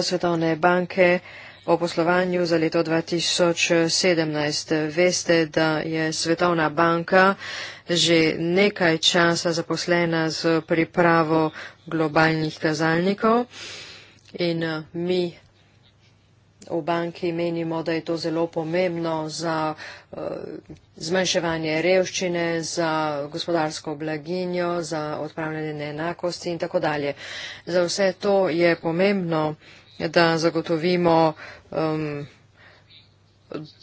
Speaker 3: Svetovne banke o poslovanju za leto 2017. Veste, da je Svetovna banka že nekaj časa zaposlena z pripravo globalnih kazalnikov in eh, mi v banki menimo, da je to zelo pomembno za eh, zmanjševanje revščine, za gospodarsko blaginjo, za odpravljanje neenakosti in tako dalje. Za vse to je pomembno, da zagotovimo um,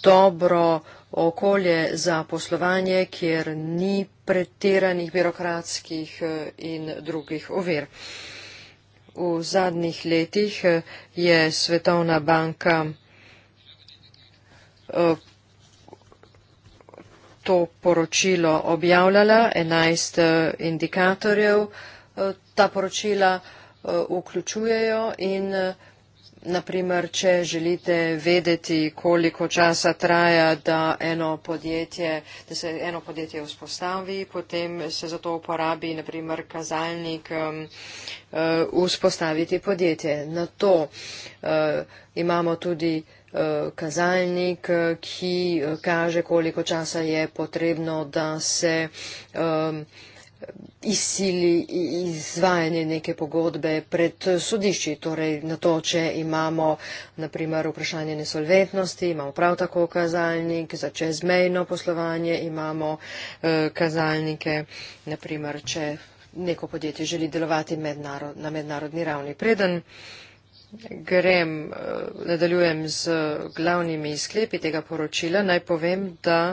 Speaker 3: dobro okolje za poslovanje, kjer ni pretiranih birokratskih eh, in drugih ovir. V zadnjih letih eh, je Svetovna banka eh, to poročilo objavljala, 11 indikatorjev ta poročila vključujejo in naprimer, če želite vedeti, koliko časa traja, da, eno podjetje, da se eno podjetje vzpostavi, potem se za to uporabi, naprimer, kazalnik um, uh, vzpostaviti podjetje. Na to uh, imamo tudi uh, kazalnik, ki uh, kaže, koliko časa je potrebno, da se um, izsili izvajanje neke pogodbe pred sodišči. Torej, na to, če imamo, naprimer, vprašanje nesolventnosti, imamo prav tako kazalnik za čezmejno poslovanje, imamo eh, kazalnike, naprimer, če neko podjetje želi delovati mednarod, na mednarodni ravni. Preden grem, eh, nadaljujem z glavnimi sklepi tega poročila, naj povem, da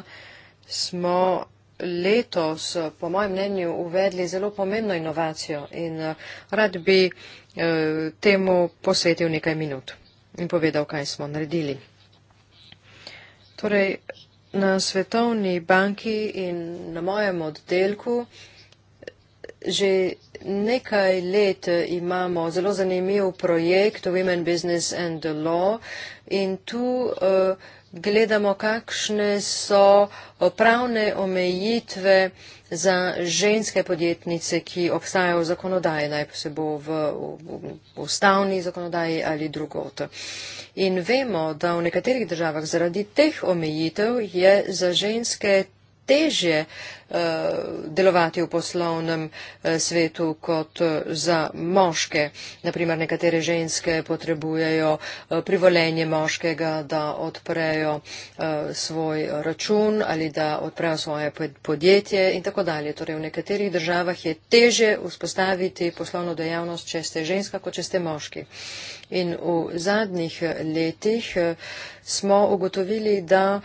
Speaker 3: smo letos, po mojem mnenju, uvedli zelo pomembno inovacijo in eh, rad bi eh, temu posvetil nekaj minut in povedal, kaj smo naredili. Torej, na svetovni banki in na mojem oddelku eh, že nekaj let imamo zelo zanimiv projekt Women Business and Law in tu uh, gledamo, kakšne so pravne omejitve za ženske podjetnice, ki obstajajo v zakonodaji, naj se bo v ustavni zakonodaji ali drugot. In vemo, da v nekaterih državah zaradi teh omejitev je za ženske teže eh, delovati v poslovnem eh, svetu kot eh, za moške. Naprimer, nekatere ženske potrebujejo privolenje moškega, da odprejo svoj račun ali da odprejo svoje podjetje in tako dalje. Torej, v nekaterih državah je teže vzpostaviti poslovno dejavnost, če ste ženska, kot če ste moški. In v zadnjih letih smo ugotovili, da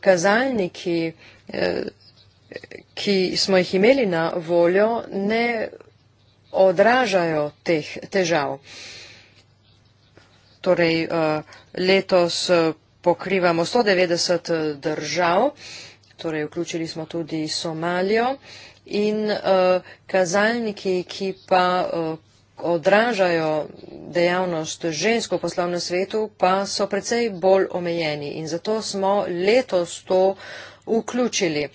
Speaker 3: kazalniki Eh, ki smo jih imeli na voljo, ne odražajo teh težav. Torej, eh, letos eh, pokrivamo 190 držav, torej vključili smo tudi Somalijo in kazalniki, ki pa odražajo dejavnost žensk v poslovnem svetu, pa so precej bolj omejeni. In zato smo letos to vključili.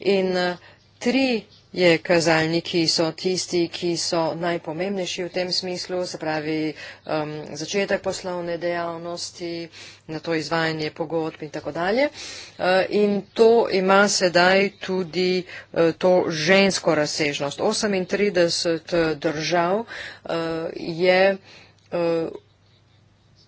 Speaker 3: In eh, tri je kazalniki so tisti, ki so najpomembnejši v tem smislu, se pravi um, začetek poslovne dejavnosti, na to izvajanje pogodb in tako dalje. Uh, in to ima sedaj tudi uh, to žensko razsežnost. 38 držav uh, je. Uh,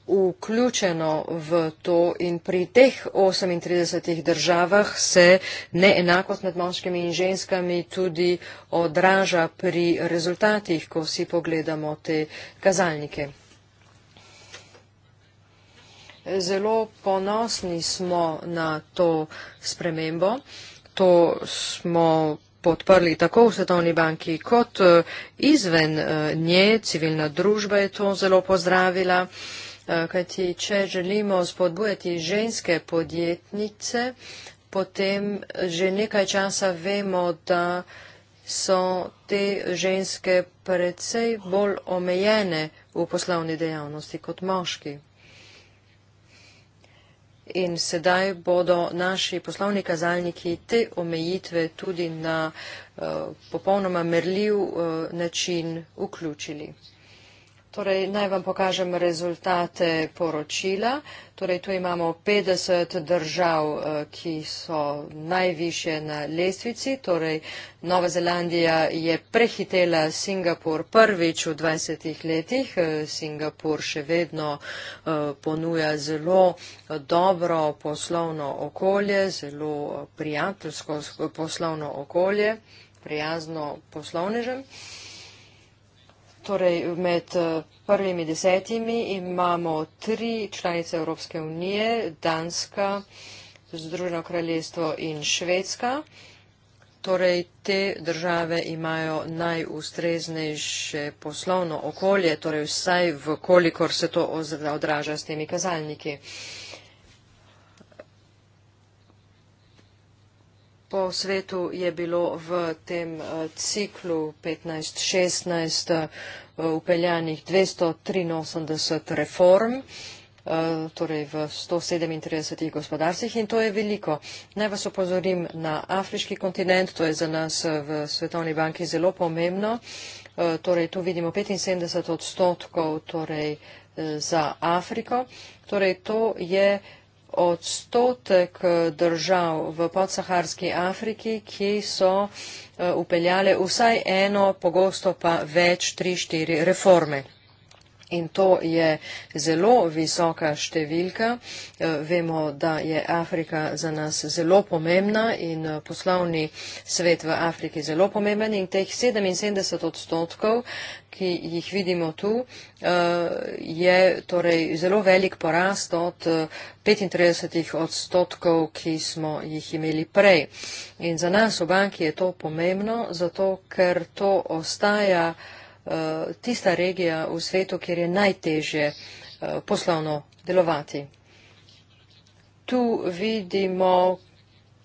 Speaker 3: vključeno v to in pri teh 38 državah se neenakost med moškimi in ženskami tudi odraža pri rezultatih, ko si pogledamo te kazalnike. Zelo ponosni smo na to spremembo. To smo podprli tako v Svetovni banki kot eh, izven eh, nje. Civilna družba je to zelo pozdravila. Eh, kajti če želimo spodbujati ženske podjetnice, potem že nekaj časa vemo, da so te ženske predvsej bolj omejene v poslovni dejavnosti kot moški. In sedaj bodo naši poslovni kazalniki te omejitve tudi na uh, popolnoma merljiv uh, način vključili. Torej, naj vam pokažem rezultate poročila. Torej, tu imamo 50 držav, eh, ki so najviše na lestvici. Torej, Nova Zelandija je prehitela Singapur prvič v 20 letih. Eh, Singapur še vedno eh, ponuja zelo dobro poslovno okolje, zelo prijateljsko poslovno okolje, prijazno poslovnežem. Torej, med eh, prvimi desetimi imamo tri članice Evropske unije, Danska, Združeno kraljestvo in Švedska. Torej, te države imajo najustreznejše poslovno okolje, torej vsaj v kolikor se to odraža s temi kazalniki. Uh, po svetu je bilo v tem eh, ciklu 15-16 upeljanih 283 reform eh, torej v 137 gospodarstvih in to je veliko. Naj vas upozorim na afriški kontinent, to je za nas eh, v Svetovni banki zelo pomembno. Torej tu vidimo 75 odstotkov torej, za Afriko. Torej to je odstotek držav v podsaharski Afriki, ki so upeljale eh, vsaj eno, pogosto pa več, tri, štiri reforme. In to je zelo visoka številka. Eh, vemo, da je Afrika za nas zelo pomembna in eh, poslovni svet v Afriki zelo pomemben. In teh 77 odstotkov, ki jih vidimo tu, eh, je torej zelo velik porast od 35 odstotkov, ki smo jih imeli prej. In za nas v banki je to pomembno, zato ker to ostaja. Eh, tista regija v svetu, kjer je najtežje eh, poslovno delovati. Tu vidimo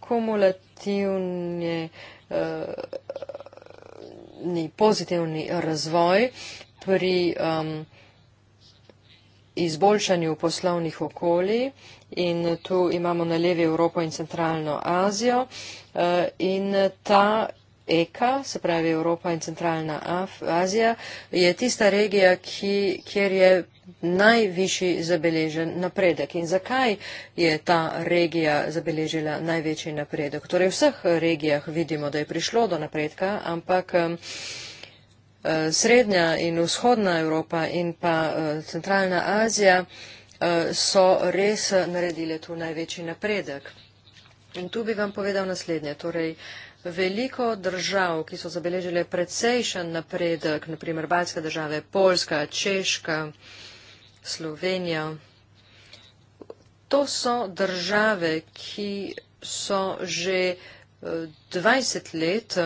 Speaker 3: kumulativni eh, ni pozitivni razvoj pri um, izboljšanju poslovnih okolij in tu imamo na levi Evropo in centralno Azijo uh, in ta EKA, se pravi Evropa in Centralna Af Azija, je tista regija, ki, kjer je najvišji zabeležen napredek. In zakaj je ta regija zabeležila največji napredek? Torej, v vseh regijah vidimo, da je prišlo do napredka, ampak um, eh, Srednja in Vzhodna Evropa in pa eh, Centralna Azija eh, so res naredile tu največji napredek. In tu bi vam povedal naslednje. Torej, uh, veliko držav, ki so zabeležile precejšen napredek, naprimer baljske države, Poljska, Češka, Slovenija. To so države, ki so že 20 eh, let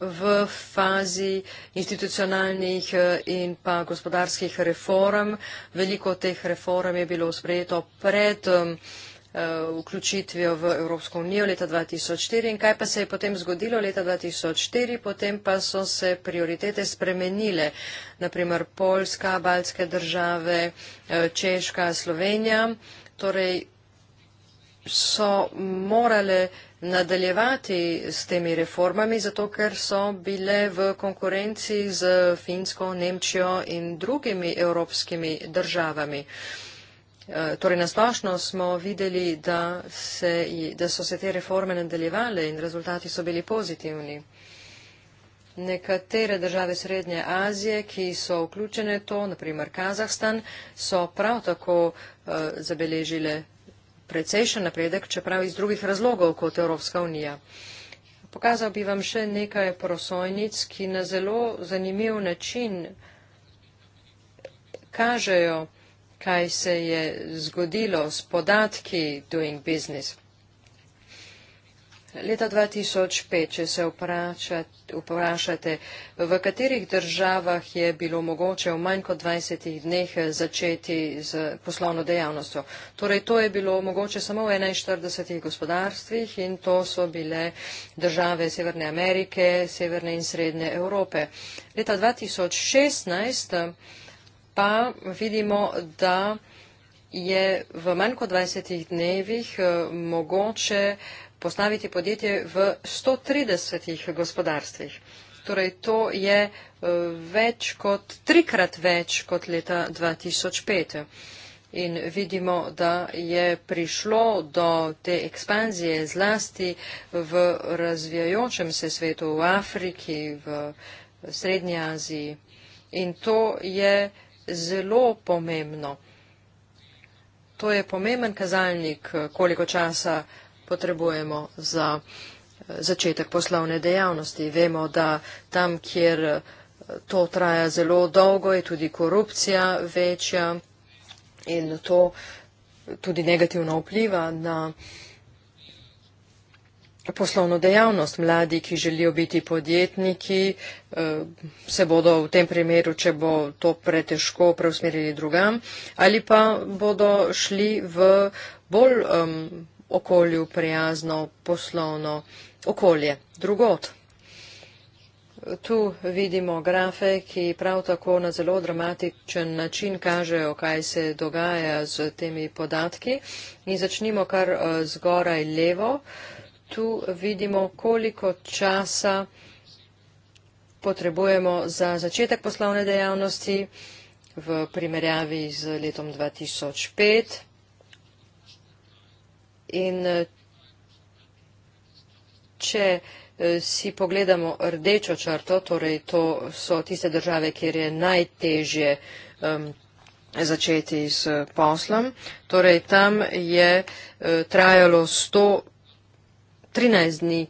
Speaker 3: v fazi institucionalnih eh, in pa gospodarskih reform. Veliko teh reform je bilo sprejeto pred eh, Eh, vključitvijo v Evropsko unijo leta 2004 in kaj pa se je potem zgodilo leta 2004, potem pa so se prioritete spremenile, naprimer Poljska, Baltske države, eh, Češka, Slovenija, torej so morale nadaljevati s temi reformami, zato ker so bile v konkurenci z Finsko, Nemčijo in drugimi evropskimi državami. Uh, Eh, torej, nasplošno smo videli, da, se, da so se te reforme nadaljevale in rezultati so bili pozitivni. Nekatere države Srednje Azije, ki so vključene v to, naprimer Kazahstan, so prav tako uh, zabeležile precejšen napredek, čeprav iz drugih razlogov kot Evropska unija. Pokazal bi vam še nekaj prosojnic, ki na zelo zanimiv način kažejo, kaj se je zgodilo s podatki Doing Business. Leta 2005, če se vprašate, v katerih državah je bilo mogoče v manj kot 20 dneh začeti z poslovno dejavnostjo. Torej, to je bilo mogoče samo v 41 gospodarstvih in to so bile države Severne Amerike, Severne in Srednje Evrope. Leta 2016 pa vidimo, da je v manj kot 20 dnevih eh, mogoče postaviti podjetje v 130 gospodarstvih. Torej, to je eh, več kot, trikrat več kot leta 2005. In vidimo, da je prišlo do te ekspanzije zlasti v razvijajočem se svetu, v Afriki, v Srednji Aziji. In to je zelo pomembno. To je pomemben kazalnik, koliko časa potrebujemo za eh, začetek poslovne dejavnosti. Vemo, da tam, kjer eh, to traja zelo dolgo, je tudi korupcija večja in to tudi negativno vpliva na poslovno dejavnost. Mladi, ki želijo biti podjetniki, eh, se bodo v tem primeru, če bo to pretežko, preusmerili drugam ali pa bodo šli v bolj um, okolju prijazno poslovno okolje, drugot. Tu vidimo grafe, ki prav tako na zelo dramatičen način kažejo, kaj se dogaja z temi podatki. In začnimo kar eh, zgoraj levo tu vidimo, koliko časa potrebujemo za začetek poslovne dejavnosti v primerjavi z letom 2005. In če eh, si pogledamo rdečo črto, torej to so tiste države, kjer je najtežje um, začeti s poslom, torej tam je uh, trajalo 100 13 dni eh,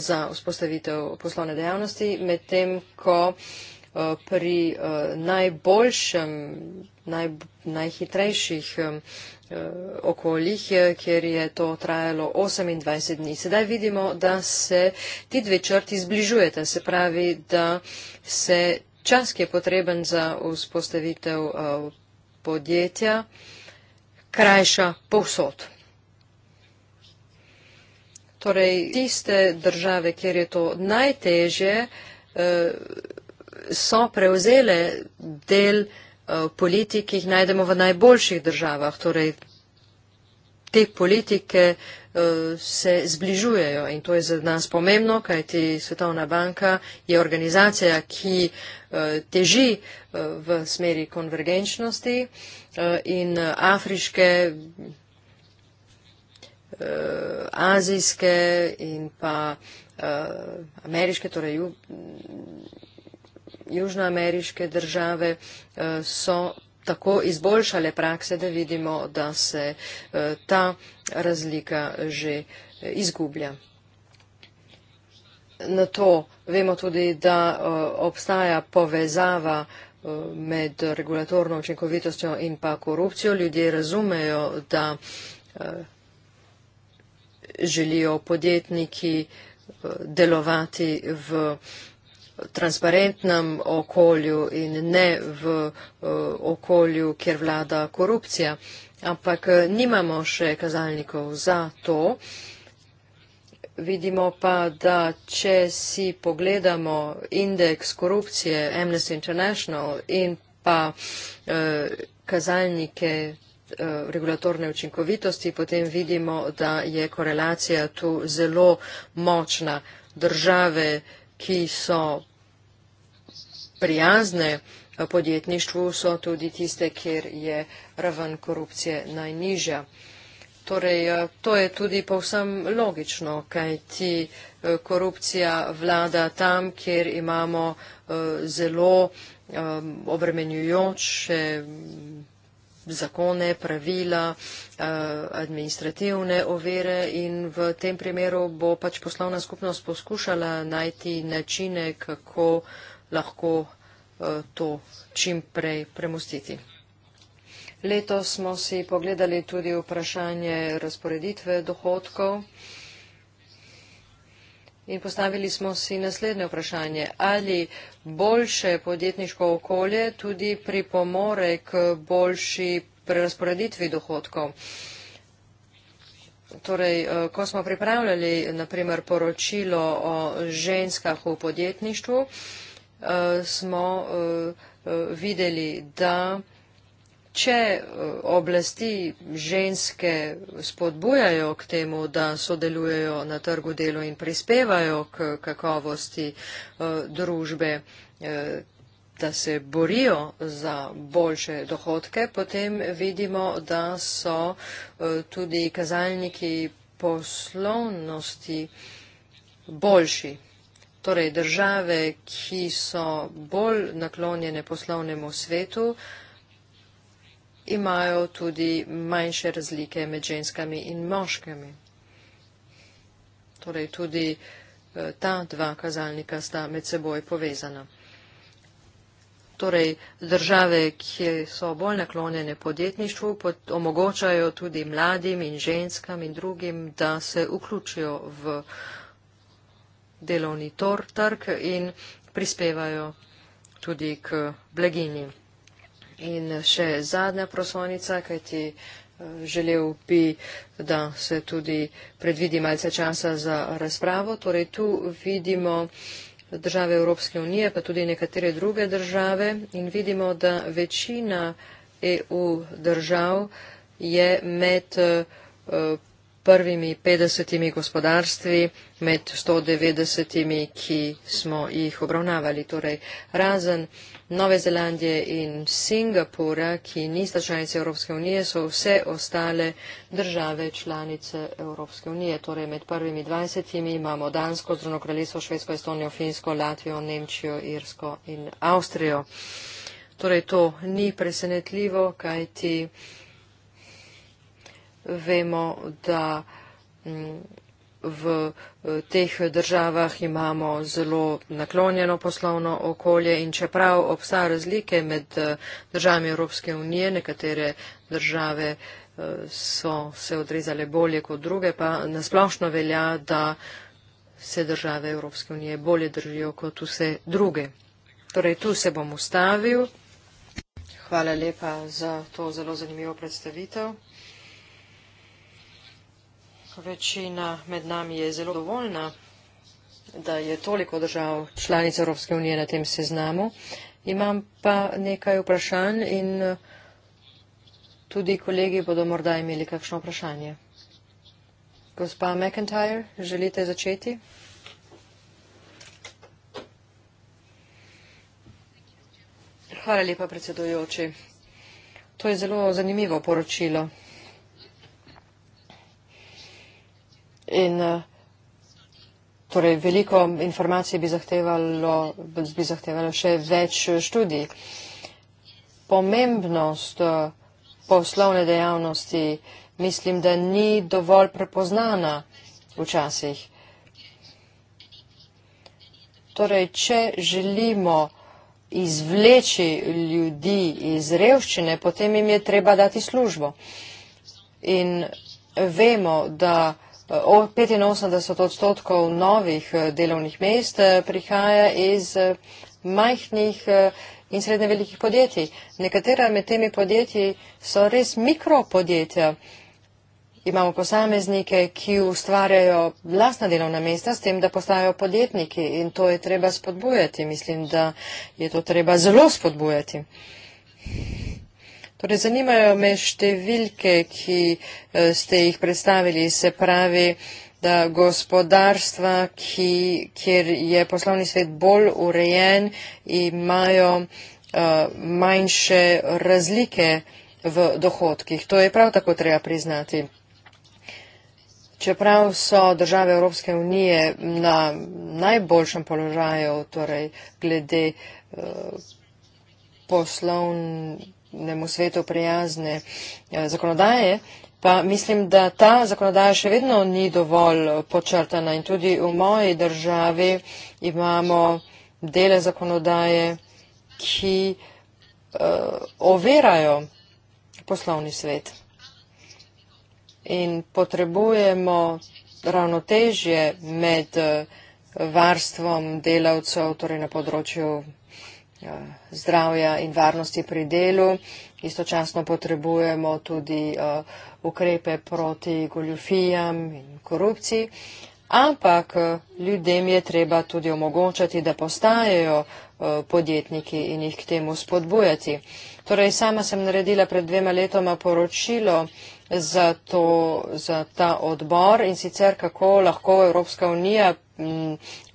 Speaker 3: za vzpostavitev poslovne dejavnosti, medtem ko eh, pri eh, najboljšem, naj, najhitrejših okoljih, kjer je to trajalo 28 dni. Sedaj vidimo, da se ti dve črti zbližujete, se pravi, da se čas, ki je potreben za vzpostavitev podjetja, krajša povsod. Po torej tiste države, kjer je to najtežje, eh, so prevzele del eh, politik, ki jih najdemo v najboljših državah. Torej, te politike eh, se zbližujejo in to je za nas pomembno, kajti Svetovna banka je organizacija, ki teži v smeri konvergenčnosti in afriške Eh, azijske in pa eh, ameriške, torej ju, južnoameriške države eh, so tako izboljšale prakse, da vidimo, da se ta razlika že izgublja. Na to vemo tudi, da obstaja povezava med regulatorno učinkovitostjo in pa korupcijo. Ljudje razumejo, da želijo podjetniki eh, delovati v transparentnem okolju in ne v eh, okolju, kjer vlada korupcija. Ampak eh, nimamo še kazalnikov za to. Vidimo pa, da če si pogledamo indeks korupcije Amnesty International in pa eh, kazalnike Eh, regulatorne učinkovitosti, potem vidimo, da je korelacija tu zelo močna. Države, ki so prijazne eh, podjetništvu, so tudi tiste, kjer je raven korupcije najnižja. Torej, eh, to je tudi povsem logično, kaj ti korupcija vlada tam, kjer imamo zelo obremenjujoče zakone, pravila, eh, administrativne ovire in v tem primeru bo pač poslovna skupnost poskušala najti načine, kako lahko eh, to čim prej premustiti. Letos smo si pogledali tudi vprašanje razporeditve dohodkov. In postavili smo si naslednje vprašanje. Ali boljše podjetniško okolje tudi pripomore k boljši prerasporeditvi dohodkov? Torej, eh, ko smo pripravljali, naprimer, poročilo o ženskah v podjetništvu, eh, smo eh, videli, da če eh, oblasti ženske spodbujajo k temu, da sodelujejo na trgu delu in prispevajo k kakovosti eh, družbe, eh, da se borijo za boljše dohodke, potem vidimo, da so tudi kazalniki poslovnosti boljši. Torej, države, ki so bolj naklonjene poslovnemu svetu, imajo tudi manjše razlike med ženskami in moškami. Torej tudi eh, ta dva kazalnika sta med seboj povezana. Torej države, ki so bolj naklonjene podjetništvu, pot, omogočajo tudi mladim in ženskam in drugim, da se vključijo v delovni tor, trg in prispevajo tudi k blaginji. In še zadnja prosonica, kajti eh, želel bi, da se tudi predvidi malce časa za razpravo. Torej, tu vidimo države Evropske unije, pa tudi nekatere druge države in vidimo, da večina EU držav je med eh, prvimi 50 gospodarstvi, med 190, ki smo jih obravnavali. Torej, razen Nove Zelandije in Singapura, ki nista članice Evropske unije, so vse ostale države članice Evropske unije. Torej med prvimi dvajsetimi imamo Dansko, Združeno kraljestvo, Švedsko, Estonijo, Finsko, Latvijo, Nemčijo, Irsko in Avstrijo. Torej to ni presenetljivo, kajti vemo, da. Mm, v eh, teh državah imamo zelo naklonjeno poslovno okolje in čeprav obstaja razlike med eh, državami Evropske unije, nekatere države eh, so se odrezale bolje kot druge, pa nasplošno velja, da se države Evropske unije bolje držijo kot vse druge. Torej, tu se bom ustavil. Hvala lepa za to zelo zanimivo predstavitev večina med nami je zelo dovoljna, da je toliko držav članic Evropske unije na tem seznamu. Imam pa nekaj vprašanj in eh, tudi kolegi bodo morda imeli kakšno vprašanje. Gospa McIntyre, želite začeti? Hvala lepa, predsedujoči. To je zelo zanimivo poročilo. in eh, torej veliko informacij bi zahtevalo, bi zahtevalo še več eh, študij. Pomembnost eh, poslovne dejavnosti mislim, da ni dovolj prepoznana včasih. Torej, če želimo izvleči ljudi iz revščine, potem jim je treba dati službo. In vemo, da 85 odstotkov novih eh, delovnih mest eh, prihaja iz eh, majhnih in srednje velikih podjetij. Nekatera med temi podjetji so res mikropodjetja. Imamo posameznike, ki ustvarjajo vlastna delovna mesta s tem, da postajajo podjetniki in to je treba spodbujati. Mislim, da je to treba zelo spodbujati. Torej, zanimajo me številke, ki eh, ste jih predstavili, se pravi, da gospodarstva, ki, kjer je poslovni svet bolj urejen, imajo eh, manjše razlike v dohodkih. To je prav tako treba priznati. Čeprav so države Evropske unije na najboljšem položaju, torej glede uh, poslovn, nemu svetu prijazne eh, zakonodaje, pa mislim, da ta zakonodaja še vedno ni dovolj počrtana in tudi v moji državi imamo dele zakonodaje, ki uh, eh, overajo poslovni svet in potrebujemo ravnotežje med eh, varstvom delavcev, torej na področju Ja, zdravja in varnosti pri delu. Istočasno potrebujemo tudi eh, ukrepe proti goljufijam in korupciji. Ampak eh, ljudem je treba tudi omogočati, da postajajo eh, podjetniki in jih k temu spodbujati. Torej, sama sem naredila pred dvema letoma poročilo za, to, za ta odbor in sicer kako lahko Evropska unija Mm,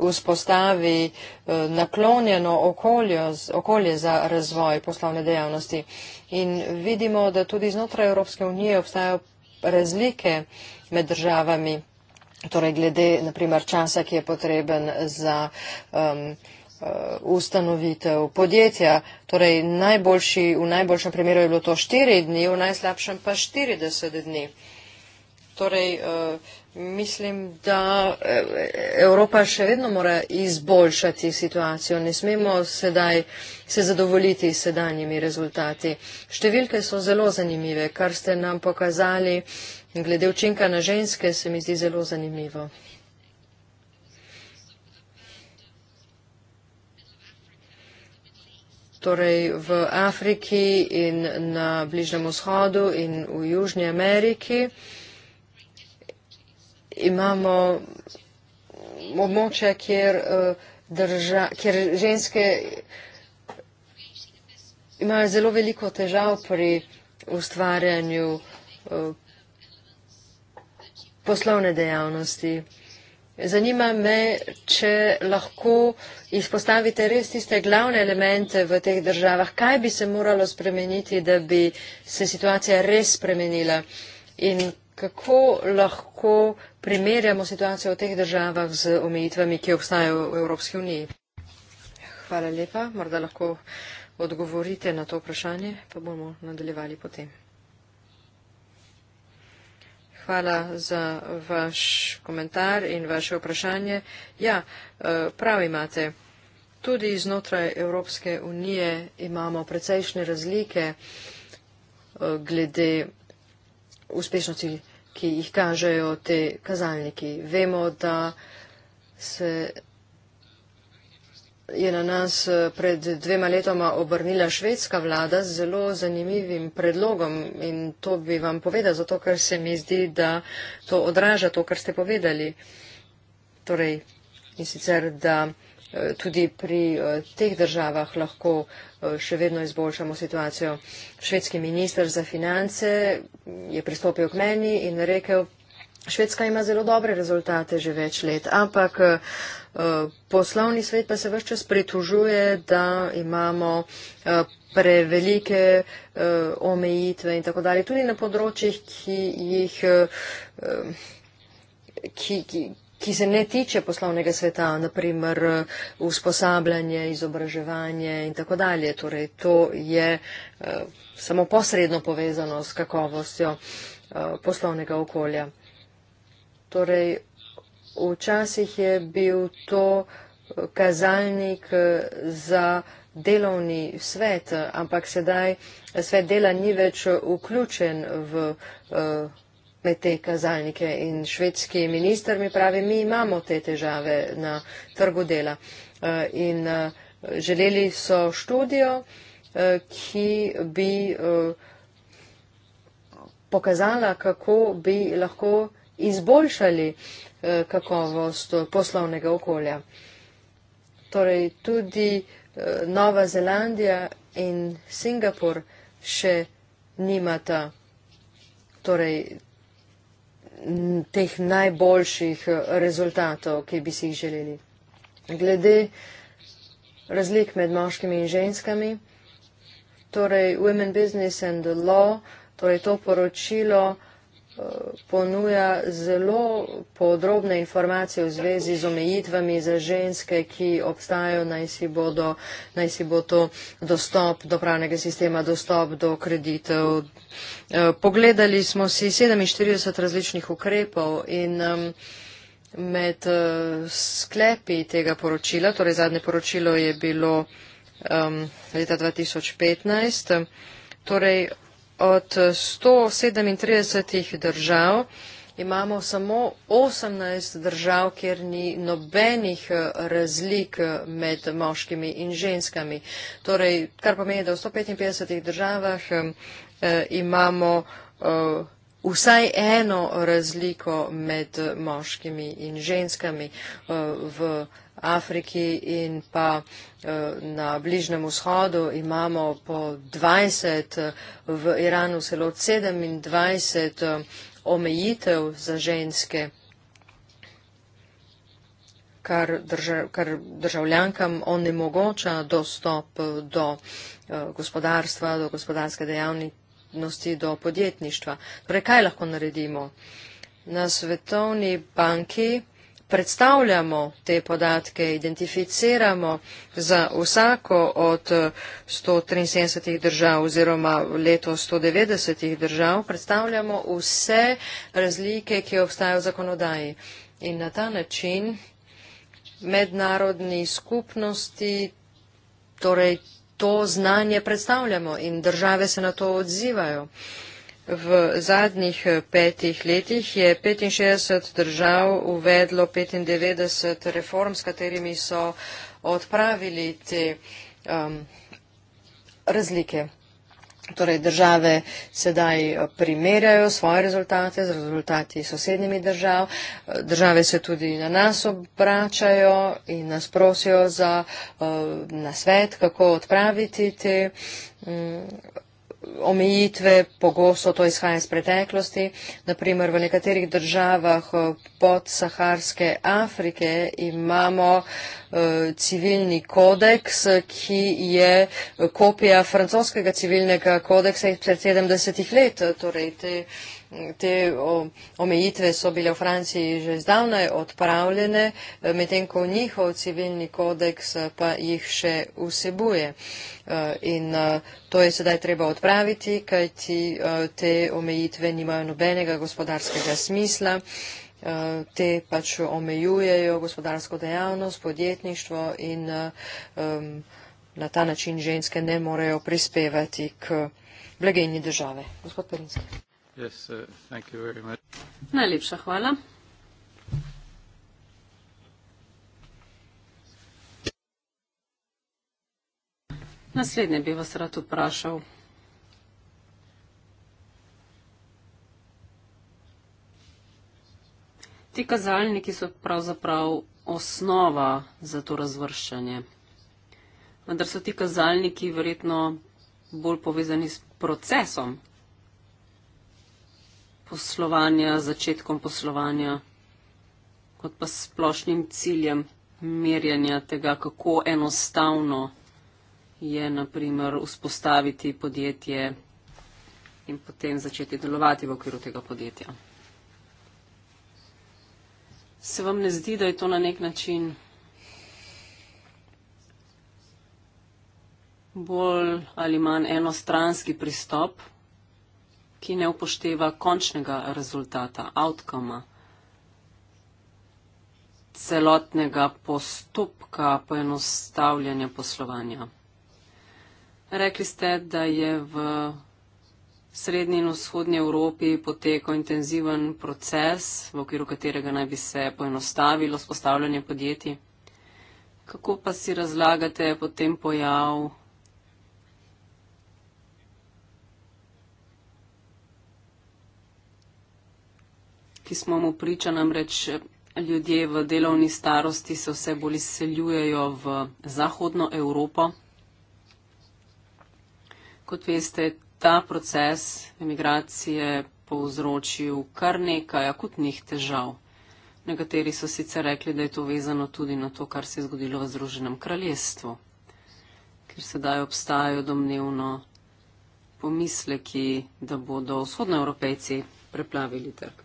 Speaker 3: vzpostavi eh, naklonjeno okolje, okolje za razvoj poslovne dejavnosti. In vidimo, da tudi znotraj Evropske unije obstajajo razlike med državami, torej glede naprimer časa, ki je potreben za um, ustanovitev podjetja. Torej najboljši, v najboljšem primeru je bilo to 4 dni, v najslabšem pa 40 dni. Torej, uh, Mislim, da e, Evropa še vedno mora izboljšati situacijo. Ne smemo sedaj se zadovoljiti s sedanjimi rezultati. Številke so zelo zanimive. Kar ste nam pokazali glede učinka na ženske, se mi zdi zelo zanimivo. Torej v Afriki in na Bližnem vzhodu in v Južnji Ameriki imamo območja, kjer, eh, drža, kjer ženske imajo zelo veliko težav pri ustvarjanju eh, poslovne dejavnosti. Zanima me, če lahko izpostavite res tiste glavne elemente v teh državah, kaj bi se moralo spremeniti, da bi se situacija res spremenila in Kako lahko primerjamo situacijo v teh državah z omejitvami, ki obstajajo v Evropski uniji? Hvala lepa. Morda lahko odgovorite na to vprašanje, pa bomo nadaljevali potem. Hvala za vaš komentar in vaše vprašanje. Ja, eh, prav imate. Tudi znotraj Evropske unije imamo precejšnje razlike eh, glede uspešnosti, ki jih kažejo te kazalniki. Vemo, da se je na nas eh, pred dvema letoma obrnila švedska vlada z zelo zanimivim predlogom in to bi vam povedal, zato ker se mi zdi, da to odraža to, kar ste povedali. Torej, in sicer, da tudi pri eh, teh državah lahko eh, še vedno izboljšamo situacijo. Švedski minister za finance je pristopil k meni in rekel, Švedska ima zelo dobre rezultate že več let, ampak eh, poslovni svet pa se vse čas pritužuje, da imamo prevelike omejitve in tako dalje. Tudi na področjih, ki jih. Ki, ki, ki se ne tiče poslovnega sveta, naprimer eh, usposabljanje, izobraževanje in tako dalje. Torej, to je uh, samo posredno povezano s kakovostjo uh, poslovnega okolja. Torej, včasih je bil to kazalnik za delovni svet, ampak sedaj svet dela ni več vključen v. Uh, med te kazalnike. In švedski minister mi pravi, mi imamo te težave na trgu dela. Eh, in eh, želeli so študijo, eh, ki bi pokazala, kako bi lahko izboljšali kakovost poslovnega okolja. Torej tudi Nova Zelandija in Singapur še nimata torej, teh najboljših eh, rezultatov, ki bi si jih želeli. Glede razlik med moškimi in ženskami, torej Women Business and the Law, torej to poročilo, ponuja zelo podrobne informacije v zvezi z omejitvami za ženske, ki obstajajo, naj si, bodo, naj si bo to dostop do pravnega sistema, dostop do kreditev. Eh, pogledali smo si 47 različnih ukrepov in med eh, sklepi tega poročila, torej zadnje poročilo je bilo leta 2015, torej od 137 držav imamo samo 18 držav, kjer ni nobenih eh, razlik eh, med moškimi in ženskami. Torej, kar pomeni, da v 155 državah eh, imamo vsaj eno razliko med moškimi in ženskami v državah. Afriki in pa eh, na Bližnem vzhodu imamo po 20, eh, v Iranu celo 27 eh, omejitev za ženske. Kar, držav, kar državljankam onemogoča dostop do gospodarstva, do gospodarske dejavnosti, do podjetništva. Torej, kaj lahko naredimo? Na Svetovni banki predstavljamo te podatke, identificiramo za vsako od 173 držav oziroma leto 190 držav, predstavljamo vse razlike, ki obstajajo v zakonodaji. In na ta način mednarodni skupnosti, torej to znanje predstavljamo in države se na to odzivajo. Uh, V zadnjih eh, petih letih je 65 držav uvedlo 95 reform, s katerimi so odpravili te um, razlike. Torej, države sedaj eh, primerjajo svoje rezultate z rezultati sosednjimi držav, eh, države se tudi na nas obračajo in nas prosijo za uh, nasvet, kako odpraviti te um, omejitve, pogosto to izhaja iz preteklosti. Naprimer, v nekaterih državah eh, podsaharske Afrike imamo eh, civilni kodeks, ki je eh, kopija francoskega civilnega kodeksa iz 70-ih let. Torej, te uh, te omejitve so bile v Franciji že zdavnaj odpravljene, medtem ko njihov civilni kodeks pa jih še vsebuje. E, in e, to je sedaj treba odpraviti, kajti e, te omejitve nimajo nobenega gospodarskega smisla. Te pač omejujejo gospodarsko dejavnost, podjetništvo in um, na ta način ženske ne morejo prispevati k blaginji države. Gospod Perinski.
Speaker 1: Yes, uh,
Speaker 2: Najlepša hvala. Naslednje bi vas rad vprašal. Ti kazalniki so pravzaprav osnova za to razvrščanje. Vendar so ti kazalniki verjetno bolj povezani s procesom, poslovanja, začetkom poslovanja, kot pa splošnim ciljem merjanja tega, kako enostavno je, naprimer, vzpostaviti podjetje in potem začeti delovati v okviru tega podjetja. Se vam ne zdi, da je to na nek način bolj ali manj enostranski pristop? ki ne upošteva končnega rezultata, outcoma, celotnega postopka poenostavljanja poslovanja. Rekli ste, da je v srednji in vzhodnji Evropi potekal intenziven proces, v okviru katerega naj bi se poenostavilo spostavljanje podjetij. Kako pa si razlagate potem pojav ki smo mu priča, namreč ljudje v delovni starosti se vse bolj izseljujejo v Zahodno Evropo. Kot veste, ta proces emigracije povzročil kar nekaj akutnih težav. Nekateri so sicer rekli, da je to vezano tudi na to, kar se je zgodilo v Združenem kraljestvu, ker sedaj obstajajo domnevno pomisleki, da bodo vzhodnoevropejci preplavili trg.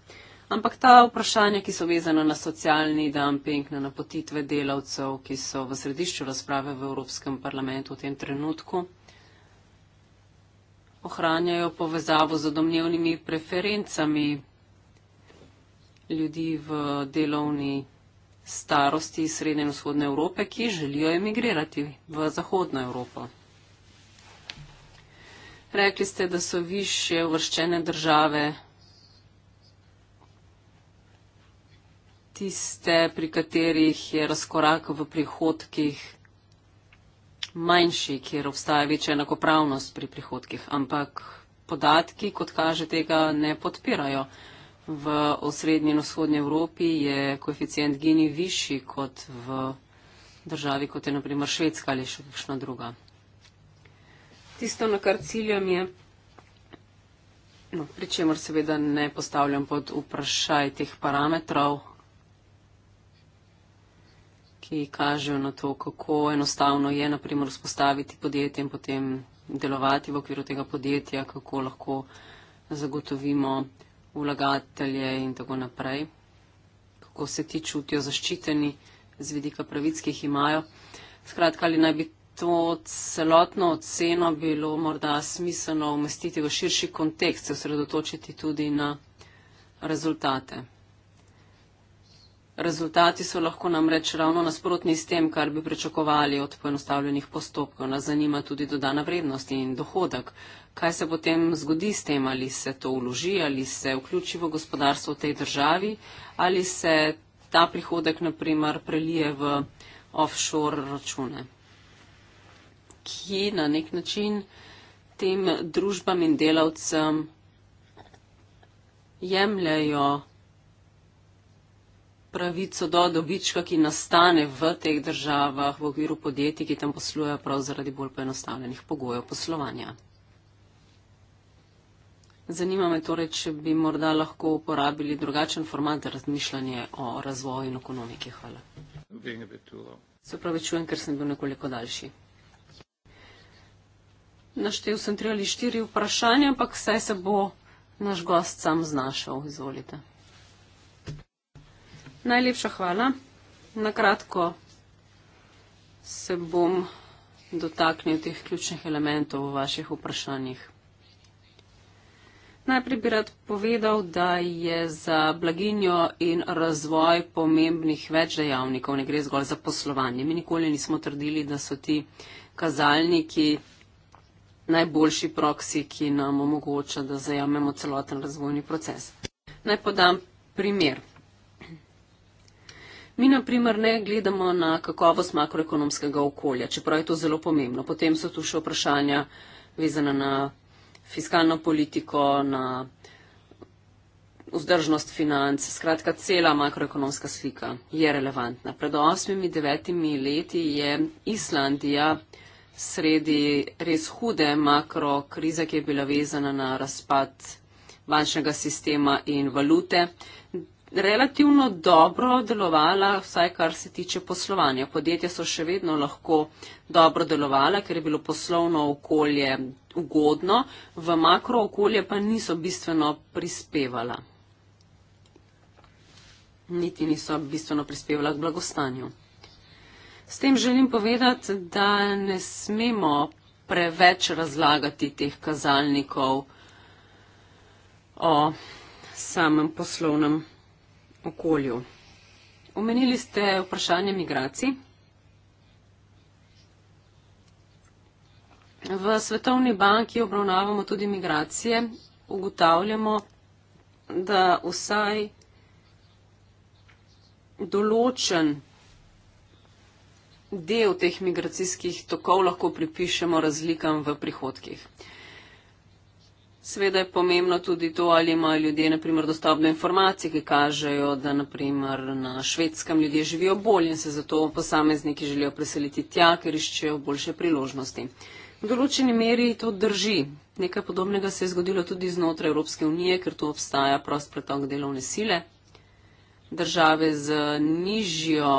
Speaker 2: Ampak ta vprašanja, ki so vezana na socialni dumping, na napotitve delavcev, ki so v središču razprave v Evropskem parlamentu v tem trenutku, ohranjajo povezavo z domnevnimi preferencami ljudi v delovni starosti iz Srednje in Vzhodne Evrope, ki želijo emigrirati v Zahodno Evropo. Rekli ste, da so više uvrščene države tiste, pri katerih je razkorak v prihodkih manjši, kjer obstaja večja enakopravnost pri prihodkih, ampak podatki, kot kaže, tega ne podpirajo. V osrednji in vzhodnji Evropi je koeficient gini višji kot v državi, kot je naprimer Švedska ali še kakšna druga. Tisto, na kar ciljam je, no, pri čemer seveda ne postavljam pod vprašaj teh parametrov, ki kažejo na to, kako enostavno je, naprimer, spostaviti podjetje in potem delovati v okviru tega podjetja, kako lahko zagotovimo vlagatelje in tako naprej, kako se ti čutijo zaščiteni z vidika pravic, ki jih imajo. Skratka, ali naj bi to celotno oceno bilo morda smiselno umestiti v širši kontekst, se osredotočiti tudi na rezultate. Rezultati so lahko namreč ravno nasprotni s tem, kar bi pričakovali od poenostavljenih postopkov. Nas zanima tudi dodana vrednost in dohodek. Kaj se potem zgodi s tem, ali se to uloži, ali se vključi v gospodarstvo v tej državi, ali se ta prihodek, naprimer, prelije v offshore račune, ki na nek način tem družbam in delavcem jemljajo pravico do dobička, ki nastane v teh državah v okviru podjetij, ki tam poslujejo prav zaradi bolj poenostavljenih pogojev poslovanja. Zanima me torej, če bi morda lahko uporabili drugačen format razmišljanja o razvoju in ekonomiki. Hvala. Se pravi, čujem, ker sem bil nekoliko daljši. Naštel sem tri ali štiri vprašanja, ampak vse se bo naš gost sam znašel. Izvolite. Najlepša hvala. Na kratko se bom dotaknil teh ključnih elementov v vaših vprašanjih. Najprej bi rad povedal, da je za blaginjo in razvoj pomembnih več dejavnikov, ne gre zgolj za poslovanje. Mi nikoli nismo trdili, da so ti kazalniki najboljši proksi, ki nam omogoča, da zajamemo celoten razvojni proces. Naj podam primer. Mi, na primer, ne gledamo na kakovost makroekonomskega okolja, čeprav je to zelo pomembno. Potem so tu še vprašanja vezana na fiskalno politiko, na vzdržnost financ, skratka, cela makroekonomska slika je relevantna. Pred osmimi, devetimi leti je Islandija sredi res hude makrokrize, ki je bila vezana na razpad bančnega sistema in valute, relativno dobro delovala, vsaj kar se tiče poslovanja. Podjetja so še vedno lahko dobro delovala, ker je bilo poslovno okolje ugodno, v makro okolje pa niso bistveno prispevala. Niti niso bistveno prispevala k blagostanju. S tem želim povedati, da ne smemo preveč razlagati teh kazalnikov o samem poslovnem okolju. Omenili ste vprašanje migracij. V Svetovni banki obravnavamo tudi migracije. Ugotavljamo, da vsaj določen del teh migracijskih tokov lahko pripišemo razlikam v prihodkih. Sveda je pomembno tudi to, ali imajo ljudje naprimer, dostop do informacij, ki kažejo, da naprimer, na švedskem ljudje živijo bolje in se zato posamezniki želijo preseliti tja, ker iščejo boljše priložnosti. V določeni meri to drži. Nekaj podobnega se je zgodilo tudi znotraj Evropske unije, ker tu obstaja prost pretok delovne sile. Države z nižjo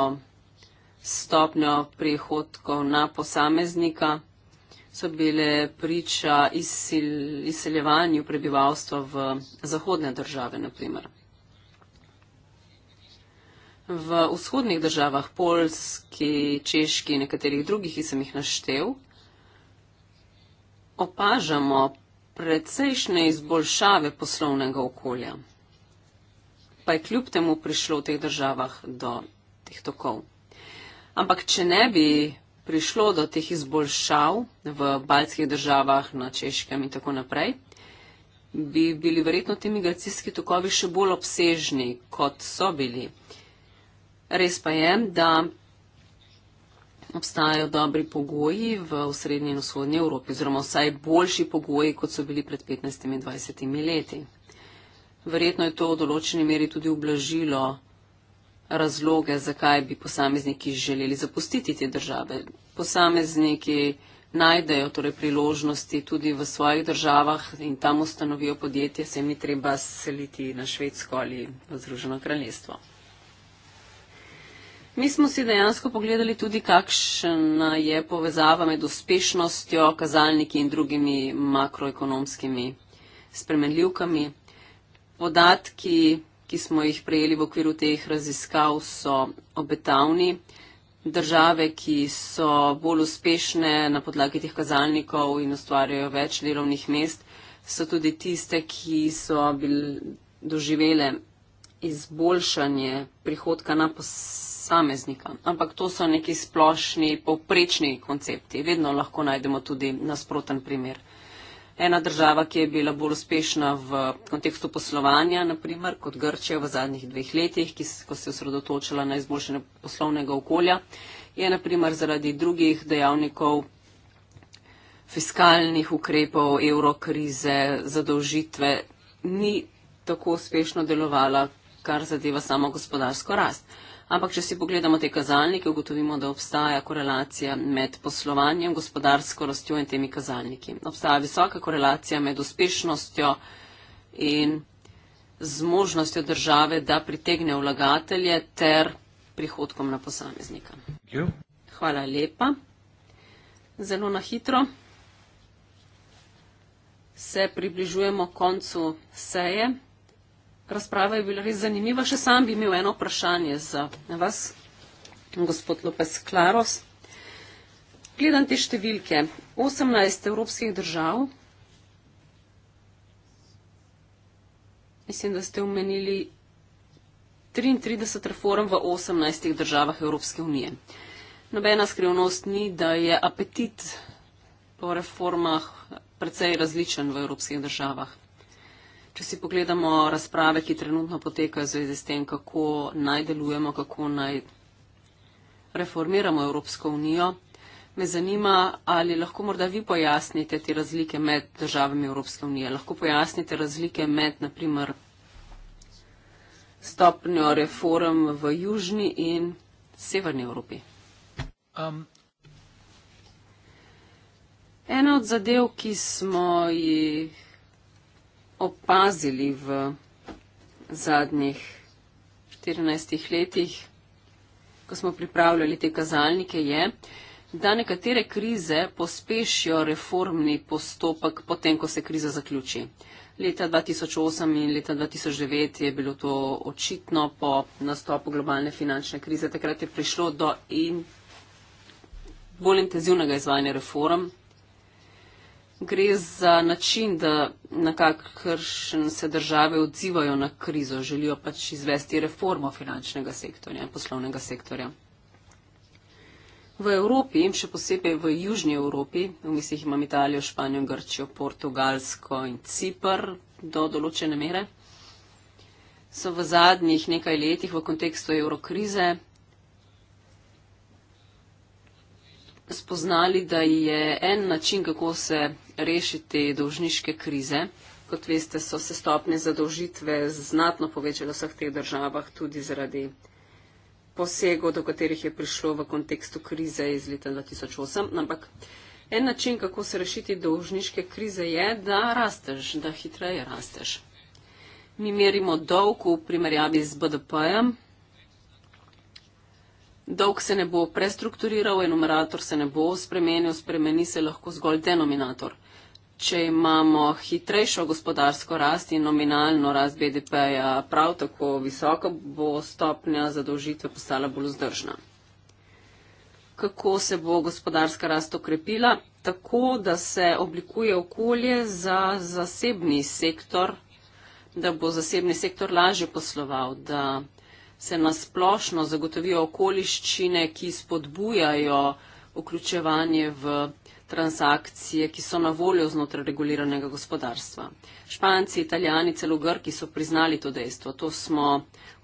Speaker 2: stopnjo prihodkov na posameznika so bile priča izsil, izseljevanju prebivalstva v zahodne države, naprimer. V vzhodnih državah, Polski, Češki in nekaterih drugih, ki sem jih naštel, opažamo precejšnje izboljšave poslovnega okolja. Pa je kljub temu prišlo v teh državah do teh tokov. Ampak, če ne bi prišlo do teh izboljšav v baljskih državah, na češkem in tako naprej, bi bili verjetno ti migracijski tokovi še bolj obsežni, kot so bili. Res pa je, da obstajajo dobri pogoji v srednji in vzhodnji Evropi, oziroma vsaj boljši pogoji, kot so bili pred 15-20 leti. Verjetno je to v določeni meri tudi ublažilo razloge, zakaj bi posamezniki želeli zapustiti te države. Posamezniki najdejo torej priložnosti tudi v svojih državah in tam ustanovijo podjetje, se mi treba seliti na Švedsko ali v Združeno kraljestvo. Mi smo si dejansko pogledali tudi, kakšna je povezava med uspešnostjo, kazalniki in drugimi makroekonomskimi spremenljivkami. Podatki ki smo jih prejeli v okviru teh raziskav, so obetavni. Države, ki so bolj uspešne na podlagi teh kazalnikov in ustvarjajo več delovnih mest, so tudi tiste, ki so bil, doživele izboljšanje prihodka na posameznika. Ampak to so neki splošni, povprečni koncepti. Vedno lahko najdemo tudi nasproten primer. Ena država, ki je bila bolj uspešna v kontekstu poslovanja, naprimer kot Grčija v zadnjih dveh letih, ki, ko se je osredotočila na izboljšanje poslovnega okolja, je naprimer zaradi drugih dejavnikov fiskalnih ukrepov, evrokrize, zadolžitve, ni tako uspešno delovala, kar zadeva samo gospodarsko rast ampak če si pogledamo te kazalnike, ugotovimo, da obstaja korelacija med poslovanjem, gospodarsko rastjo in temi kazalniki. Obstaja visoka korelacija med uspešnostjo in zmožnostjo države, da pritegne vlagatelje ter prihodkom na posameznika. Hvala lepa. Zelo na hitro se približujemo koncu seje razprava je bila res zanimiva. Še sam bi imel eno vprašanje za vas, gospod Lopez Klaros. Gledam te številke. 18 evropskih držav, mislim, da ste omenili 33 reform v 18 državah Evropske unije. Nobena skrivnost ni, da je apetit po reformah precej različen v evropskih državah. Če si pogledamo razprave, ki trenutno potekajo v zvezi s tem, kako naj delujemo, kako naj reformiramo Evropsko unijo, me zanima, ali lahko morda vi pojasnite te razlike med državami Evropske unije. Lahko pojasnite razlike med, naprimer, stopnjo reform v Južni in Severni Evropi. Um. Ena od zadev, ki smo jih opazili v zadnjih 14 letih, ko smo pripravljali te kazalnike, je, da nekatere krize pospešijo reformni postopek potem, ko se kriza zaključi. Leta 2008 in leta 2009 je bilo to očitno po nastopu globalne finančne krize. Takrat je prišlo do in bolj intenzivnega izvajanja reform, gre za način, da na kakršen se države odzivajo na krizo, želijo pač izvesti reformo finančnega sektorja in poslovnega sektorja. V Evropi, še posebej v Južnji Evropi, v mislih imam Italijo, Španijo, Grčijo, Portugalsko in Cipr do določene mere, so v zadnjih nekaj letih v kontekstu evrokrize spoznali, da je en način, kako se rešiti dolžniške krize. Kot veste, so se stopnje zadolžitve znatno povečale v vseh teh državah, tudi zaradi posegov, do katerih je prišlo v kontekstu krize iz leta 2008. Ampak en način, kako se rešiti dolžniške krize, je, da rasteš, da hitreje rasteš. Mi merimo dolg v primerjavi z BDP-jem. Dolg se ne bo prestrukturiral, enumerator se ne bo spremenil, spremeni se lahko zgolj denominator če imamo hitrejšo gospodarsko rast in nominalno rast BDP-ja prav tako visoka, bo stopnja zadolžitve postala bolj vzdržna. Kako se bo gospodarska rast okrepila? Tako, da se oblikuje okolje za zasebni sektor, da bo zasebni sektor lažje posloval, da se nasplošno zagotovijo okoliščine, ki spodbujajo vključevanje v transakcije, ki so na voljo znotraj reguliranega gospodarstva. Španci, italijani, celo grki so priznali to dejstvo. To smo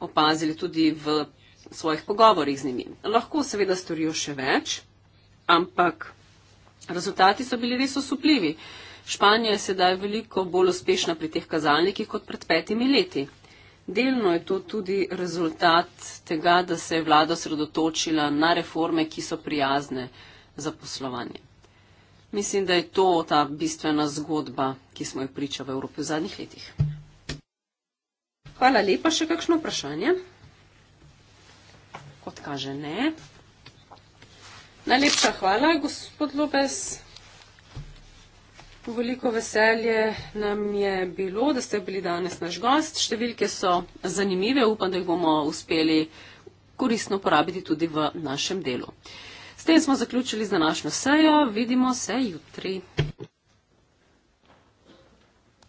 Speaker 2: opazili tudi v svojih pogovorih z njimi. Lahko seveda storijo še več, ampak rezultati so bili res osupljivi. Španija je sedaj veliko bolj uspešna pri teh kazalnikih kot pred petimi leti. Delno je to tudi rezultat tega, da se je vlada sredotočila na reforme, ki so prijazne za poslovanje. Mislim, da je to ta bistvena zgodba, ki smo jo priča v Evropi v zadnjih letih. Hvala lepa, še kakšno vprašanje? Kot kaže ne. Najlepša hvala, gospod Lobes. Veliko veselje nam je bilo, da ste bili danes naš gost. Številke so zanimive, upam, da jih bomo uspeli koristno porabiti tudi v našem delu. S tem smo zaključili z današnjo sejo. Vidimo se jutri.